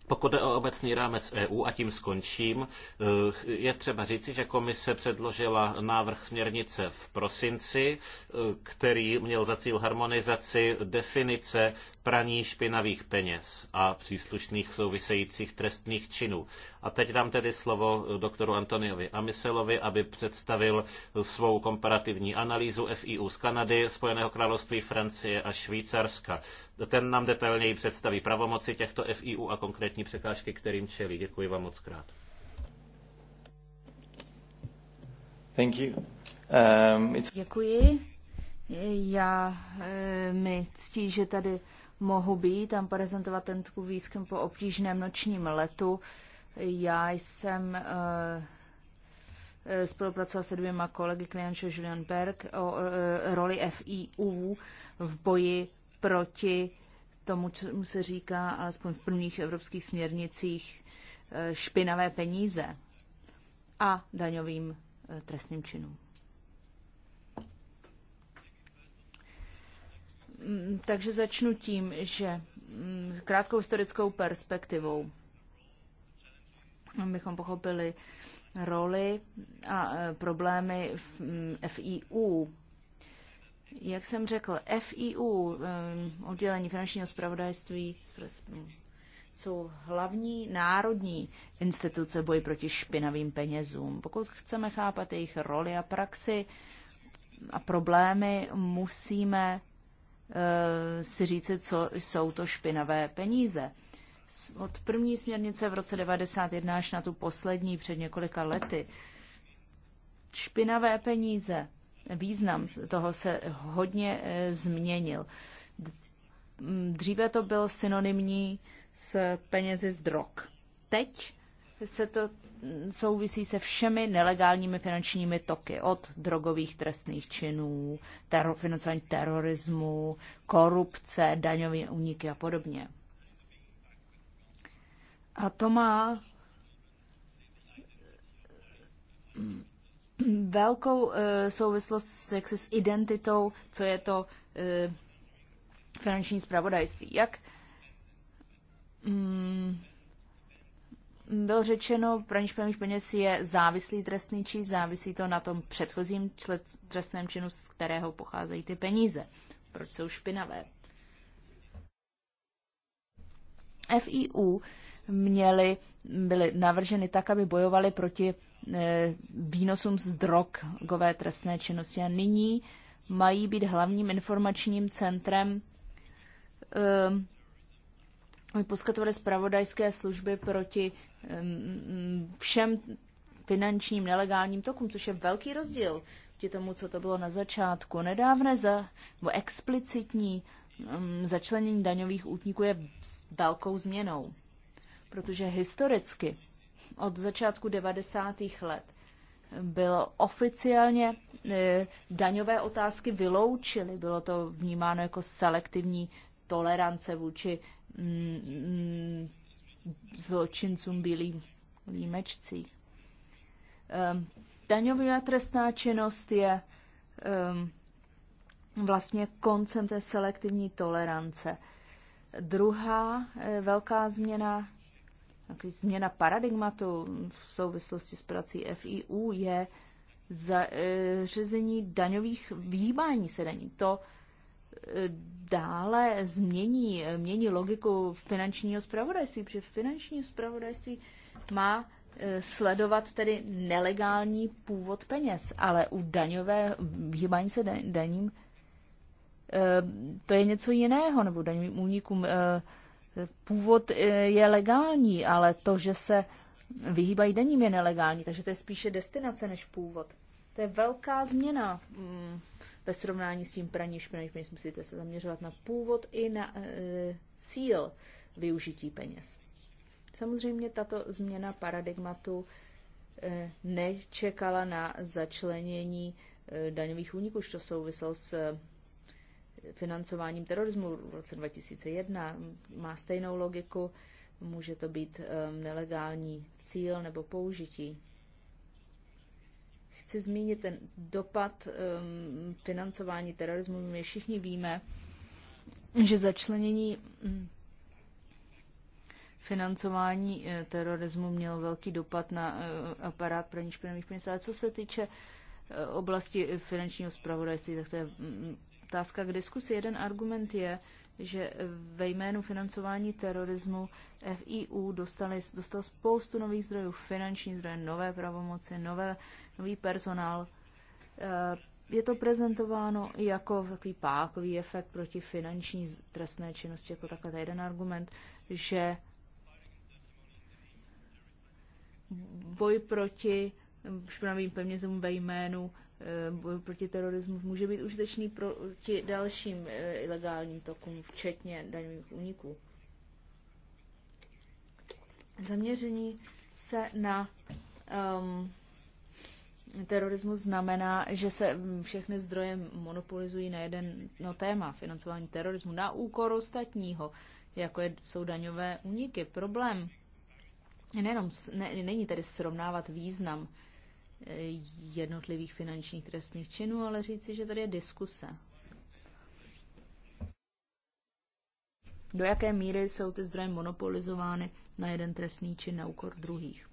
Pokud jde o obecný rámec EU, a tím skončím, eh, je třeba říci, že komise předložila návrh směrnice v prosinci, eh, který měl za cíl harmonizaci definice praní špinavých peněz a příslušných souvisejících trestných činů. A teď dám tedy slovo eh, doktoru Antoniovi Amiselovi, aby představil svou komparativní analýzu FIU z Kanady, Spojeného království, Francie a Švýcarska. Ten nám detailněji představí pravomoci těchto FIU a konkrétní překážky, kterým čelí. Děkuji vám moc krát. Thank you. Um, it's... Děkuji. Já eh, mi ctí, že tady mohu být a prezentovat tento výzkum po obtížném nočním letu. Já jsem eh, eh, spolupracoval se dvěma kolegy, Kliančo Julian Berg, o eh, roli FIU v boji proti tomu, mu se říká, alespoň v prvních evropských směrnicích, špinavé peníze a daňovým trestným činům. Mm, takže začnu tím, že mm, krátkou historickou perspektivou abychom pochopili roli a e, problémy v FIU. Jak jsem řekl, FIU, e, oddělení finančního spravodajství, jsou hlavní národní instituce boji proti špinavým penězům. Pokud chceme chápat jejich roli a praxi a problémy, musíme e, si říci, co jsou to špinavé peníze od první směrnice v roce 1991 až na tu poslední před několika lety. Špinavé peníze, význam toho se hodně e, změnil. Dříve to byl synonymní s penězi z drog. Teď se to souvisí se všemi nelegálními finančními toky, od drogových trestných činů, teror, financování terorismu, korupce, daňové úniky a podobně. A to má velkou uh, souvislost jaksi, s identitou, co je to uh, finanční zpravodajství. Jak um, bylo řečeno, praní špinavých peněz je závislý trestný čin, závisí to na tom předchozím trestném činu, z kterého pocházejí ty peníze. Proč jsou špinavé? FIU měly, byly navrženy tak, aby bojovaly proti eh, výnosům z drogové trestné činnosti. A nyní mají být hlavním informačním centrem aby eh, poskytovali spravodajské služby proti eh, všem finančním nelegálním tokům, což je velký rozdíl proti tomu, co to bylo na začátku. Nedávné za, nebo explicitní um, začlenění daňových útníků je velkou změnou protože historicky od začátku 90. let bylo oficiálně e, daňové otázky vyloučily. Bylo to vnímáno jako selektivní tolerance vůči mm, mm, zločincům bílým límečcí. E, daňová trestná činnost je e, vlastně koncem té selektivní tolerance. Druhá velká změna Takový změna paradigmatu v souvislosti s prací FIU je zařízení e, daňových výhýbání se daní. To e, dále změní, e, mění logiku finančního spravodajství, protože finanční spravodajství má sledovat tedy nelegální původ peněz, ale u daňové vyhýbání se daním to je něco jiného, nebo daňovým únikům původ eh, je legální, ale to, že se vyhýbají daním, je nelegální, takže to je spíše destinace než původ. To je velká změna mm, ve srovnání s tím praní špinavých peněz. Musíte se zaměřovat na původ i na e, cíl využití peněz. Samozřejmě tato změna paradigmatu e, nečekala na začlenění e, daňových úniků, což to souvisel s financováním terorismu v roce 2001. Má stejnou logiku, může to být um, nelegální cíl nebo použití. Chci zmínit ten dopad um, financování terorismu. My všichni víme, že začlenění mm, financování eh, terorismu mělo velký dopad na eh, aparát pro nižší peněz. Ale co se týče eh, oblasti finančního zpravodajství, tak to je mm, otázka k diskusi. Jeden argument je, že ve jménu financování terorismu FIU dostali, dostal spoustu nových zdrojů, finanční zdroje, nové pravomoci, nové, nový personál. Eh, je to prezentováno jako takový pákový efekt proti finanční trestné činnosti, jako takhle jeden argument, že boj proti špinavým penězům ve jménu boj eh, proti terorismu může být užitečný proti dalším eh, ilegálním tokům, včetně daňových úniků. Zaměření se na um, terorismus znamená, že se mm, všechny zdroje monopolizují na jedno téma, financování terorismu, na úkor ostatního, jako je, jsou daňové úniky. Problém nejenom, ne, není tedy srovnávat význam jednotlivých finančních trestných činů, ale říci, že tady je diskuse. Do jaké míry jsou ty zdroje monopolizovány na jeden trestný čin na úkor druhých?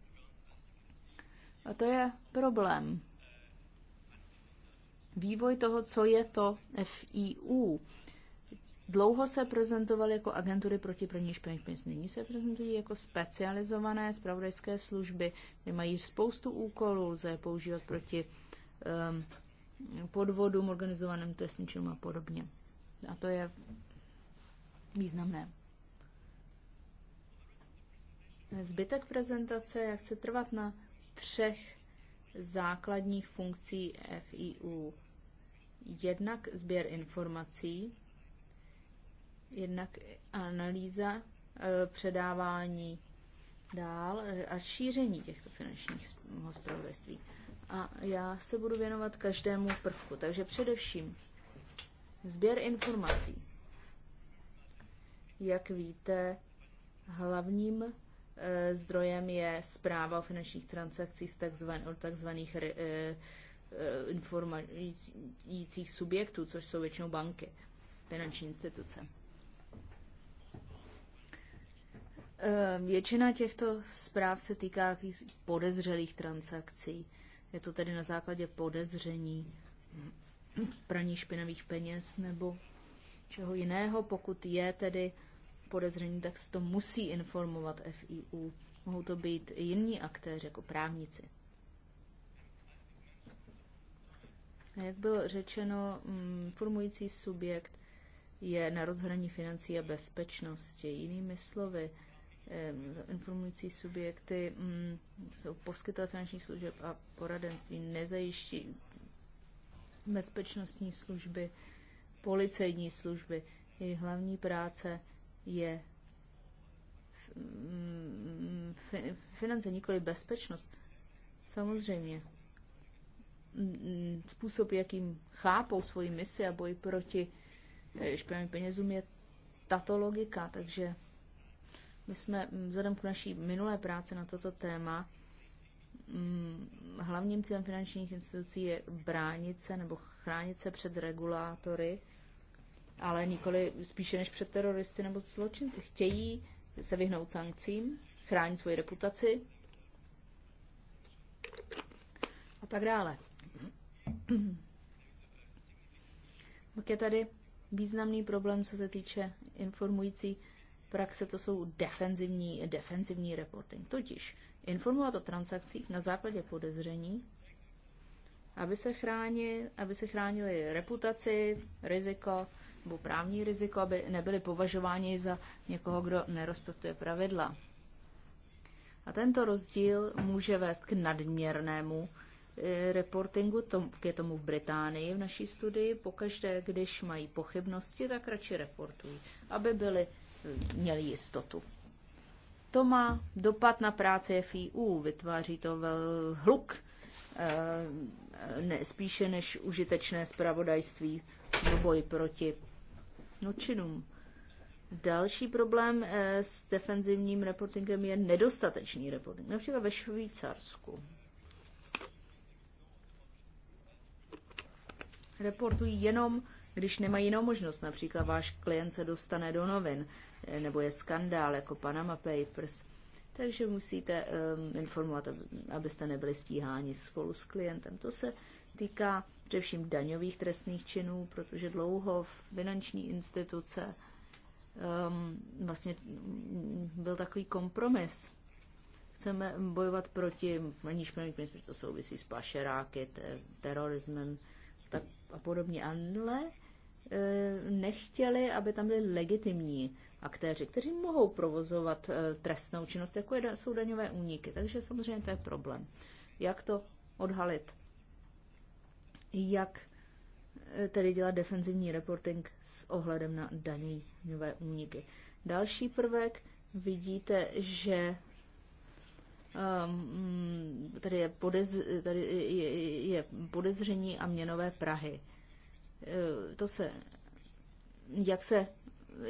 A to je problém. Vývoj toho, co je to FIU, dlouho se prezentovaly jako agentury proti první špinavých Nyní se prezentují jako specializované spravodajské služby, kde mají spoustu úkolů, lze je používat proti um, podvodům, organizovaným trestným činům a podobně. A to je významné. Zbytek prezentace, jak chce trvat na třech základních funkcí FIU. Jednak sběr informací, jednak analýza eh, předávání dál eh, a šíření těchto finančních hospodářství. A já se budu věnovat každému prvku, takže především sběr informací. Jak víte, hlavním eh, zdrojem je zpráva o finančních transakcích z takzvaných, od takzvaných informujících subjektů, což jsou většinou banky, finanční instituce. Ehm, většina těchto zpráv se týká podezřelých transakcí. Je to tedy na základě podezření praní špinavých peněz nebo čeho jiného. Pokud je tedy podezření, tak se to musí informovat FIU. Mohou to být i jiní aktéři, jako právníci. A jak bylo řečeno, mm, formující subjekt je na rozhraní financí a bezpečnosti. Jinými slovy, Eh, informující subjekty mm, jsou poskytovat finančních služeb a poradenství, nezajiští bezpečnostní služby, policejní služby. Jejich hlavní práce je mm, finance, nikoli bezpečnost. Samozřejmě. Mm, způsob, jakým chápou svoji misi a boj proti eh, špinavým penězům, je tato logika. Takže my jsme mm, vzhledem k naší minulé práci na toto téma mm, hlavním cílem finančních institucí je bránit se nebo chránit se před regulátory, ale nikoli spíše než před teroristy nebo zločinci. Chtějí se vyhnout sankcím, chránit svoji reputaci a tak dále. Pak je tady významný problém, co se týče informující praxe to jsou defenzivní, defenzivní reporting, totiž informovat o transakcích na základě podezření, aby se, chráni, aby se chránili reputaci, riziko nebo právní riziko, aby nebyli považováni za někoho, kdo nerespektuje pravidla. A tento rozdíl může vést k nadměrnému e, reportingu, tom, je tomu v Británii v naší studii, pokaždé, když mají pochybnosti, tak radši reportují, aby byli měli jistotu. To má dopad na práci FIU, vytváří to vel hluk, eh, ne, spíše než užitečné spravodajství na boj proti nočinům. Další problém eh, s defenzivním reportingem je nedostatečný reporting, například ve Švýcarsku. Reportují jenom, když nemají jinou možnost. Například váš klient se dostane do novin nebo je skandál jako Panama Papers. Takže musíte um, informovat, abyste nebyli stíháni spolu s klientem. To se týká především daňových trestných činů, protože dlouho v finanční instituce um, vlastně byl takový kompromis. Chceme bojovat proti praní špinavých peněz, protože to souvisí s pašeráky, te, terorismem tak a podobně, ale e, nechtěli, aby tam byly legitimní aktéři, kteří mohou provozovat eh, trestnou činnost, jako jsou daňové úniky. Takže samozřejmě to je problém. Jak to odhalit? Jak eh, tedy dělat defenzivní reporting s ohledem na daňové úniky? Další prvek, vidíte, že ehm, tady, je podez, tady je, je podezření a měnové Prahy. Eh, to se, jak se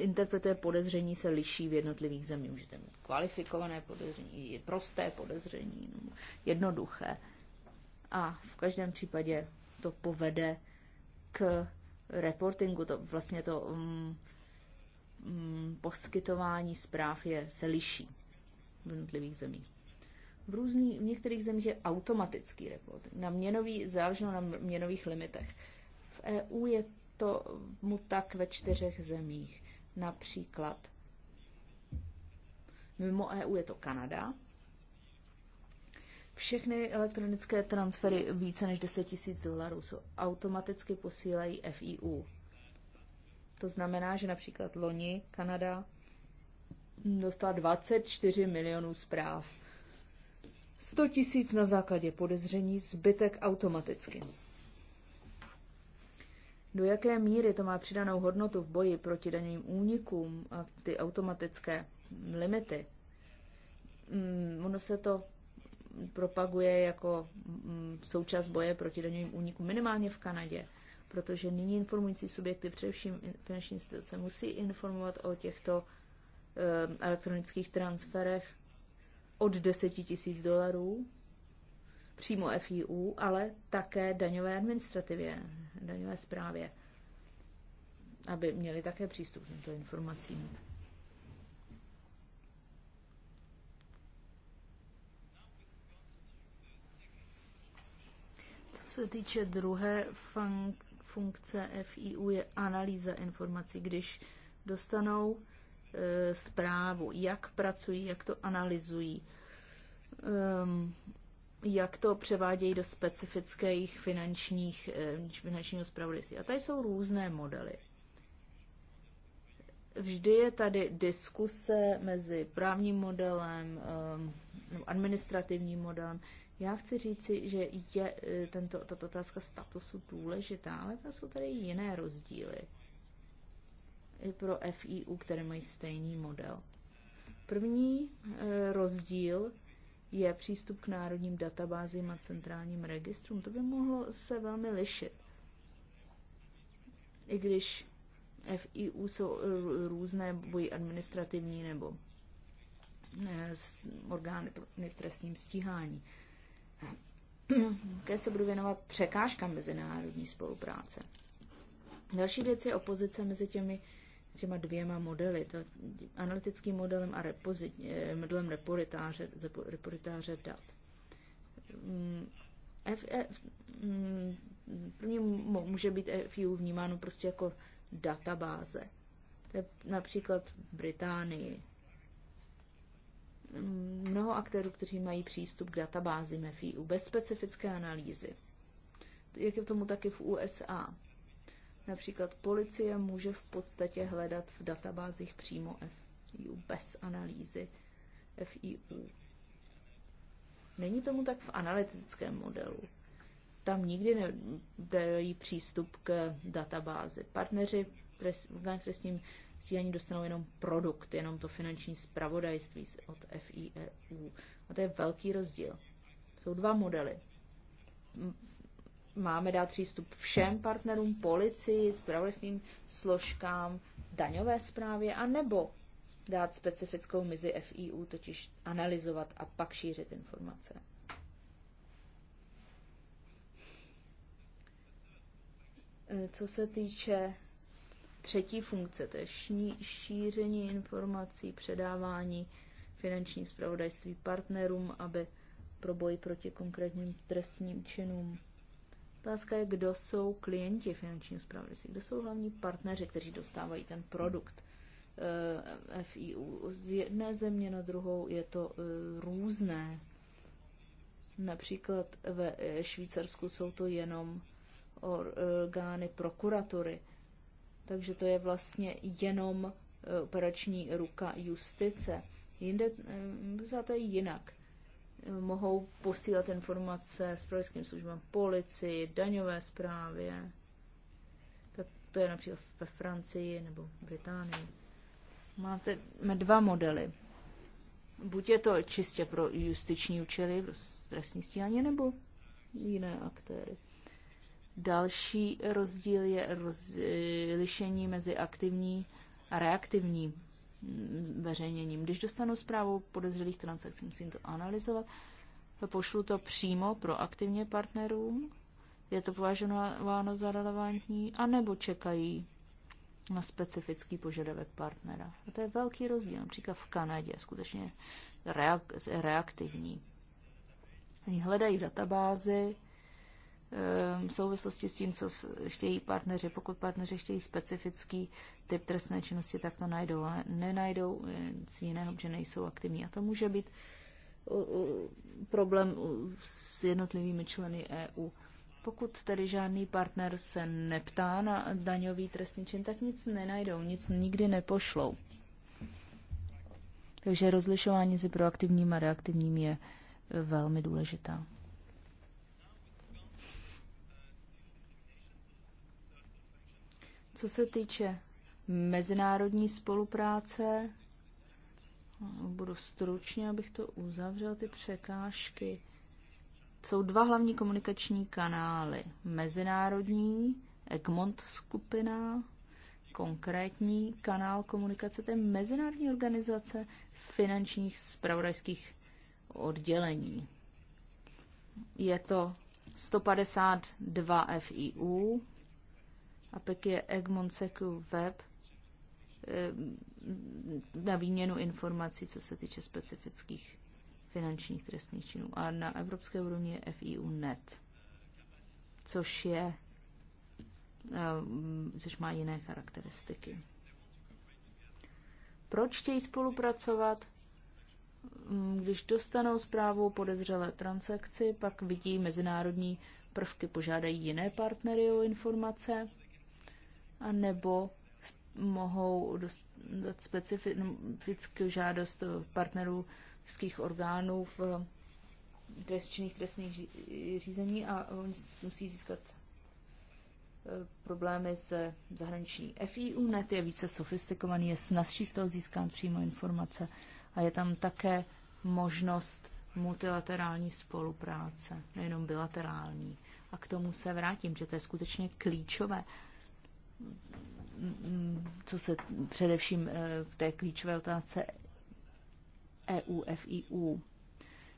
interpretuje podezření se liší v jednotlivých zemích. Můžete mít kvalifikované podezření, prosté podezření, jednoduché. A v každém případě to povede k reportingu, to vlastně to um, um, poskytování zpráv je, se liší v jednotlivých zemích. V, různý, v některých zemích je automatický report, Na měnový, záleží na měnových limitech. V EU je to mu tak ve čtyřech zemích. Například mimo EU je to Kanada. Všechny elektronické transfery více než 10 000 dolarů jsou automaticky posílají FIU. To znamená, že například loni Kanada dostala 24 milionů zpráv. 100 tisíc na základě podezření, zbytek automaticky. Do jaké míry to má přidanou hodnotu v boji proti daným únikům a ty automatické limity? Mm, ono se to propaguje jako mm, součást boje proti daňovým únikům, minimálně v Kanadě, protože nyní informující subjekty, především finanční instituce, musí informovat o těchto eh, elektronických transferech od 10 tisíc dolarů přímo FIU, ale také daňové administrativě daňové zprávě, aby měli také přístup k těmto informacím. Co se týče druhé fun- funkce FIU, je analýza informací, když dostanou e, zprávu, jak pracují, jak to analyzují. Ehm, jak to převádějí do specifických finančních, eh, finančního spravodajství. A tady jsou různé modely. Vždy je tady diskuse mezi právním modelem, ehm, administrativním modelem. Já chci říci, že je eh, tento, tato otázka statusu důležitá, ale tam jsou tady jiné rozdíly. I pro FIU, které mají stejný model. První eh, rozdíl je přístup k národním databázím a centrálním registrům. To by mohlo se velmi lišit. I když FIU jsou eh, různé, buď administrativní nebo eh, orgány v trestním stíhání. Také se budu věnovat překážkám mezinárodní spolupráce. Další věc je opozice mezi těmi těma dvěma modely, to, analytickým modelem a repozit, eh, modelem repozitáře, reportáře dat. Mm, F, e- F, mm, první může být FIU vnímáno prostě jako databáze. To je například v Británii. Mm, mnoho aktérů, kteří mají přístup k databázi FIU bez specifické analýzy. Jak je tomu taky v USA. Například policie může v podstatě hledat v databázích přímo FIU bez analýzy FIU. Není tomu tak v analytickém modelu. Tam nikdy nedají přístup k databázi. Partneři v trestním stíhaní dostanou jenom produkt, jenom to finanční spravodajství od FIU. E A to je velký rozdíl. Jsou dva modely máme dát přístup všem partnerům, policii, zpravodajským složkám, daňové správě, a nebo dát specifickou mizi FIU, totiž analyzovat a pak šířit informace. Co se týče třetí funkce, to je šíření informací, předávání finanční zpravodajství partnerům, aby pro boj proti konkrétním trestním činům Otázka je, kdo jsou klienti finanční spravedlnosti, kdo jsou hlavní partneři, kteří dostávají ten produkt eh, FIU. Z jedné země na druhou je to eh, různé. Například ve eh, Švýcarsku jsou to jenom orgány prokuratury. Takže to je vlastně jenom operační ruka justice. Jinde to je jinak mohou posílat informace s zpravodajským službám policii, daňové správě. Tak to je například ve Francii nebo Británii. Máte dva modely. Buď je to čistě pro justiční účely, pro trestní stíhání, nebo jiné aktéry. Další rozdíl je rozlišení mezi aktivní a reaktivní veřejněním. Když dostanu zprávu podezřelých transakcí, musím to analyzovat. Pošlu to přímo proaktivně partnerům, je to považováno za relevantní, anebo čekají na specifický požadavek partnera. A to je velký rozdíl. Například v Kanadě skutečně reak- reaktivní. Oni hledají databázy, Ehm, v souvislosti s tím, co chtějí partneři. Pokud partneři chtějí specifický typ trestné činnosti, tak to najdou, ale nenajdou eh, nic jiného, protože nejsou aktivní. A to může být problém s jednotlivými členy EU. Pokud tedy žádný partner se neptá na daňový trestný čin, tak nic nenajdou, nic nikdy nepošlou. Takže rozlišování mezi proaktivním a reaktivním je eh, velmi důležitá. Co se týče mezinárodní spolupráce, budu stručně, abych to uzavřel, ty překážky. Jsou dva hlavní komunikační kanály. Mezinárodní, Egmont skupina, konkrétní kanál komunikace té mezinárodní organizace finančních spravodajských oddělení. Je to 152 FIU, a pak je Egmonseku web eh, na výměnu informací, co se týče specifických finančních trestných činů. A na evropské úrovni je FIU net, což je eh, což má jiné charakteristiky. Proč chtějí spolupracovat? Mm, když dostanou zprávu o podezřelé transakci, pak vidí mezinárodní prvky, požádají jiné partnery o informace a nebo mohou dát specifickou no, žádost partnerů orgánů v trestčinných trestných řízení a oni musí získat e, problémy se zahraniční FIU. Net je více sofistikovaný, je snazší z toho získat přímo informace a je tam také možnost multilaterální spolupráce, nejenom bilaterální. A k tomu se vrátím, že to je skutečně klíčové co se především eh, v té klíčové otázce EU, FIU.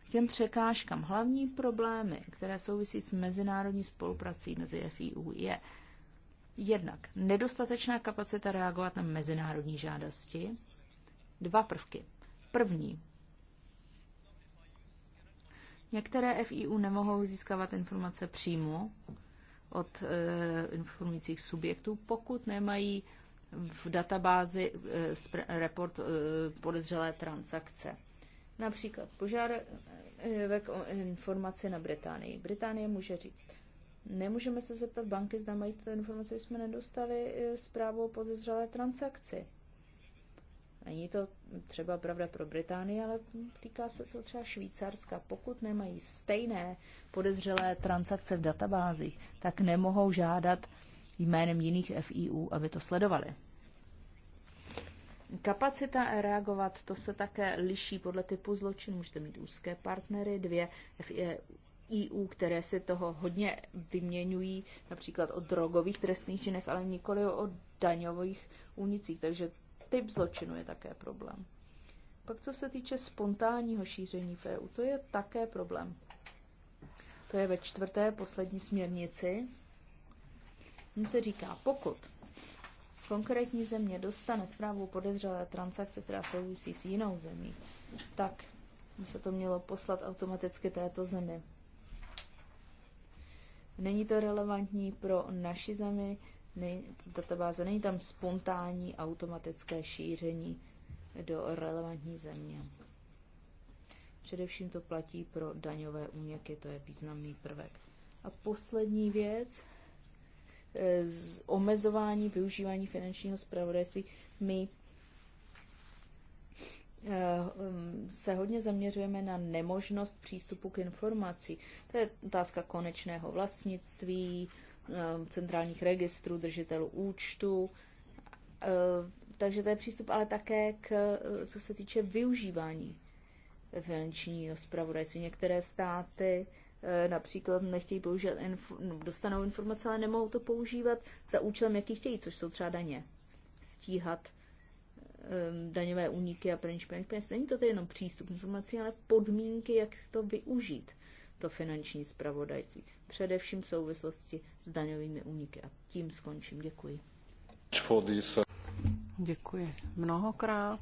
K těm překážkám hlavní problémy, které souvisí s mezinárodní spoluprací mezi FIU, je jednak nedostatečná kapacita reagovat na mezinárodní žádosti. Dva prvky. První. Některé FIU nemohou získávat informace přímo od eh, informujících subjektů, pokud nemají v databázi eh, report eh, podezřelé transakce. Například požár o informaci na Británii. Británie může říct, nemůžeme se zeptat banky, zda mají tyto informace, jsme nedostali zprávu o podezřelé transakci. Není to třeba pravda pro Británii, ale týká se to třeba Švýcarska. Pokud nemají stejné podezřelé transakce v databázích, tak nemohou žádat jménem jiných FIU, aby to sledovali. Kapacita reagovat, to se také liší podle typu zločinu. Můžete mít úzké partnery, dvě FIU, které se toho hodně vyměňují, například o drogových trestných činech, ale nikoli o daňových únicích. Takže typ zločinu je také problém. Pak co se týče spontánního šíření v EU, to je také problém. To je ve čtvrté poslední směrnici. Tam se říká, pokud konkrétní země dostane zprávu podezřelé transakce, která souvisí s jinou zemí, tak by se to mělo poslat automaticky této zemi. Není to relevantní pro naši zemi, ne, databáze, není tam spontánní automatické šíření do relevantní země. Především to platí pro daňové úniky, to je významný prvek. A poslední věc, eh, z omezování využívání finančního zpravodajství. My eh, um, se hodně zaměřujeme na nemožnost přístupu k informací. To je otázka konečného vlastnictví, Eh, centrálních registrů držitelů účtu. Eh, takže to je přístup ale také k, eh, co se týče využívání finančního zpravodajství. Některé státy například nechtějí používat, inf- no, dostanou informace, ale nemohou to používat za účelem, jaký chtějí, což jsou třeba daně. Stíhat ehm, daňové úniky a praní špinavých peněz. Není to tedy jenom přístup informací, ale podmínky, jak to využít to finanční zpravodajství, především v souvislosti s daňovými úniky. A tím skončím. Děkuji. Děkuji mnohokrát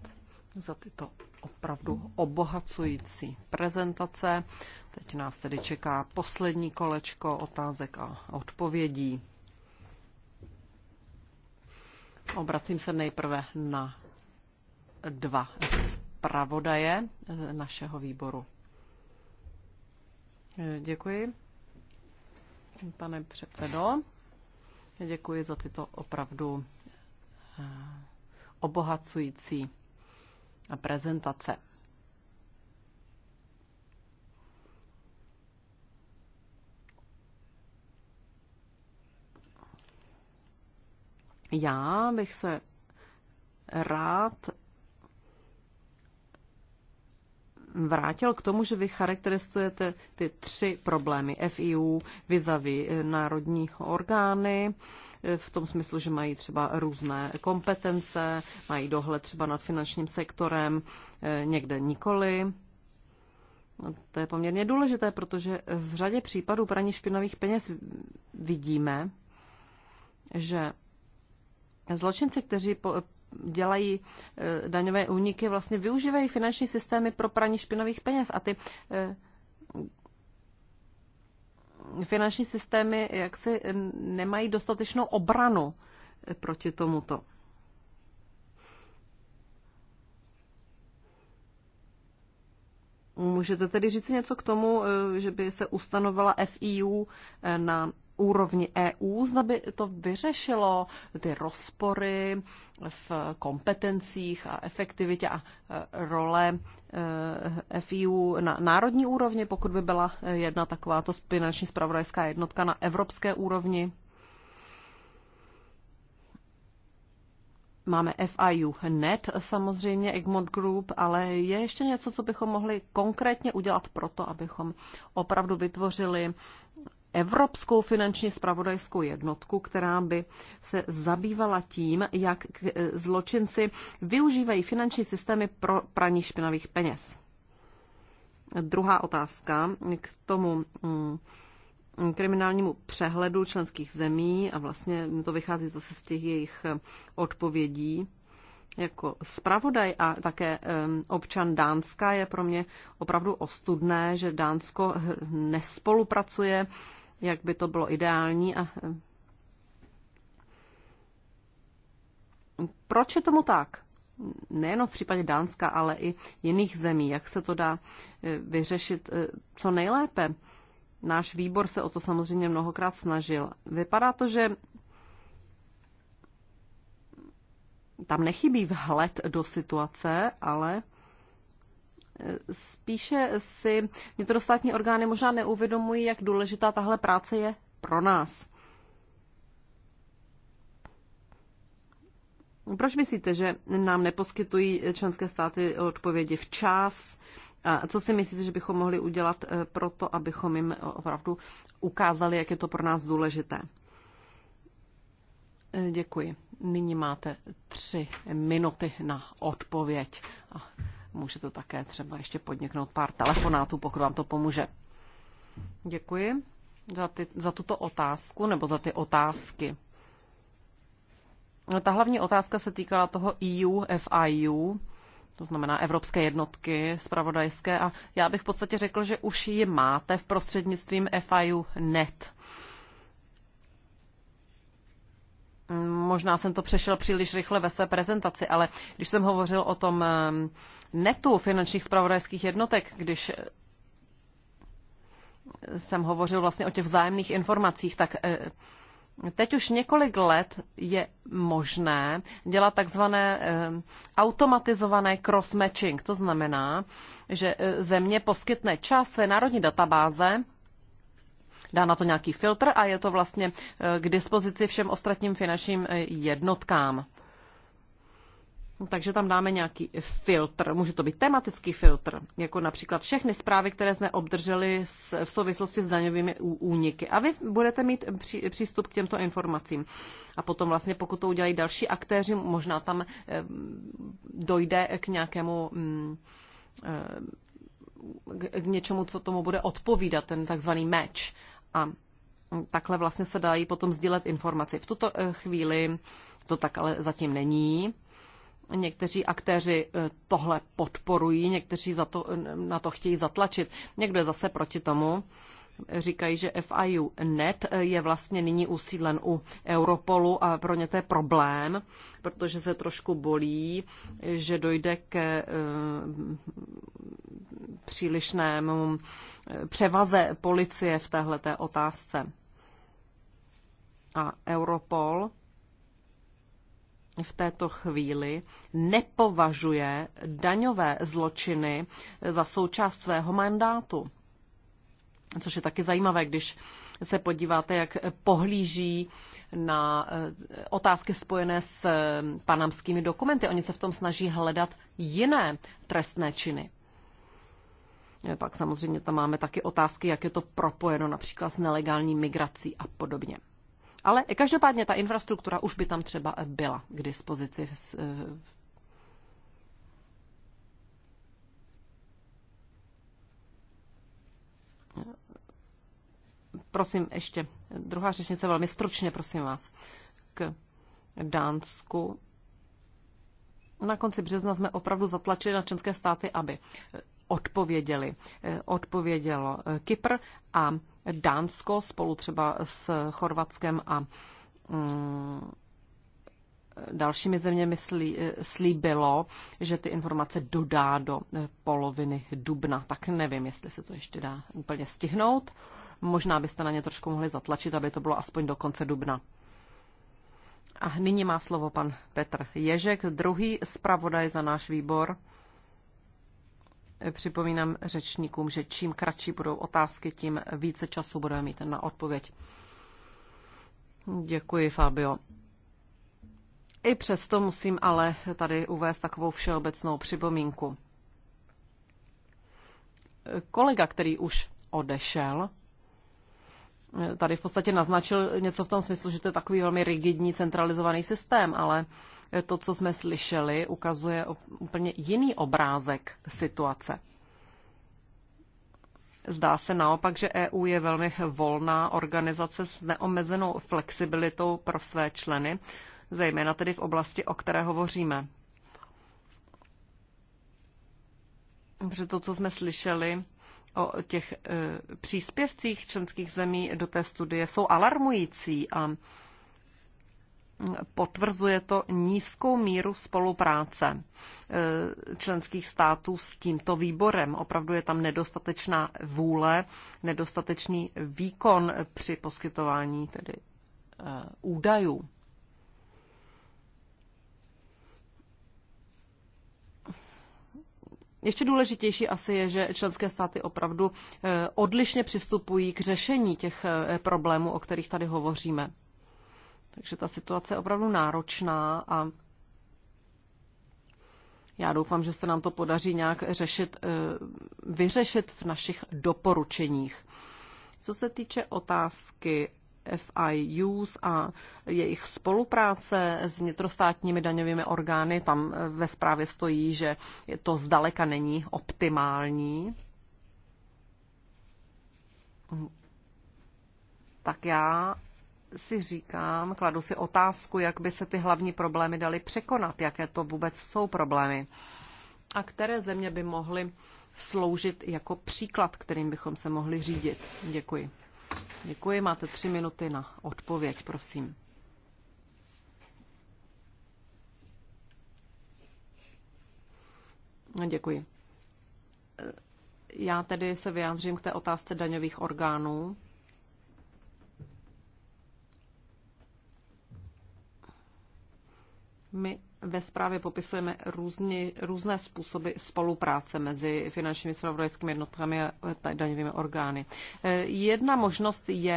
za tyto opravdu obohacující prezentace. Teď nás tedy čeká poslední kolečko otázek a odpovědí. Obracím se nejprve na dva zpravodaje našeho výboru. Děkuji. Pane předsedo, děkuji za tyto opravdu eh, obohacující prezentace. Já bych se rád vrátil k tomu, že vy charakterizujete ty tři problémy FIU vizavy eh, národní orgány, eh, v tom smyslu, že mají třeba různé kompetence, mají dohled třeba nad finančním sektorem, eh, někde nikoli. No, to je poměrně důležité, protože v řadě případů praní špinavých peněz vidíme, že zločinci, kteří dělají eh, daňové úniky, vlastně využívají finanční systémy pro praní špinavých peněz a ty eh, finanční systémy jaksi nemají dostatečnou obranu eh, proti tomuto. Můžete tedy říct něco k tomu, že by se ustanovila FIU na úrovni EU, zda by to vyřešilo ty rozpory v kompetencích a efektivitě a e, role e, FIU na národní úrovni, pokud by byla jedna takováto finanční spravodajská jednotka na evropské úrovni. Máme FIU Net, samozřejmě Egmont Group, ale je ještě něco, co bychom mohli konkrétně udělat pro to, abychom opravdu vytvořili evropskou finančně spravodajskou jednotku, která by se zabývala tím, jak e, zločinci využívají finanční systémy pro praní špinavých peněz. Druhá otázka k tomu mm, kriminálnímu přehledu členských zemí a vlastně to vychází zase z těch jejich odpovědí. Jako spravodaj a také občan Dánska je pro mě opravdu ostudné, že Dánsko nespolupracuje jak by to bylo ideální. A... Eh, proč je tomu tak? Nejenom v případě Dánska, ale i jiných zemí. Jak se to dá eh, vyřešit eh, co nejlépe? Náš výbor se o to samozřejmě mnohokrát snažil. Vypadá to, že tam nechybí vhled do situace, ale spíše si vnitrostátní orgány možná neuvědomují, jak důležitá tahle práce je pro nás. Proč myslíte, že nám neposkytují členské státy odpovědi včas? A co si myslíte, že bychom mohli udělat eh, pro to, abychom jim opravdu ukázali, jak je to pro nás důležité? Eh, děkuji. Nyní máte tři minuty na odpověď. A můžete také třeba ještě podniknout pár telefonátů, pokud vám to pomůže. Děkuji za, ty, za tuto otázku nebo za ty otázky. Ta hlavní otázka se týkala toho EU, FIU, to znamená Evropské jednotky spravodajské a já bych v podstatě řekl, že už ji máte v prostřednictvím FIU NET. Možná jsem to přešel příliš rychle ve své prezentaci, ale když jsem hovořil o tom ehm, netu finančních spravodajských jednotek, když jsem hovořil vlastně o těch vzájemných informacích, tak eh, Teď už několik let je možné dělat takzvané ehm, automatizované cross-matching. To znamená, že eh, země poskytne čas své národní databáze dá na to nějaký filtr a je to vlastně eh, k dispozici všem ostatním finančním eh, jednotkám. Takže tam dáme nějaký filtr. Může to být tematický filtr, jako například všechny zprávy, které jsme obdrželi v souvislosti s daňovými úniky. A vy budete mít přístup k těmto informacím. A potom vlastně, pokud to udělají další aktéři, možná tam eh, dojde k nějakému. Mm, k něčemu, co tomu bude odpovídat, ten takzvaný match. A takhle vlastně se dají potom sdílet informace. V tuto eh, chvíli to tak ale zatím není. Někteří aktéři eh, tohle podporují, někteří za to, eh, na to chtějí zatlačit, někdo je zase proti tomu. Říkají, že FIU net je vlastně nyní usídlen u Europolu a pro ně to je problém, protože se trošku bolí, že dojde k přílišnému eh, převaze policie v téhleté otázce. A Europol v této chvíli nepovažuje daňové zločiny za součást svého mandátu. Což je taky zajímavé, když se podíváte, jak pohlíží na eh, otázky spojené s eh, panamskými dokumenty. Oni se v tom snaží hledat jiné trestné činy. Pak samozřejmě tam máme taky otázky, jak je to propojeno například s nelegální migrací a podobně. Ale každopádně ta infrastruktura už by tam třeba byla k dispozici. Prosím, ještě druhá řečnice, velmi stručně, prosím vás, k Dánsku. Na konci března jsme opravdu zatlačili na členské státy, aby odpověděli. Eh, odpovědělo eh, Kypr a Dánsko spolu třeba s Chorvatskem a mm, dalšími zeměmi eh, slíbilo, že ty informace dodá do poloviny dubna. Tak nevím, jestli se to ještě dá úplně stihnout. Možná byste na ně trošku mohli zatlačit, aby to bylo aspoň do konce dubna. A nyní má slovo pan Petr Ježek, druhý zpravodaj za náš výbor. Připomínám řečníkům, že čím kratší budou otázky, tím více času budeme mít na odpověď. Děkuji, Fabio. I přesto musím ale tady uvést takovou všeobecnou připomínku. Kolega, který už odešel, tady v podstatě naznačil něco v tom smyslu, že to je takový velmi rigidní centralizovaný systém, ale to, co jsme slyšeli, ukazuje úplně jiný obrázek situace. Zdá se naopak, že EU je velmi volná organizace s neomezenou flexibilitou pro své členy, zejména tedy v oblasti, o které hovoříme. Protože to, co jsme slyšeli, o těch e, příspěvcích členských zemí do té studie jsou alarmující a potvrzuje to nízkou míru spolupráce e, členských států s tímto výborem. Opravdu je tam nedostatečná vůle, nedostatečný výkon při poskytování tedy e, údajů. Ještě důležitější asi je, že členské státy opravdu eh, odlišně přistupují k řešení těch eh, problémů, o kterých tady hovoříme. Takže ta situace je opravdu náročná a já doufám, že se nám to podaří nějak řešit, eh, vyřešit v našich doporučeních. Co se týče otázky FIUs a jejich spolupráce s vnitrostátními daňovými orgány. Tam eh, ve zprávě stojí, že to zdaleka není optimální. Tak já si říkám, kladu si otázku, jak by se ty hlavní problémy daly překonat, jaké to vůbec jsou problémy a které země by mohly sloužit jako příklad, kterým bychom se mohli řídit. Děkuji. Děkuji, máte tři minuty na odpověď, prosím. Děkuji. Já tedy se vyjádřím k té otázce daňových orgánů. My ve zprávě popisujeme různě, různé způsoby spolupráce mezi finančními spravodajskými jednotkami a daňovými orgány. E, jedna možnost je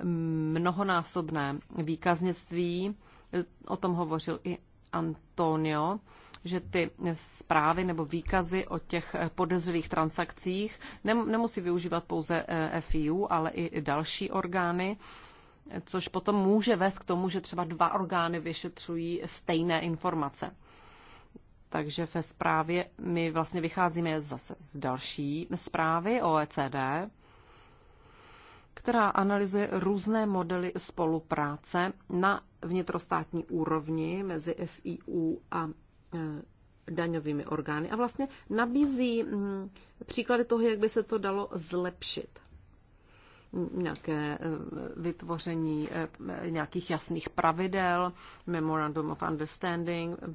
e, mnohonásobné výkaznictví, e, o tom hovořil i Antonio, že ty zprávy nebo výkazy o těch podezřelých transakcích nemusí využívat pouze FIU, ale i další orgány což potom může vést k tomu, že třeba dva orgány vyšetřují stejné informace. Takže ve zprávě my vlastně vycházíme zase z další zprávy OECD, která analyzuje různé modely spolupráce na vnitrostátní úrovni mezi FIU a e, daňovými orgány a vlastně nabízí mm, příklady toho, jak by se to dalo zlepšit nějaké eh, vytvoření eh, nějakých jasných pravidel, Memorandum of Understanding, eh,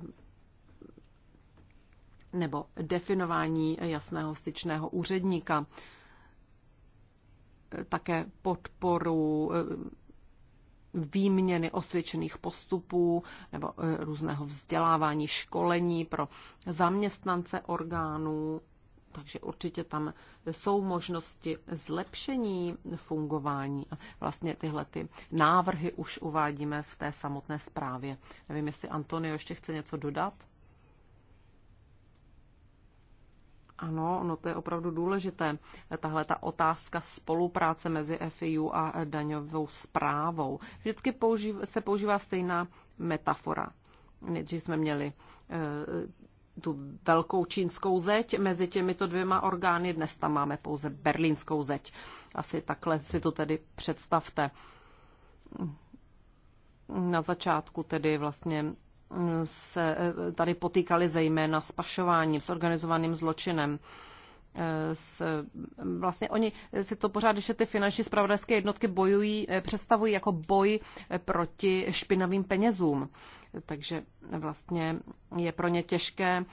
nebo definování jasného styčného úředníka, také podporu výměny osvědčených postupů nebo různého vzdělávání, školení pro zaměstnance orgánů takže určitě tam jsou možnosti zlepšení fungování. Vlastně tyhle ty návrhy už uvádíme v té samotné zprávě. Nevím, jestli Antonio ještě chce něco dodat. Ano, no to je opravdu důležité. Tahle ta otázka spolupráce mezi FIU a daňovou zprávou. Vždycky se používá stejná metafora. Nejdřív jsme měli eh, tu velkou čínskou zeď. Mezi těmito dvěma orgány dnes tam máme pouze berlínskou zeď. Asi takhle si to tedy představte. Na začátku tedy vlastně se eh, tady potýkali zejména s pašováním, s organizovaným zločinem. Eh, s, eh, vlastně oni si to pořád, když ty finanční spravodajské jednotky bojují, eh, představují jako boj proti špinavým penězům. Takže vlastně je pro ně těžké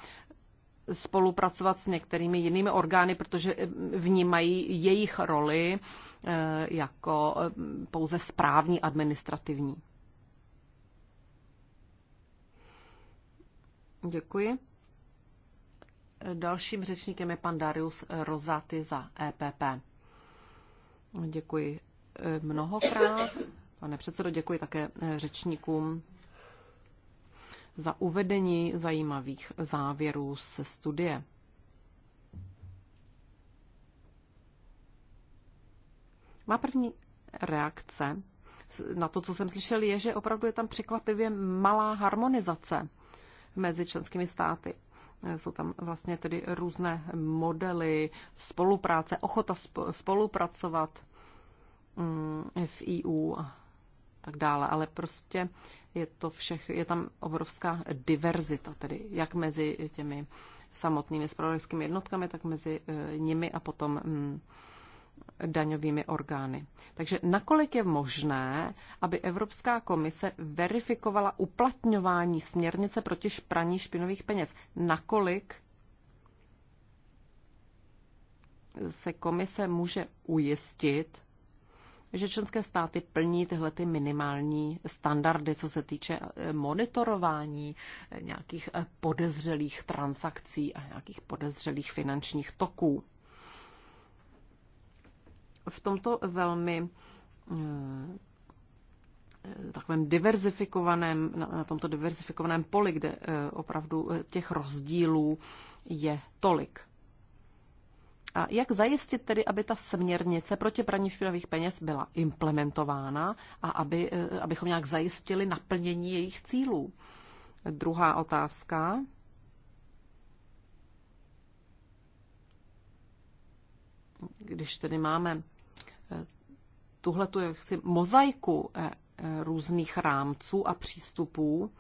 spolupracovat s některými jinými orgány, protože vnímají jejich roli jako pouze správní administrativní. Děkuji. Dalším řečníkem je pan Darius Rozaty za EPP. Děkuji eh, mnohokrát. Pane předsedo, děkuji také eh, řečníkům za uvedení zajímavých závěrů ze studie. Má první reakce na to, co jsem slyšel, je, že opravdu je tam překvapivě malá harmonizace mezi členskými státy. Jsou tam vlastně tedy různé modely spolupráce, ochota spolupracovat mm, v EU a tak dále. Ale prostě je to všech, je tam obrovská diverzita, tedy jak mezi těmi samotnými spravodajskými jednotkami, tak mezi e, nimi a potom mm, daňovými orgány. Takže nakolik je možné, aby Evropská komise verifikovala uplatňování směrnice proti praní špinových peněz? Nakolik se komise může ujistit, že členské státy plní tyhle ty minimální standardy, co se týče eh, monitorování eh, nějakých eh, podezřelých transakcí a nějakých podezřelých finančních toků v tomto velmi eh, takovém diverzifikovaném, na tomto diverzifikovaném poli, kde eh, opravdu eh, těch rozdílů je tolik. A jak zajistit tedy, aby ta směrnice proti praní špinavých peněz byla implementována a aby, abychom nějak zajistili naplnění jejich cílů? Druhá otázka. Když tedy máme Tuhle tu jaksi mozaiku eh, eh, různých rámců a přístupů.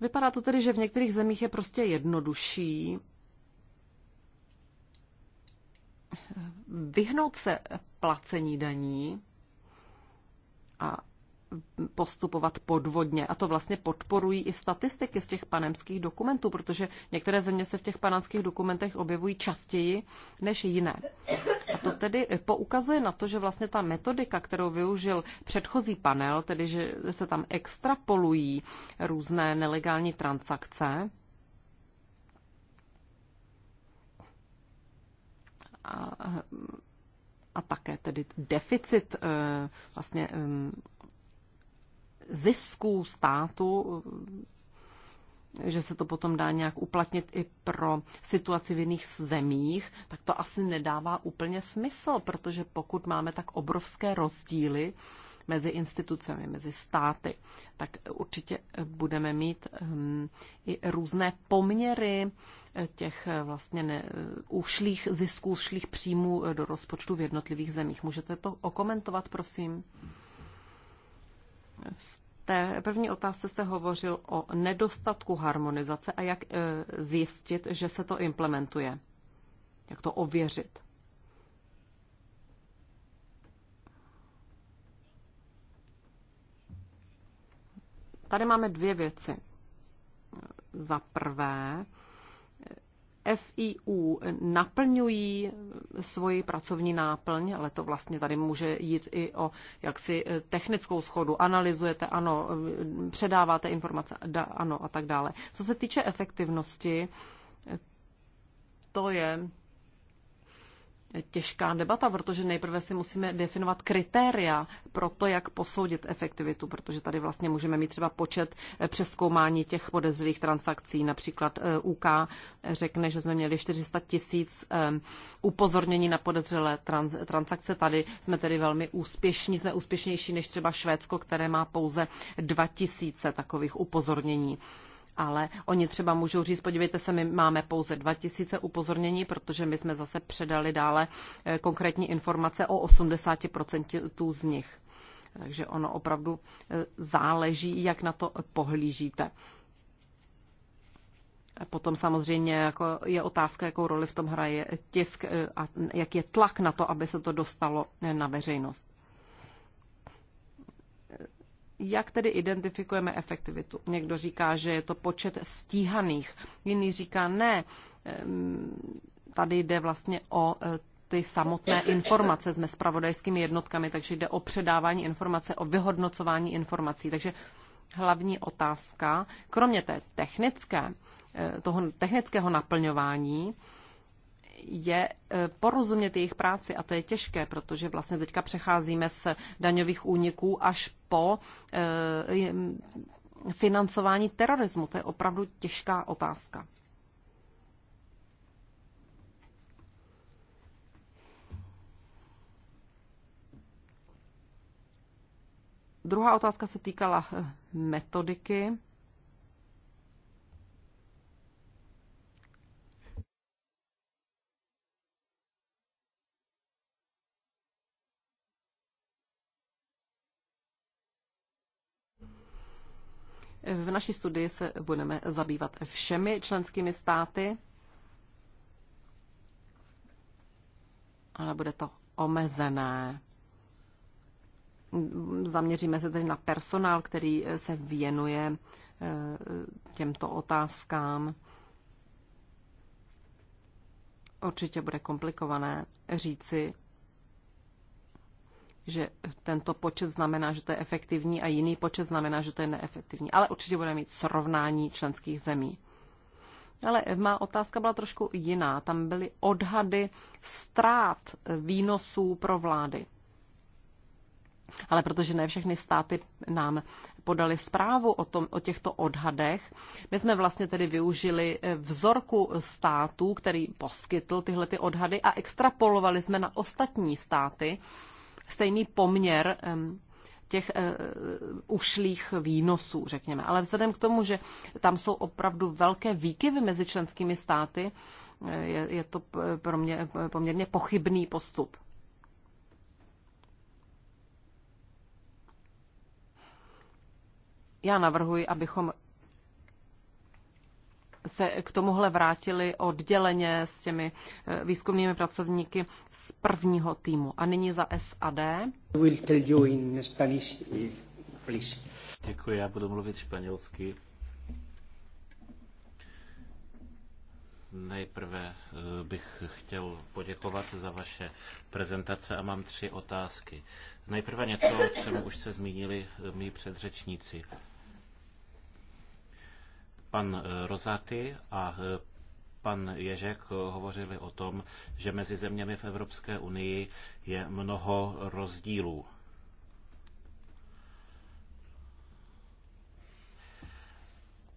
Vypadá to tedy, že v některých zemích je prostě jednodušší eh, vyhnout se placení daní a postupovat podvodně. A to vlastně podporují i statistiky z těch panemských dokumentů, protože některé země se v těch panamských dokumentech objevují častěji než jiné. A to tedy poukazuje na to, že vlastně ta metodika, kterou využil předchozí panel, tedy že se tam extrapolují různé nelegální transakce, a, a také tedy deficit e, vlastně zisků státu, že se to potom dá nějak uplatnit i pro situaci v jiných zemích, tak to asi nedává úplně smysl, protože pokud máme tak obrovské rozdíly mezi institucemi, mezi státy, tak určitě budeme mít hm, i různé poměry těch vlastně ne, ušlých zisků, ušlých příjmů do rozpočtu v jednotlivých zemích. Můžete to okomentovat, prosím? V té první otázce jste hovořil o nedostatku harmonizace a jak e, zjistit, že se to implementuje. Jak to ověřit? Tady máme dvě věci. Za prvé, FIU naplňují svoji pracovní náplň, ale to vlastně tady může jít i o jaksi eh, technickou schodu. Analyzujete, ano, eh, předáváte informace, da, ano a tak dále. Co se týče efektivnosti, eh, to je těžká debata, protože nejprve si musíme definovat kritéria pro to, jak posoudit efektivitu, protože tady vlastně můžeme mít třeba počet eh, přeskoumání těch podezřelých transakcí. Například eh, UK řekne, že jsme měli 400 tisíc eh, upozornění na podezřelé trans- transakce. Tady jsme tedy velmi úspěšní, jsme úspěšnější než třeba Švédsko, které má pouze 2000 takových upozornění ale oni třeba můžou říct, podívejte se, my máme pouze 2000 upozornění, protože my jsme zase předali dále eh, konkrétní informace o 80% z nich. Takže ono opravdu eh, záleží, jak na to pohlížíte. Potom samozřejmě jako je otázka, jakou roli v tom hraje tisk eh, a jak je tlak na to, aby se to dostalo na veřejnost jak tedy identifikujeme efektivitu? Někdo říká, že je to počet stíhaných, jiný říká ne. Ehm, tady jde vlastně o e, ty samotné informace s spravodajskými jednotkami, takže jde o předávání informace, o vyhodnocování informací. Takže hlavní otázka, kromě té technické, e, toho technického naplňování, je e, porozumět jejich práci a to je těžké, protože vlastně teďka přecházíme z daňových úniků až po e, financování terorismu. To je opravdu těžká otázka. Druhá otázka se týkala e, metodiky. V naší studii se budeme zabývat všemi členskými státy, ale bude to omezené. Zaměříme se tedy na personál, který se věnuje e, těmto otázkám. Určitě bude komplikované říci, že tento počet znamená, že to je efektivní a jiný počet znamená, že to je neefektivní. Ale určitě budeme mít srovnání členských zemí. Ale má otázka byla trošku jiná. Tam byly odhady ztrát výnosů pro vlády. Ale protože ne všechny státy nám podali zprávu o, tom, o těchto odhadech, my jsme vlastně tedy využili eh, vzorku států, který poskytl tyhle ty odhady a extrapolovali jsme na ostatní státy, stejný poměr těch eh, ušlých výnosů, řekněme. Ale vzhledem k tomu, že tam jsou opravdu velké výkyvy mezi členskými státy, eh, je, je to pro mě poměrně pochybný postup. Já navrhuji, abychom se k tomuhle vrátili odděleně s těmi eh, výzkumnými pracovníky z prvního týmu. A nyní za SAD. Will tell you in Spanish, eh, please. Děkuji, já budu mluvit španělsky. Nejprve eh, bych chtěl poděkovat za vaše prezentace a mám tři otázky. Nejprve něco, o čem už se zmínili mý předřečníci. Pan eh, Rozaty a eh, pan Ježek hovořili o tom, že mezi zeměmi v Evropské unii je mnoho rozdílů.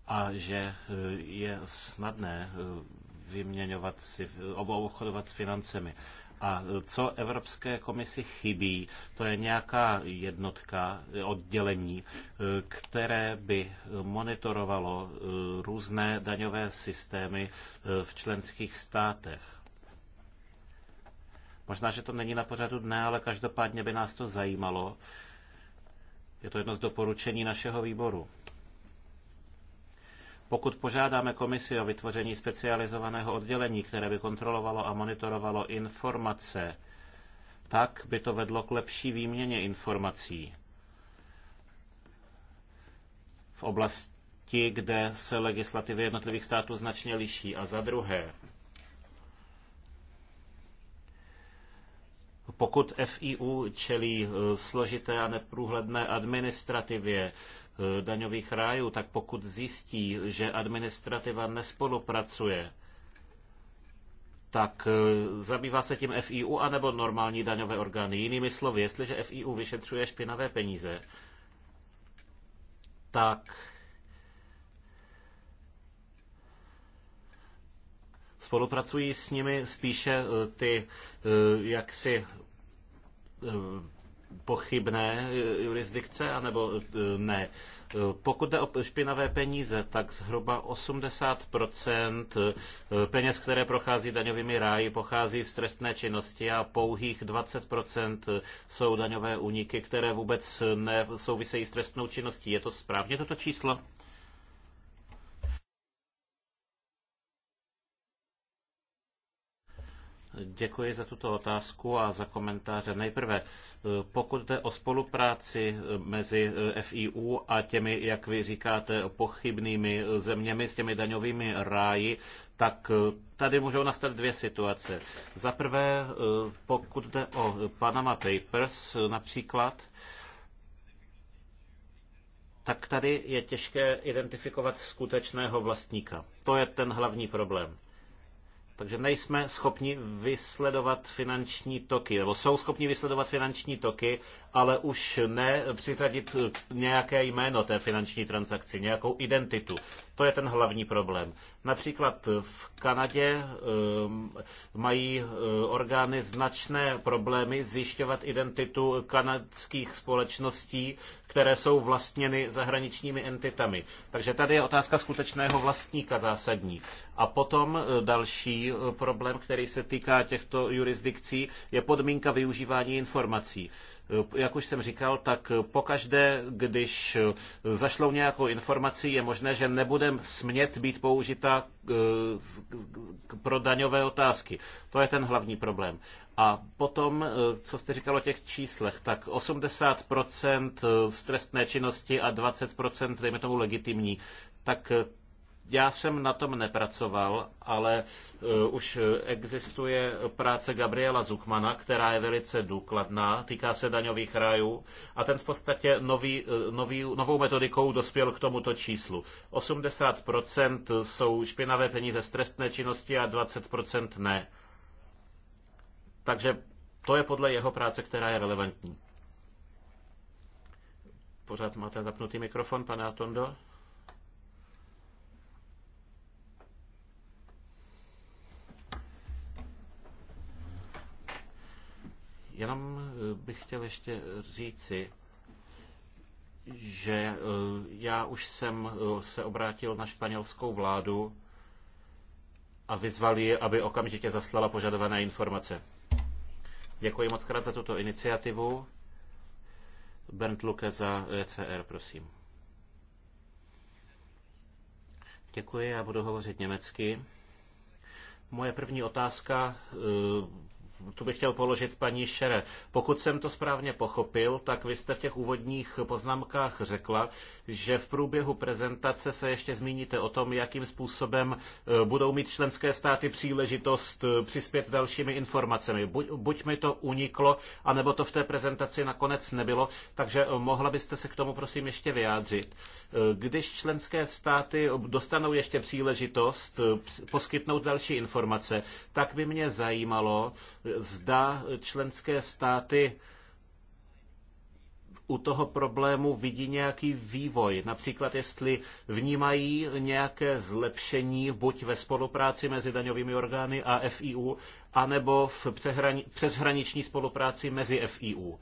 A že eh, je snadné vyměňovat si, obchodovat s financemi. A co Evropské komisi chybí, to je nějaká jednotka, oddělení, které by monitorovalo eh, různé daňové systémy eh, v členských státech. Možná, že to není na pořadu dne, ale každopádně by nás to zajímalo. Je to jedno z doporučení našeho výboru. Pokud požádáme komisi o vytvoření specializovaného oddělení, které by kontrolovalo a monitorovalo informace, tak by to vedlo k lepší výměně informací v oblasti, kde se legislativy jednotlivých států značně liší. A za druhé, pokud FIU čelí eh, složité a neprůhledné administrativě, Eh, daňových rájů, tak pokud zjistí, že administrativa nespolupracuje, tak eh, zabývá se tím FIU anebo normální daňové orgány. Jinými slovy, jestliže FIU vyšetřuje špinavé peníze, tak spolupracují s nimi spíše eh, ty jaksi pochybné eh, jurisdikce, anebo eh, ne. Eh, pokud jde o špinavé peníze, tak zhruba 80% peněz, které prochází daňovými ráji, pochází z trestné činnosti a pouhých 20% jsou daňové úniky, které vůbec nesouvisejí s trestnou činností. Je to správně toto číslo? Děkuji za tuto otázku a za komentáře. Nejprve, pokud jde o spolupráci eh, mezi eh, FIU a těmi, jak vy říkáte, pochybnými eh, zeměmi, s těmi daňovými ráji, tak tady můžou nastat dvě situace. Za prvé, pokud jde o Panama Papers například, tak tady je těžké identifikovat skutečného vlastníka. To je ten hlavní problém. Takže nejsme schopni vysledovat finanční toky, nebo jsou schopni vysledovat finanční toky, ale už ne přiřadit nějaké jméno té finanční transakci, nějakou identitu. To je ten hlavní problém. Například v Kanadě ehm, mají eh, orgány značné problémy zjišťovat identitu kanadských společností, které jsou vlastněny zahraničními entitami. Takže tady je otázka skutečného vlastníka zásadní. A potom eh, další eh, problém, který se týká těchto jurisdikcí, je podmínka využívání informací. Eh, jak už jsem říkal, tak pokaždé, když eh, zašlou nějakou informaci, je možné, že nebude smět být použita eh, pro daňové otázky. To je ten hlavní problém. A potom, co jste říkal o těch číslech, tak 80% z trestné činnosti a 20% dejme tomu legitimní, tak já jsem na tom nepracoval, ale e, už existuje práce Gabriela Zuchmana, která je velice důkladná, týká se daňových rájů a ten v podstatě nový, e, nový, novou metodikou dospěl k tomuto číslu. 80% jsou špinavé peníze z trestné činnosti a 20% ne. Takže to je podle jeho práce, která je relevantní. Pořád máte zapnutý mikrofon, pane Atondo? Jenom eh, bych chtěl ještě říci, že eh, já už jsem eh, se obrátil na španělskou vládu a vyzval ji, aby okamžitě zaslala požadované informace. Děkuji moc krát za tuto iniciativu. Bernd Luke za ECR, prosím. Děkuji, já budu hovořit německy. Moje první otázka tu bych chtěl položit paní Šere. Pokud jsem to správně pochopil, tak vy jste v těch úvodních poznámkách řekla, že v průběhu prezentace se ještě zmíníte o tom, jakým způsobem eh, budou mít členské státy příležitost eh, přispět dalšími informacemi. Buď, buď mi to uniklo, anebo to v té prezentaci nakonec nebylo, takže eh, mohla byste se k tomu prosím ještě vyjádřit. Když členské státy dostanou ještě příležitost poskytnout další informace, tak by mě zajímalo, zda členské státy u toho problému vidí nějaký vývoj. Například, jestli vnímají nějaké zlepšení buď ve spolupráci mezi daňovými orgány a FIU, anebo v přeshraniční spolupráci mezi FIU.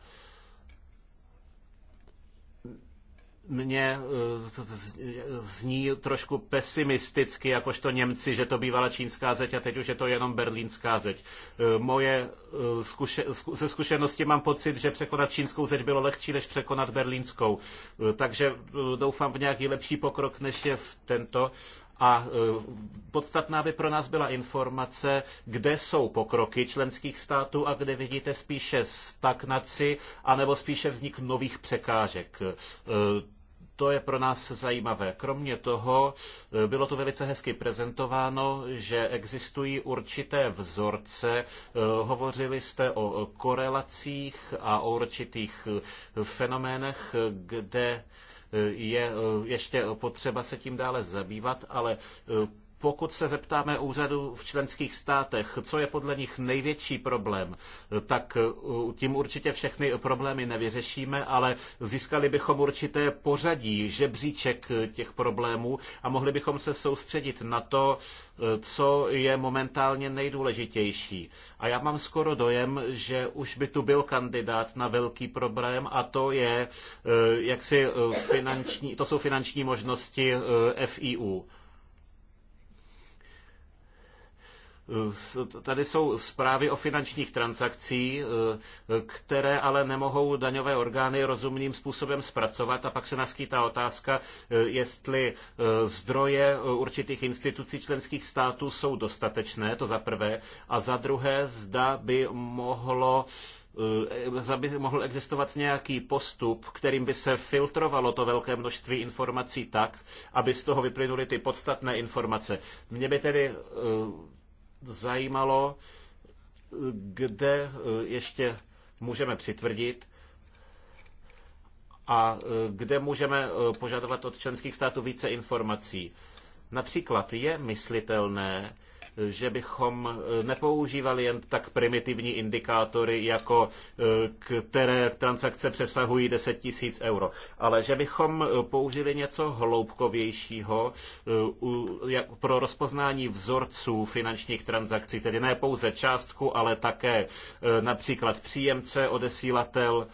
mě eh, zní trošku pesimisticky, jakožto Němci, že to bývala čínská zeď a teď už je to jenom berlínská zeď. Eh, moje eh, zkuše, ze zkušenosti mám pocit, že překonat čínskou zeď bylo lehčí, než překonat berlínskou. Takže doufám v nějaký lepší pokrok, než je v tento. A e, podstatná by pro nás byla informace, kde jsou pokroky členských států a kde vidíte spíše stagnaci anebo spíše vznik nových překážek. E, to je pro nás zajímavé. Kromě toho e, bylo to velice hezky prezentováno, že existují určité vzorce. Hovořili jste o korelacích a o určitých fenoménech, kde je eh, ještě potřeba se tím dále zabývat, ale eh, pokud se zeptáme úřadu v členských státech, co je podle nich největší problém, tak tím určitě všechny problémy nevyřešíme, ale získali bychom určité pořadí, žebříček těch problémů a mohli bychom se soustředit na to, co je momentálně nejdůležitější. A já mám skoro dojem, že už by tu byl kandidát na velký problém a to je, eh, jak si eh, finanční, to jsou finanční možnosti eh, FIU. Tady jsou zprávy o finančních transakcích, e, které ale nemohou daňové orgány rozumným způsobem zpracovat a pak se naskýtá otázka, e, jestli e, zdroje určitých institucí členských států jsou dostatečné, to za prvé, a za druhé, zda by mohlo aby mohl existovat nějaký postup, kterým by se filtrovalo to velké množství informací tak, aby z toho vyplynuly ty podstatné informace. Mě by tedy zajímalo, kde eh, ještě můžeme přitvrdit a eh, kde můžeme eh, požadovat od členských států více informací. Například je myslitelné, že bychom eh, nepoužívali jen tak primitivní indikátory, jako eh, které transakce přesahují 10 tisíc euro, ale že bychom eh, použili něco hloubkovějšího pro rozpoznání vzorců finančních transakcí, tedy ne pouze částku, ale také například příjemce, odesílatel,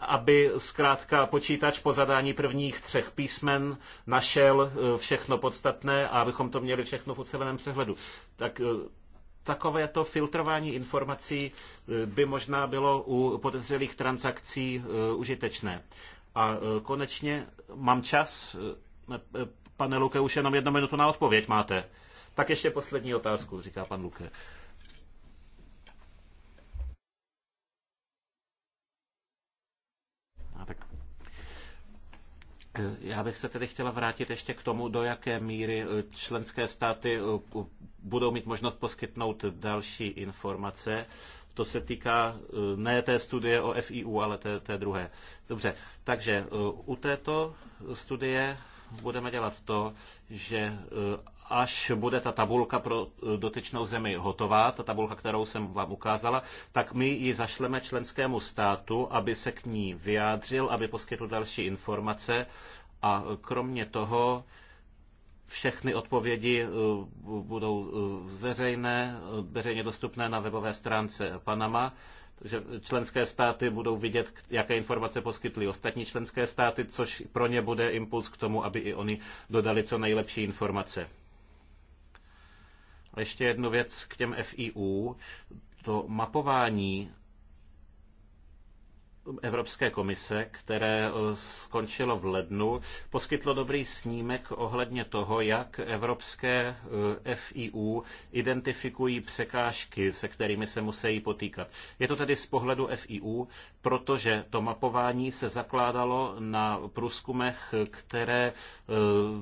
aby zkrátka počítač po zadání prvních třech písmen našel eh, všechno podstatné a abychom to měli všechno v uceleném přehledu. Tak eh, to filtrování informací eh, by možná bylo u podezřelých transakcí užitečné. A konečně mám čas, pane Luke, už jenom jednu minutu na odpověď máte. Tak ještě poslední otázku, říká pan Luke. Já bych se tedy chtěla vrátit ještě k tomu, do jaké míry eh, členské státy eh, budou mít možnost poskytnout další informace. To se týká eh, ne té studie o FIU, ale té, té druhé. Dobře, takže u této studie budeme dělat to, že až bude ta tabulka pro eh, dotyčnou zemi hotová, ta tabulka, kterou jsem vám ukázala, tak my ji zašleme členskému státu, aby se k ní vyjádřil, aby poskytl další informace a kromě toho všechny odpovědi eh, budou eh, veřejné, veřejně dostupné na webové stránce Panama že členské státy budou vidět, jaké informace poskytly ostatní členské státy, což pro ně bude impuls k tomu, aby i oni dodali co nejlepší informace. Ještě jednu věc k těm FIU. To mapování Evropské komise, které eh, skončilo v lednu, poskytlo dobrý snímek ohledně toho, jak evropské eh, FIU identifikují překážky, se kterými se musí potýkat. Je to tedy z pohledu FIU, protože to mapování se zakládalo na průzkumech, které eh,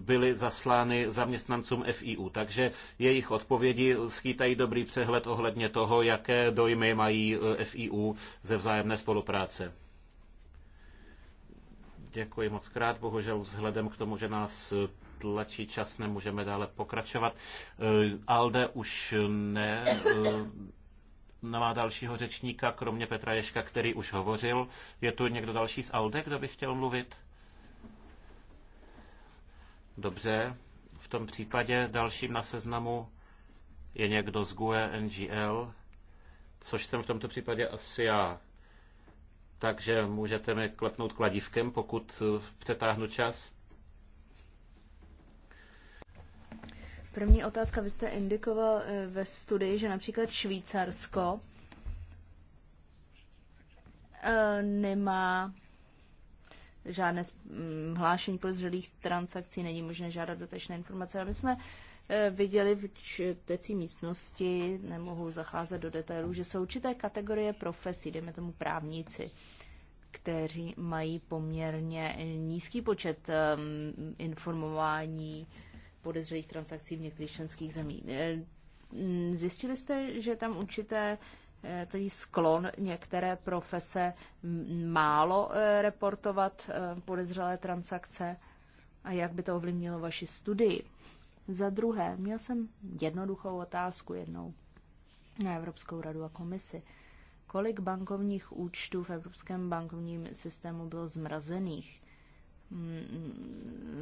byly zaslány zaměstnancům FIU. Takže jejich odpovědi skýtají dobrý přehled ohledně toho, jaké dojmy mají FIU ze vzájemné spolupráce. Děkuji moc krát. Bohužel vzhledem k tomu, že nás tlačí čas, nemůžeme dále pokračovat. Eh, Alde už ne eh, Nemá dalšího řečníka, kromě Petra Ješka, který už hovořil. Je tu někdo další z Alde, kdo by chtěl mluvit? Dobře, v tom případě dalším na seznamu je někdo z GUE NGL, což jsem v tomto případě asi já takže můžete mi klepnout kladívkem, pokud přetáhnu čas. První otázka, vy jste indikoval eh, ve studii, že například Švýcarsko eh, nemá žádné hlášení podezřelých transakcí, není možné žádat dotečné informace, my jsme Eh, viděli v čtecí místnosti, nemohu zacházet do detailů, že jsou určité kategorie profesí, jdeme tomu právníci, kteří mají poměrně nízký počet ehm, informování podezřelých transakcí v některých členských zemí. Eh, mm, zjistili jste, že tam určité eh, tedy sklon některé profese málo reportovat podezřelé transakce a jak by to ovlivnilo vaši studii? Za druhé, měl jsem jednoduchou otázku jednou na Evropskou radu a komisi. Kolik bankovních účtů v Evropském bankovním systému bylo zmrazených mm,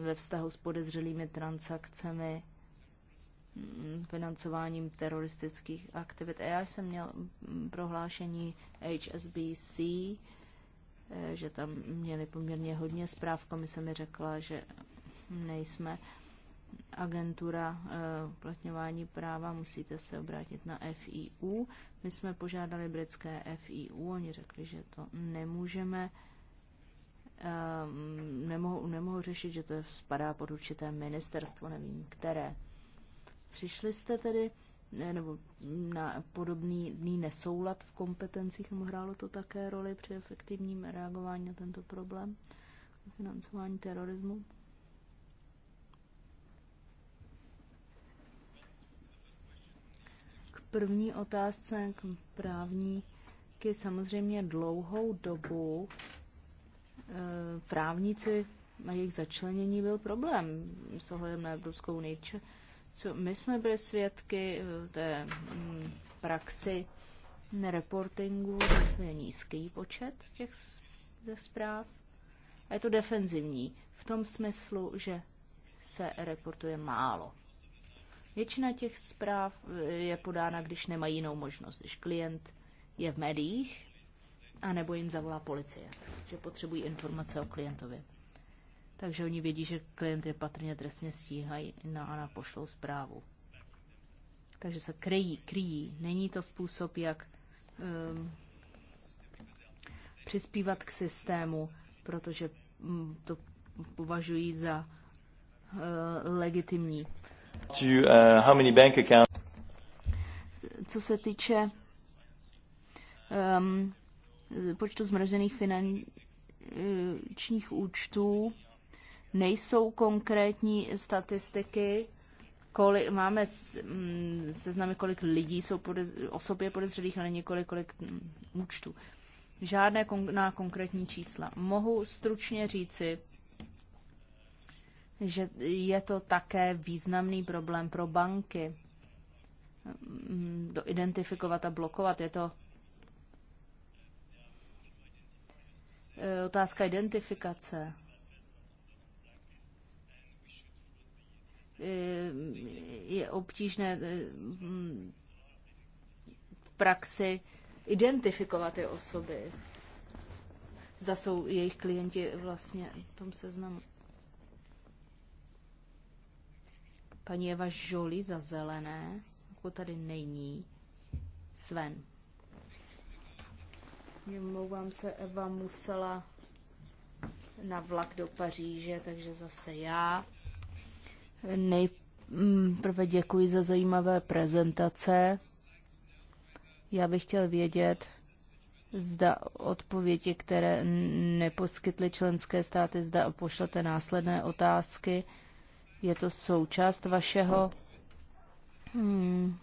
ve vztahu s podezřelými transakcemi, mm, financováním teroristických aktivit? A já jsem měl prohlášení HSBC, eh, že tam měli poměrně hodně zpráv. Komise mi řekla, že nejsme agentura eh, uplatňování práva, musíte se obrátit na FIU. My jsme požádali britské FIU, oni řekli, že to nemůžeme, eh, nemohou, nemohou řešit, že to spadá pod určité ministerstvo, nevím které. Přišli jste tedy eh, nebo na podobný dný nesoulad v kompetencích, nebo hrálo to také roli při efektivním reagování na tento problém financování terorismu? první otázce k právníky samozřejmě dlouhou dobu eh, právníci a jejich začlenění byl problém s ohledem na Evropskou unii. Co my jsme byli svědky eh, té hm, praxi reportingu, to je nízký počet těch zpráv. A je to defenzivní v tom smyslu, že se reportuje málo. Většina těch zpráv eh, je podána, když nemají jinou možnost, když klient je v médiích, anebo jim zavolá policie, že potřebují informace o klientovi. Takže oni vědí, že klient je patrně trestně stíhají na, a na pošlou zprávu. Takže se kryjí, kryjí. Není to způsob, jak um, přispívat k systému, protože um, to považují za uh, legitimní. To, uh, how many bank Co se týče um, počtu zmrazených finančních účtů, nejsou konkrétní statistiky, kolik, máme mm, seznamy, kolik lidí jsou podez, osob je podezřelých, ale několik kolik mm, účtů. Žádné kon, na konkrétní čísla. Mohu stručně říci, že je to také významný problém pro banky. Mm, do identifikovat a blokovat je to e, otázka identifikace. E, je obtížné e, v praxi identifikovat ty osoby. Zda jsou jejich klienti vlastně v tom seznamu. Paní Eva Žoli za zelené, jako tady není. Sven. Mluvám se, Eva musela na vlak do Paříže, takže zase já. Nejprve mm, děkuji za zajímavé prezentace. Já bych chtěl vědět, zda odpovědi, které neposkytly členské státy, zda pošlete následné otázky. Je to součást vašeho hmm,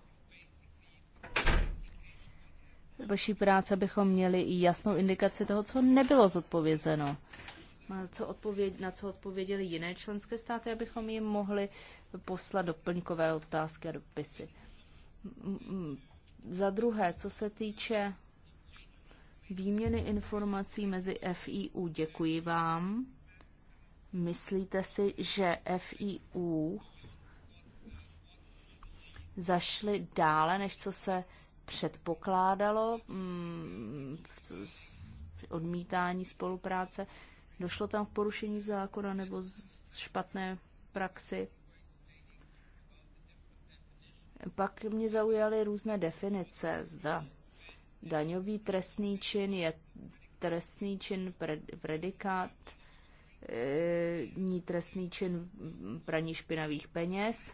vaší práce, abychom měli i jasnou indikaci toho, co nebylo zodpovězeno. Co odpověd, na co odpověděly jiné členské státy, abychom jim mohli poslat doplňkové otázky a dopisy. Hmm, za druhé, co se týče výměny informací mezi FIU, děkuji vám Myslíte si, že FIU zašli dále, než co se předpokládalo mm, odmítání spolupráce? Došlo tam k porušení zákona nebo špatné praxi? Pak mě zaujaly různé definice. Zda daňový trestný čin je trestný čin predikát ní trestný čin praní špinavých peněz.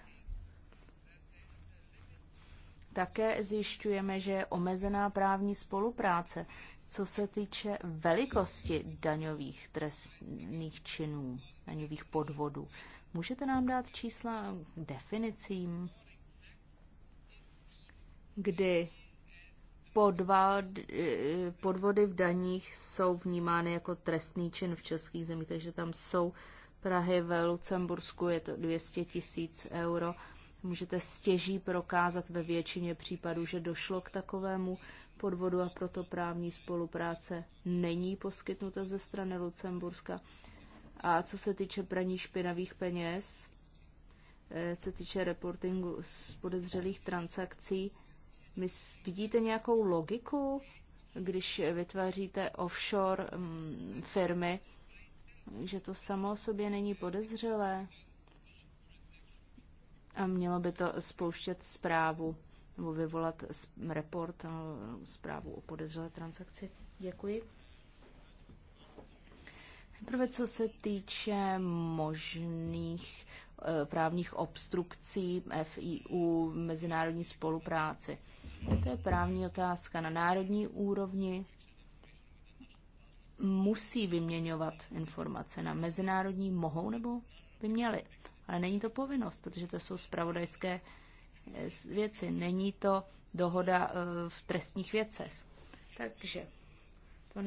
Také zjišťujeme, že je omezená právní spolupráce, co se týče velikosti daňových trestných činů, daňových podvodů. Můžete nám dát čísla k definicím, kdy Eh, podvody v daních jsou vnímány jako trestný čin v českých zemích, takže tam jsou Prahy ve Lucembursku, je to 200 tisíc euro. Můžete stěží prokázat ve většině případů, že došlo k takovému podvodu a proto právní spolupráce není poskytnuta ze strany Lucemburska. A co se týče praní špinavých peněz, eh, se týče reportingu z podezřelých transakcí, my vidíte nějakou logiku, když vytváříte offshore mm, firmy, že to samo o sobě není podezřelé a mělo by to spouštět zprávu nebo vyvolat report, eh, zprávu o podezřelé transakci. Děkuji. Prvé, co se týče možných eh, právních obstrukcí FIU mezinárodní spolupráci. To je právní otázka. Na národní úrovni musí vyměňovat informace. Na mezinárodní mohou nebo by měli. Ale není to povinnost, protože to jsou spravodajské eh, věci. Není to dohoda eh, v trestních věcech. Takže to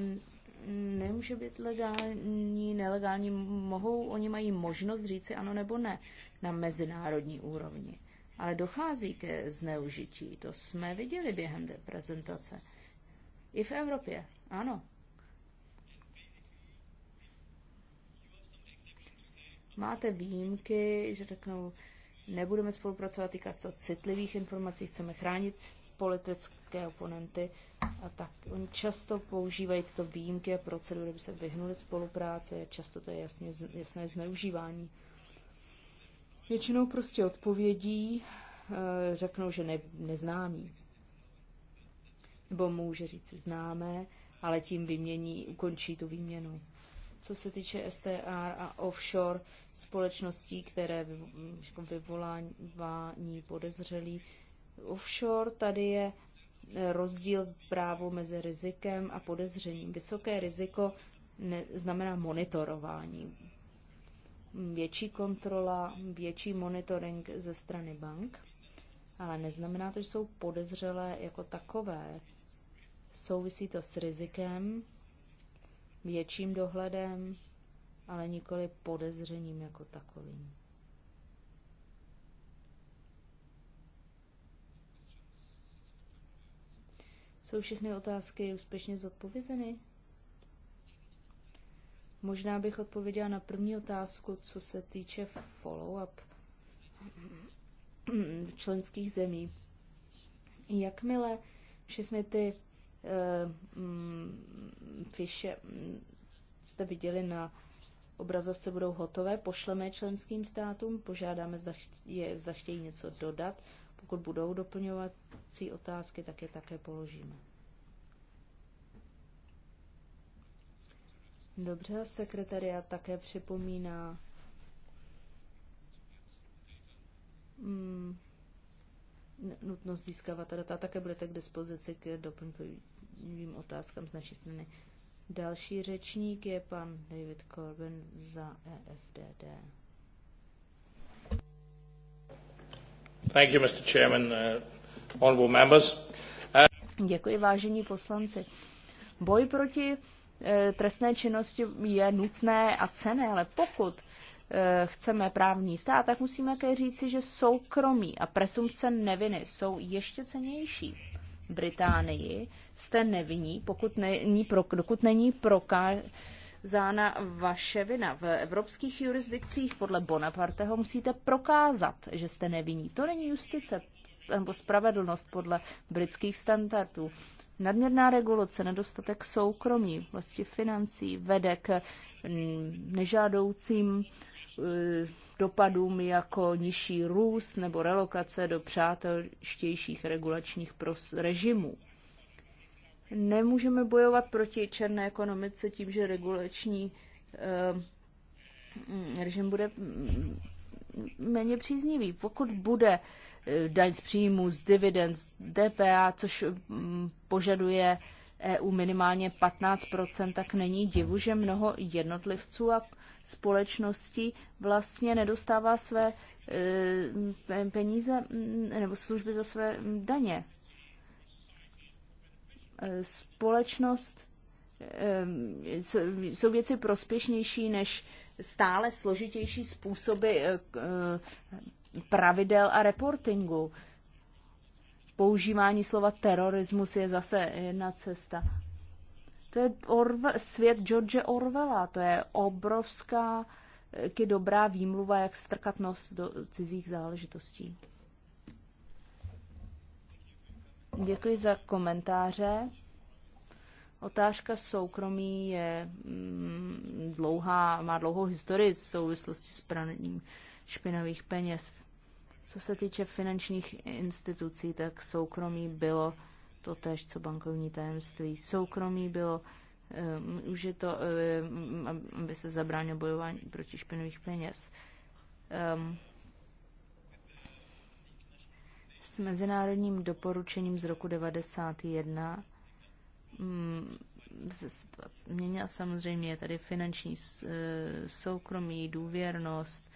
nemůže být legální, nelegální. Mohou, oni mají možnost říci ano nebo ne na mezinárodní úrovni ale dochází ke zneužití. To jsme viděli během té prezentace. I v Evropě, ano. Máte výjimky, že řeknou, nebudeme spolupracovat, týká se to citlivých informací, chceme chránit politické oponenty a tak. Oni často používají tyto výjimky a procedury, aby se vyhnuli spolupráci a často to je jasně, jasné zneužívání. Většinou prostě odpovědí eh, řeknou, že ne, neznámí. Nebo může říct známé, ale tím vymění, ukončí tu výměnu. Co se týče STR a offshore společností, které jako vyvolání podezřelí, offshore tady je eh, rozdíl právu mezi rizikem a podezřením. Vysoké riziko ne, znamená monitorování větší kontrola, větší monitoring ze strany bank, ale neznamená to, že jsou podezřelé jako takové. Souvisí to s rizikem, větším dohledem, ale nikoli podezřením jako takovým. Jsou všechny otázky úspěšně zodpovězeny? Možná bych odpověděla na první otázku, co se týče follow-up členských zemí. Jakmile všechny ty eh, mm, fiše mm, jste viděli na obrazovce budou hotové, pošleme členským státům, požádáme, zda, je, zda chtějí něco dodat. Pokud budou doplňovací otázky, tak je také položíme. Dobře, sekretariat také připomíná hmm, nutnost získávat data, také budete k dispozici k doplňkovým otázkám z naší strany. Další řečník je pan David Corbyn za EFDD. Thank you, Mr. Chairman, uh, honorable members. Uh... Děkuji, vážení poslanci. Boj proti E, trestné činnosti je nutné a cené, ale pokud e, chceme právní stát, tak musíme také říci, že soukromí a presumpce neviny jsou ještě cenější. V Británii jste nevinní, pokud není, dokud není prokázána vaše vina. V evropských jurisdikcích podle Bonaparteho musíte prokázat, že jste nevinní. To není justice nebo spravedlnost podle britských standardů. Nadměrná regulace, nedostatek soukromí v vlasti financí vede k mm, nežádoucím e, dopadům jako nižší růst nebo relokace do přátelštějších regulačních režimů. Nemůžeme bojovat proti černé ekonomice tím, že regulační e, mm, režim bude mm, méně příznivý. Pokud bude Eh, daň z příjmu, z dividend, z DPA, což mm, požaduje EU minimálně 15%, tak není divu, že mnoho jednotlivců a společností vlastně nedostává své eh, peníze mm, nebo služby za své mm, daně. Eh, společnost jsou věci prospěšnější než stále složitější způsoby pravidel a reportingu. Používání slova terorismus je zase jedna cesta. To je Orwell, svět George Orwella, to je obrovská taky dobrá výmluva, jak strkat nos do cizích záležitostí. Děkuji za komentáře. Otázka soukromí je mm, dlouhá, má dlouhou historii v souvislosti s praním špinavých peněz. Co se týče finančních institucí, tak soukromí bylo to tež, co bankovní tajemství. Soukromí bylo um, už je to, um, aby se zabránilo bojování proti špinových peněz. Um, s mezinárodním doporučením z roku 91 um, mm, se situace změnila samozřejmě, je tady finanční eh, soukromí, důvěrnost,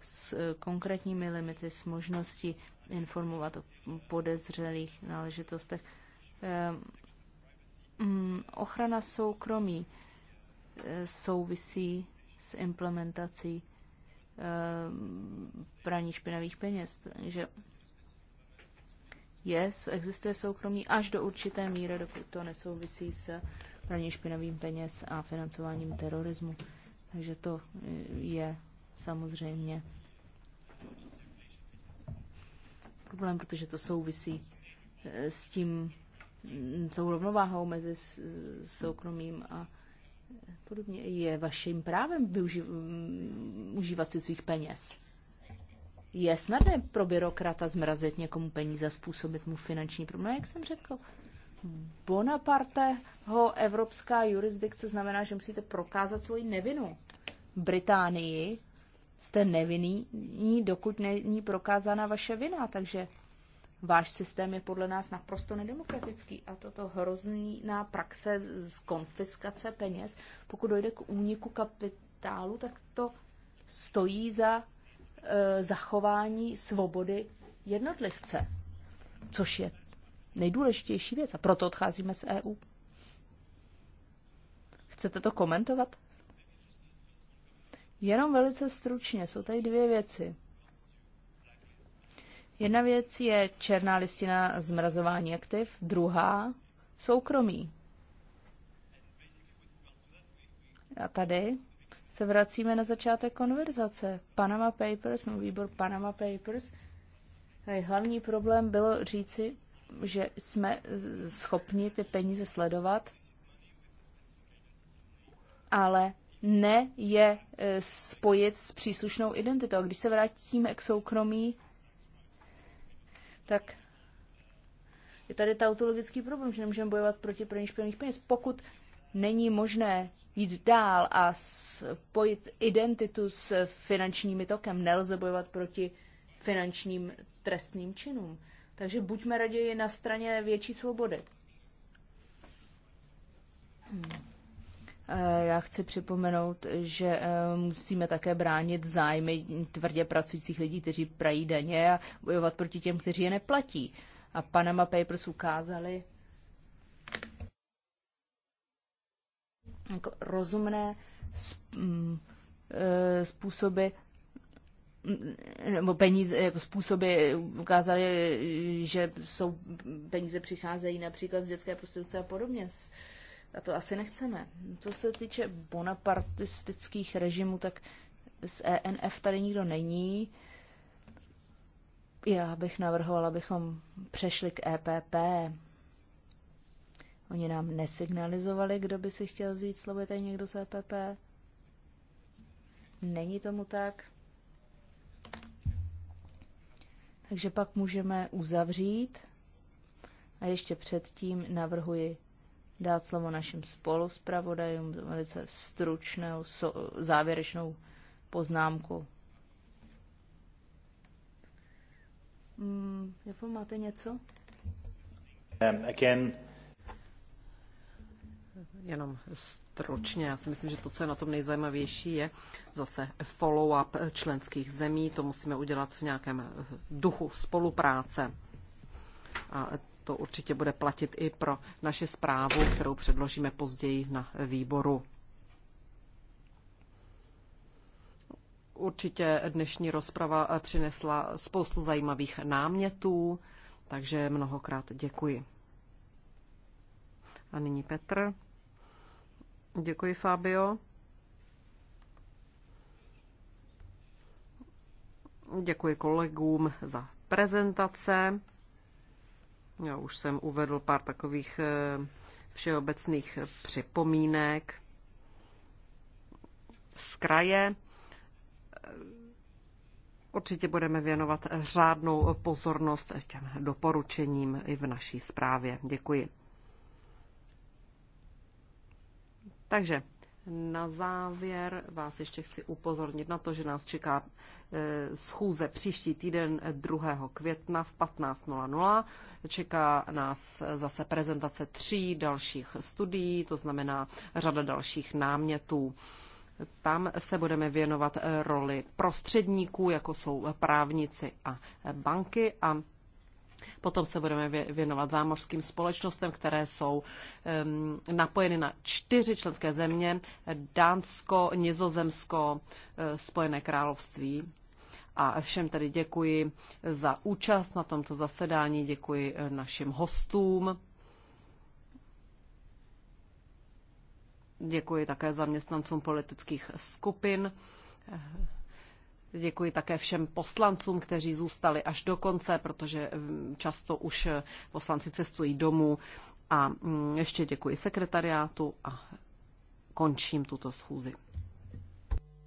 s konkrétními limity, s možností informovat o podezřelých náležitostech. Ehm, mm, ochrana soukromí e, souvisí s implementací ehm, praní špinavých peněz, že je, existuje soukromí až do určité míry, dokud to nesouvisí s praní špinavým peněz a financováním terorismu. Takže to e, je samozřejmě problém, protože to souvisí eh, s tím, mm, tou rovnováhou mezi soukromým a eh, podobně. Je vaším právem mm, užívat si svých peněz. Je snadné pro byrokrata zmrazit někomu peníze a způsobit mu finanční problém, jak jsem řekl. Bonaparteho evropská jurisdikce znamená, že musíte prokázat svoji nevinu. Británii jste nevinný, dokud není prokázána vaše vina. Takže váš systém je podle nás naprosto nedemokratický. A toto na praxe z konfiskace peněz, pokud dojde k úniku kapitálu, tak to stojí za e, zachování svobody jednotlivce, což je nejdůležitější věc. A proto odcházíme z EU. Chcete to komentovat? Jenom velice stručně, jsou tady dvě věci. Jedna věc je černá listina zmrazování aktiv, druhá soukromí. A tady se vracíme na začátek konverzace. Panama Papers, no výbor Panama Papers. Hlavní problém bylo říci, že jsme schopni ty peníze sledovat, ale ne je e, spojit s příslušnou identitou. Když se vrátíme k soukromí, tak je tady tautologický problém, že nemůžeme bojovat proti praní špinavých peněz. Pokud není možné jít dál a spojit identitu s finančními tokem, nelze bojovat proti finančním trestným činům. Takže buďme raději na straně větší svobody. Hmm. Eh, já chci připomenout, že eh, musíme také bránit zájmy tvrdě pracujících lidí, kteří prají daně a bojovat proti těm, kteří je neplatí. A Panama Papers ukázali jako rozumné mm, eh, způsoby mm, nebo peníze, jako způsoby ukázali, že jsou, peníze přicházejí například z dětské prostituce a podobně, a to asi nechceme. Co se týče bonapartistických režimů, tak z ENF tady nikdo není. Já bych navrhovala, abychom přešli k EPP. Oni nám nesignalizovali, kdo by si chtěl vzít slovo, je tady někdo z EPP? Není tomu tak. Takže pak můžeme uzavřít. A ještě předtím navrhuji dát slovo našim spoluspravodajům velice stručnou so, závěrečnou poznámku. Mm, Jafo, máte něco? Um, again. Jenom stručně, já si myslím, že to, co je na tom nejzajímavější, je zase follow-up členských zemí. To musíme udělat v nějakém duchu spolupráce. A to určitě bude platit i pro naši zprávu, kterou předložíme později na výboru. Určitě dnešní rozprava přinesla spoustu zajímavých námětů, takže mnohokrát děkuji. A nyní Petr. Děkuji, Fabio. Děkuji kolegům za prezentace. Já už jsem uvedl pár takových eh, všeobecných připomínek z kraje. Eh, určitě budeme věnovat řádnou pozornost těm doporučením i v naší zprávě. Děkuji. Takže na závěr vás ještě chci upozornit na to, že nás čeká e, schůze příští týden 2. E, května v 15.00. Čeká nás zase prezentace tří dalších studií, to znamená řada dalších námětů. Tam se budeme věnovat e, roli prostředníků, jako jsou právníci a banky a Potom se budeme věnovat zámořským společnostem, které jsou napojeny na čtyři členské země Dánsko, Nizozemsko, e, Spojené království. A všem tedy děkuji za účast na tomto zasedání, děkuji e, našim hostům. Děkuji také zaměstnancům politických skupin. Děkuji také všem poslancům, kteří zůstali až do konce, protože mm, často už eh, poslanci cestují domů. A mm, ještě děkuji sekretariátu a končím tuto schůzi.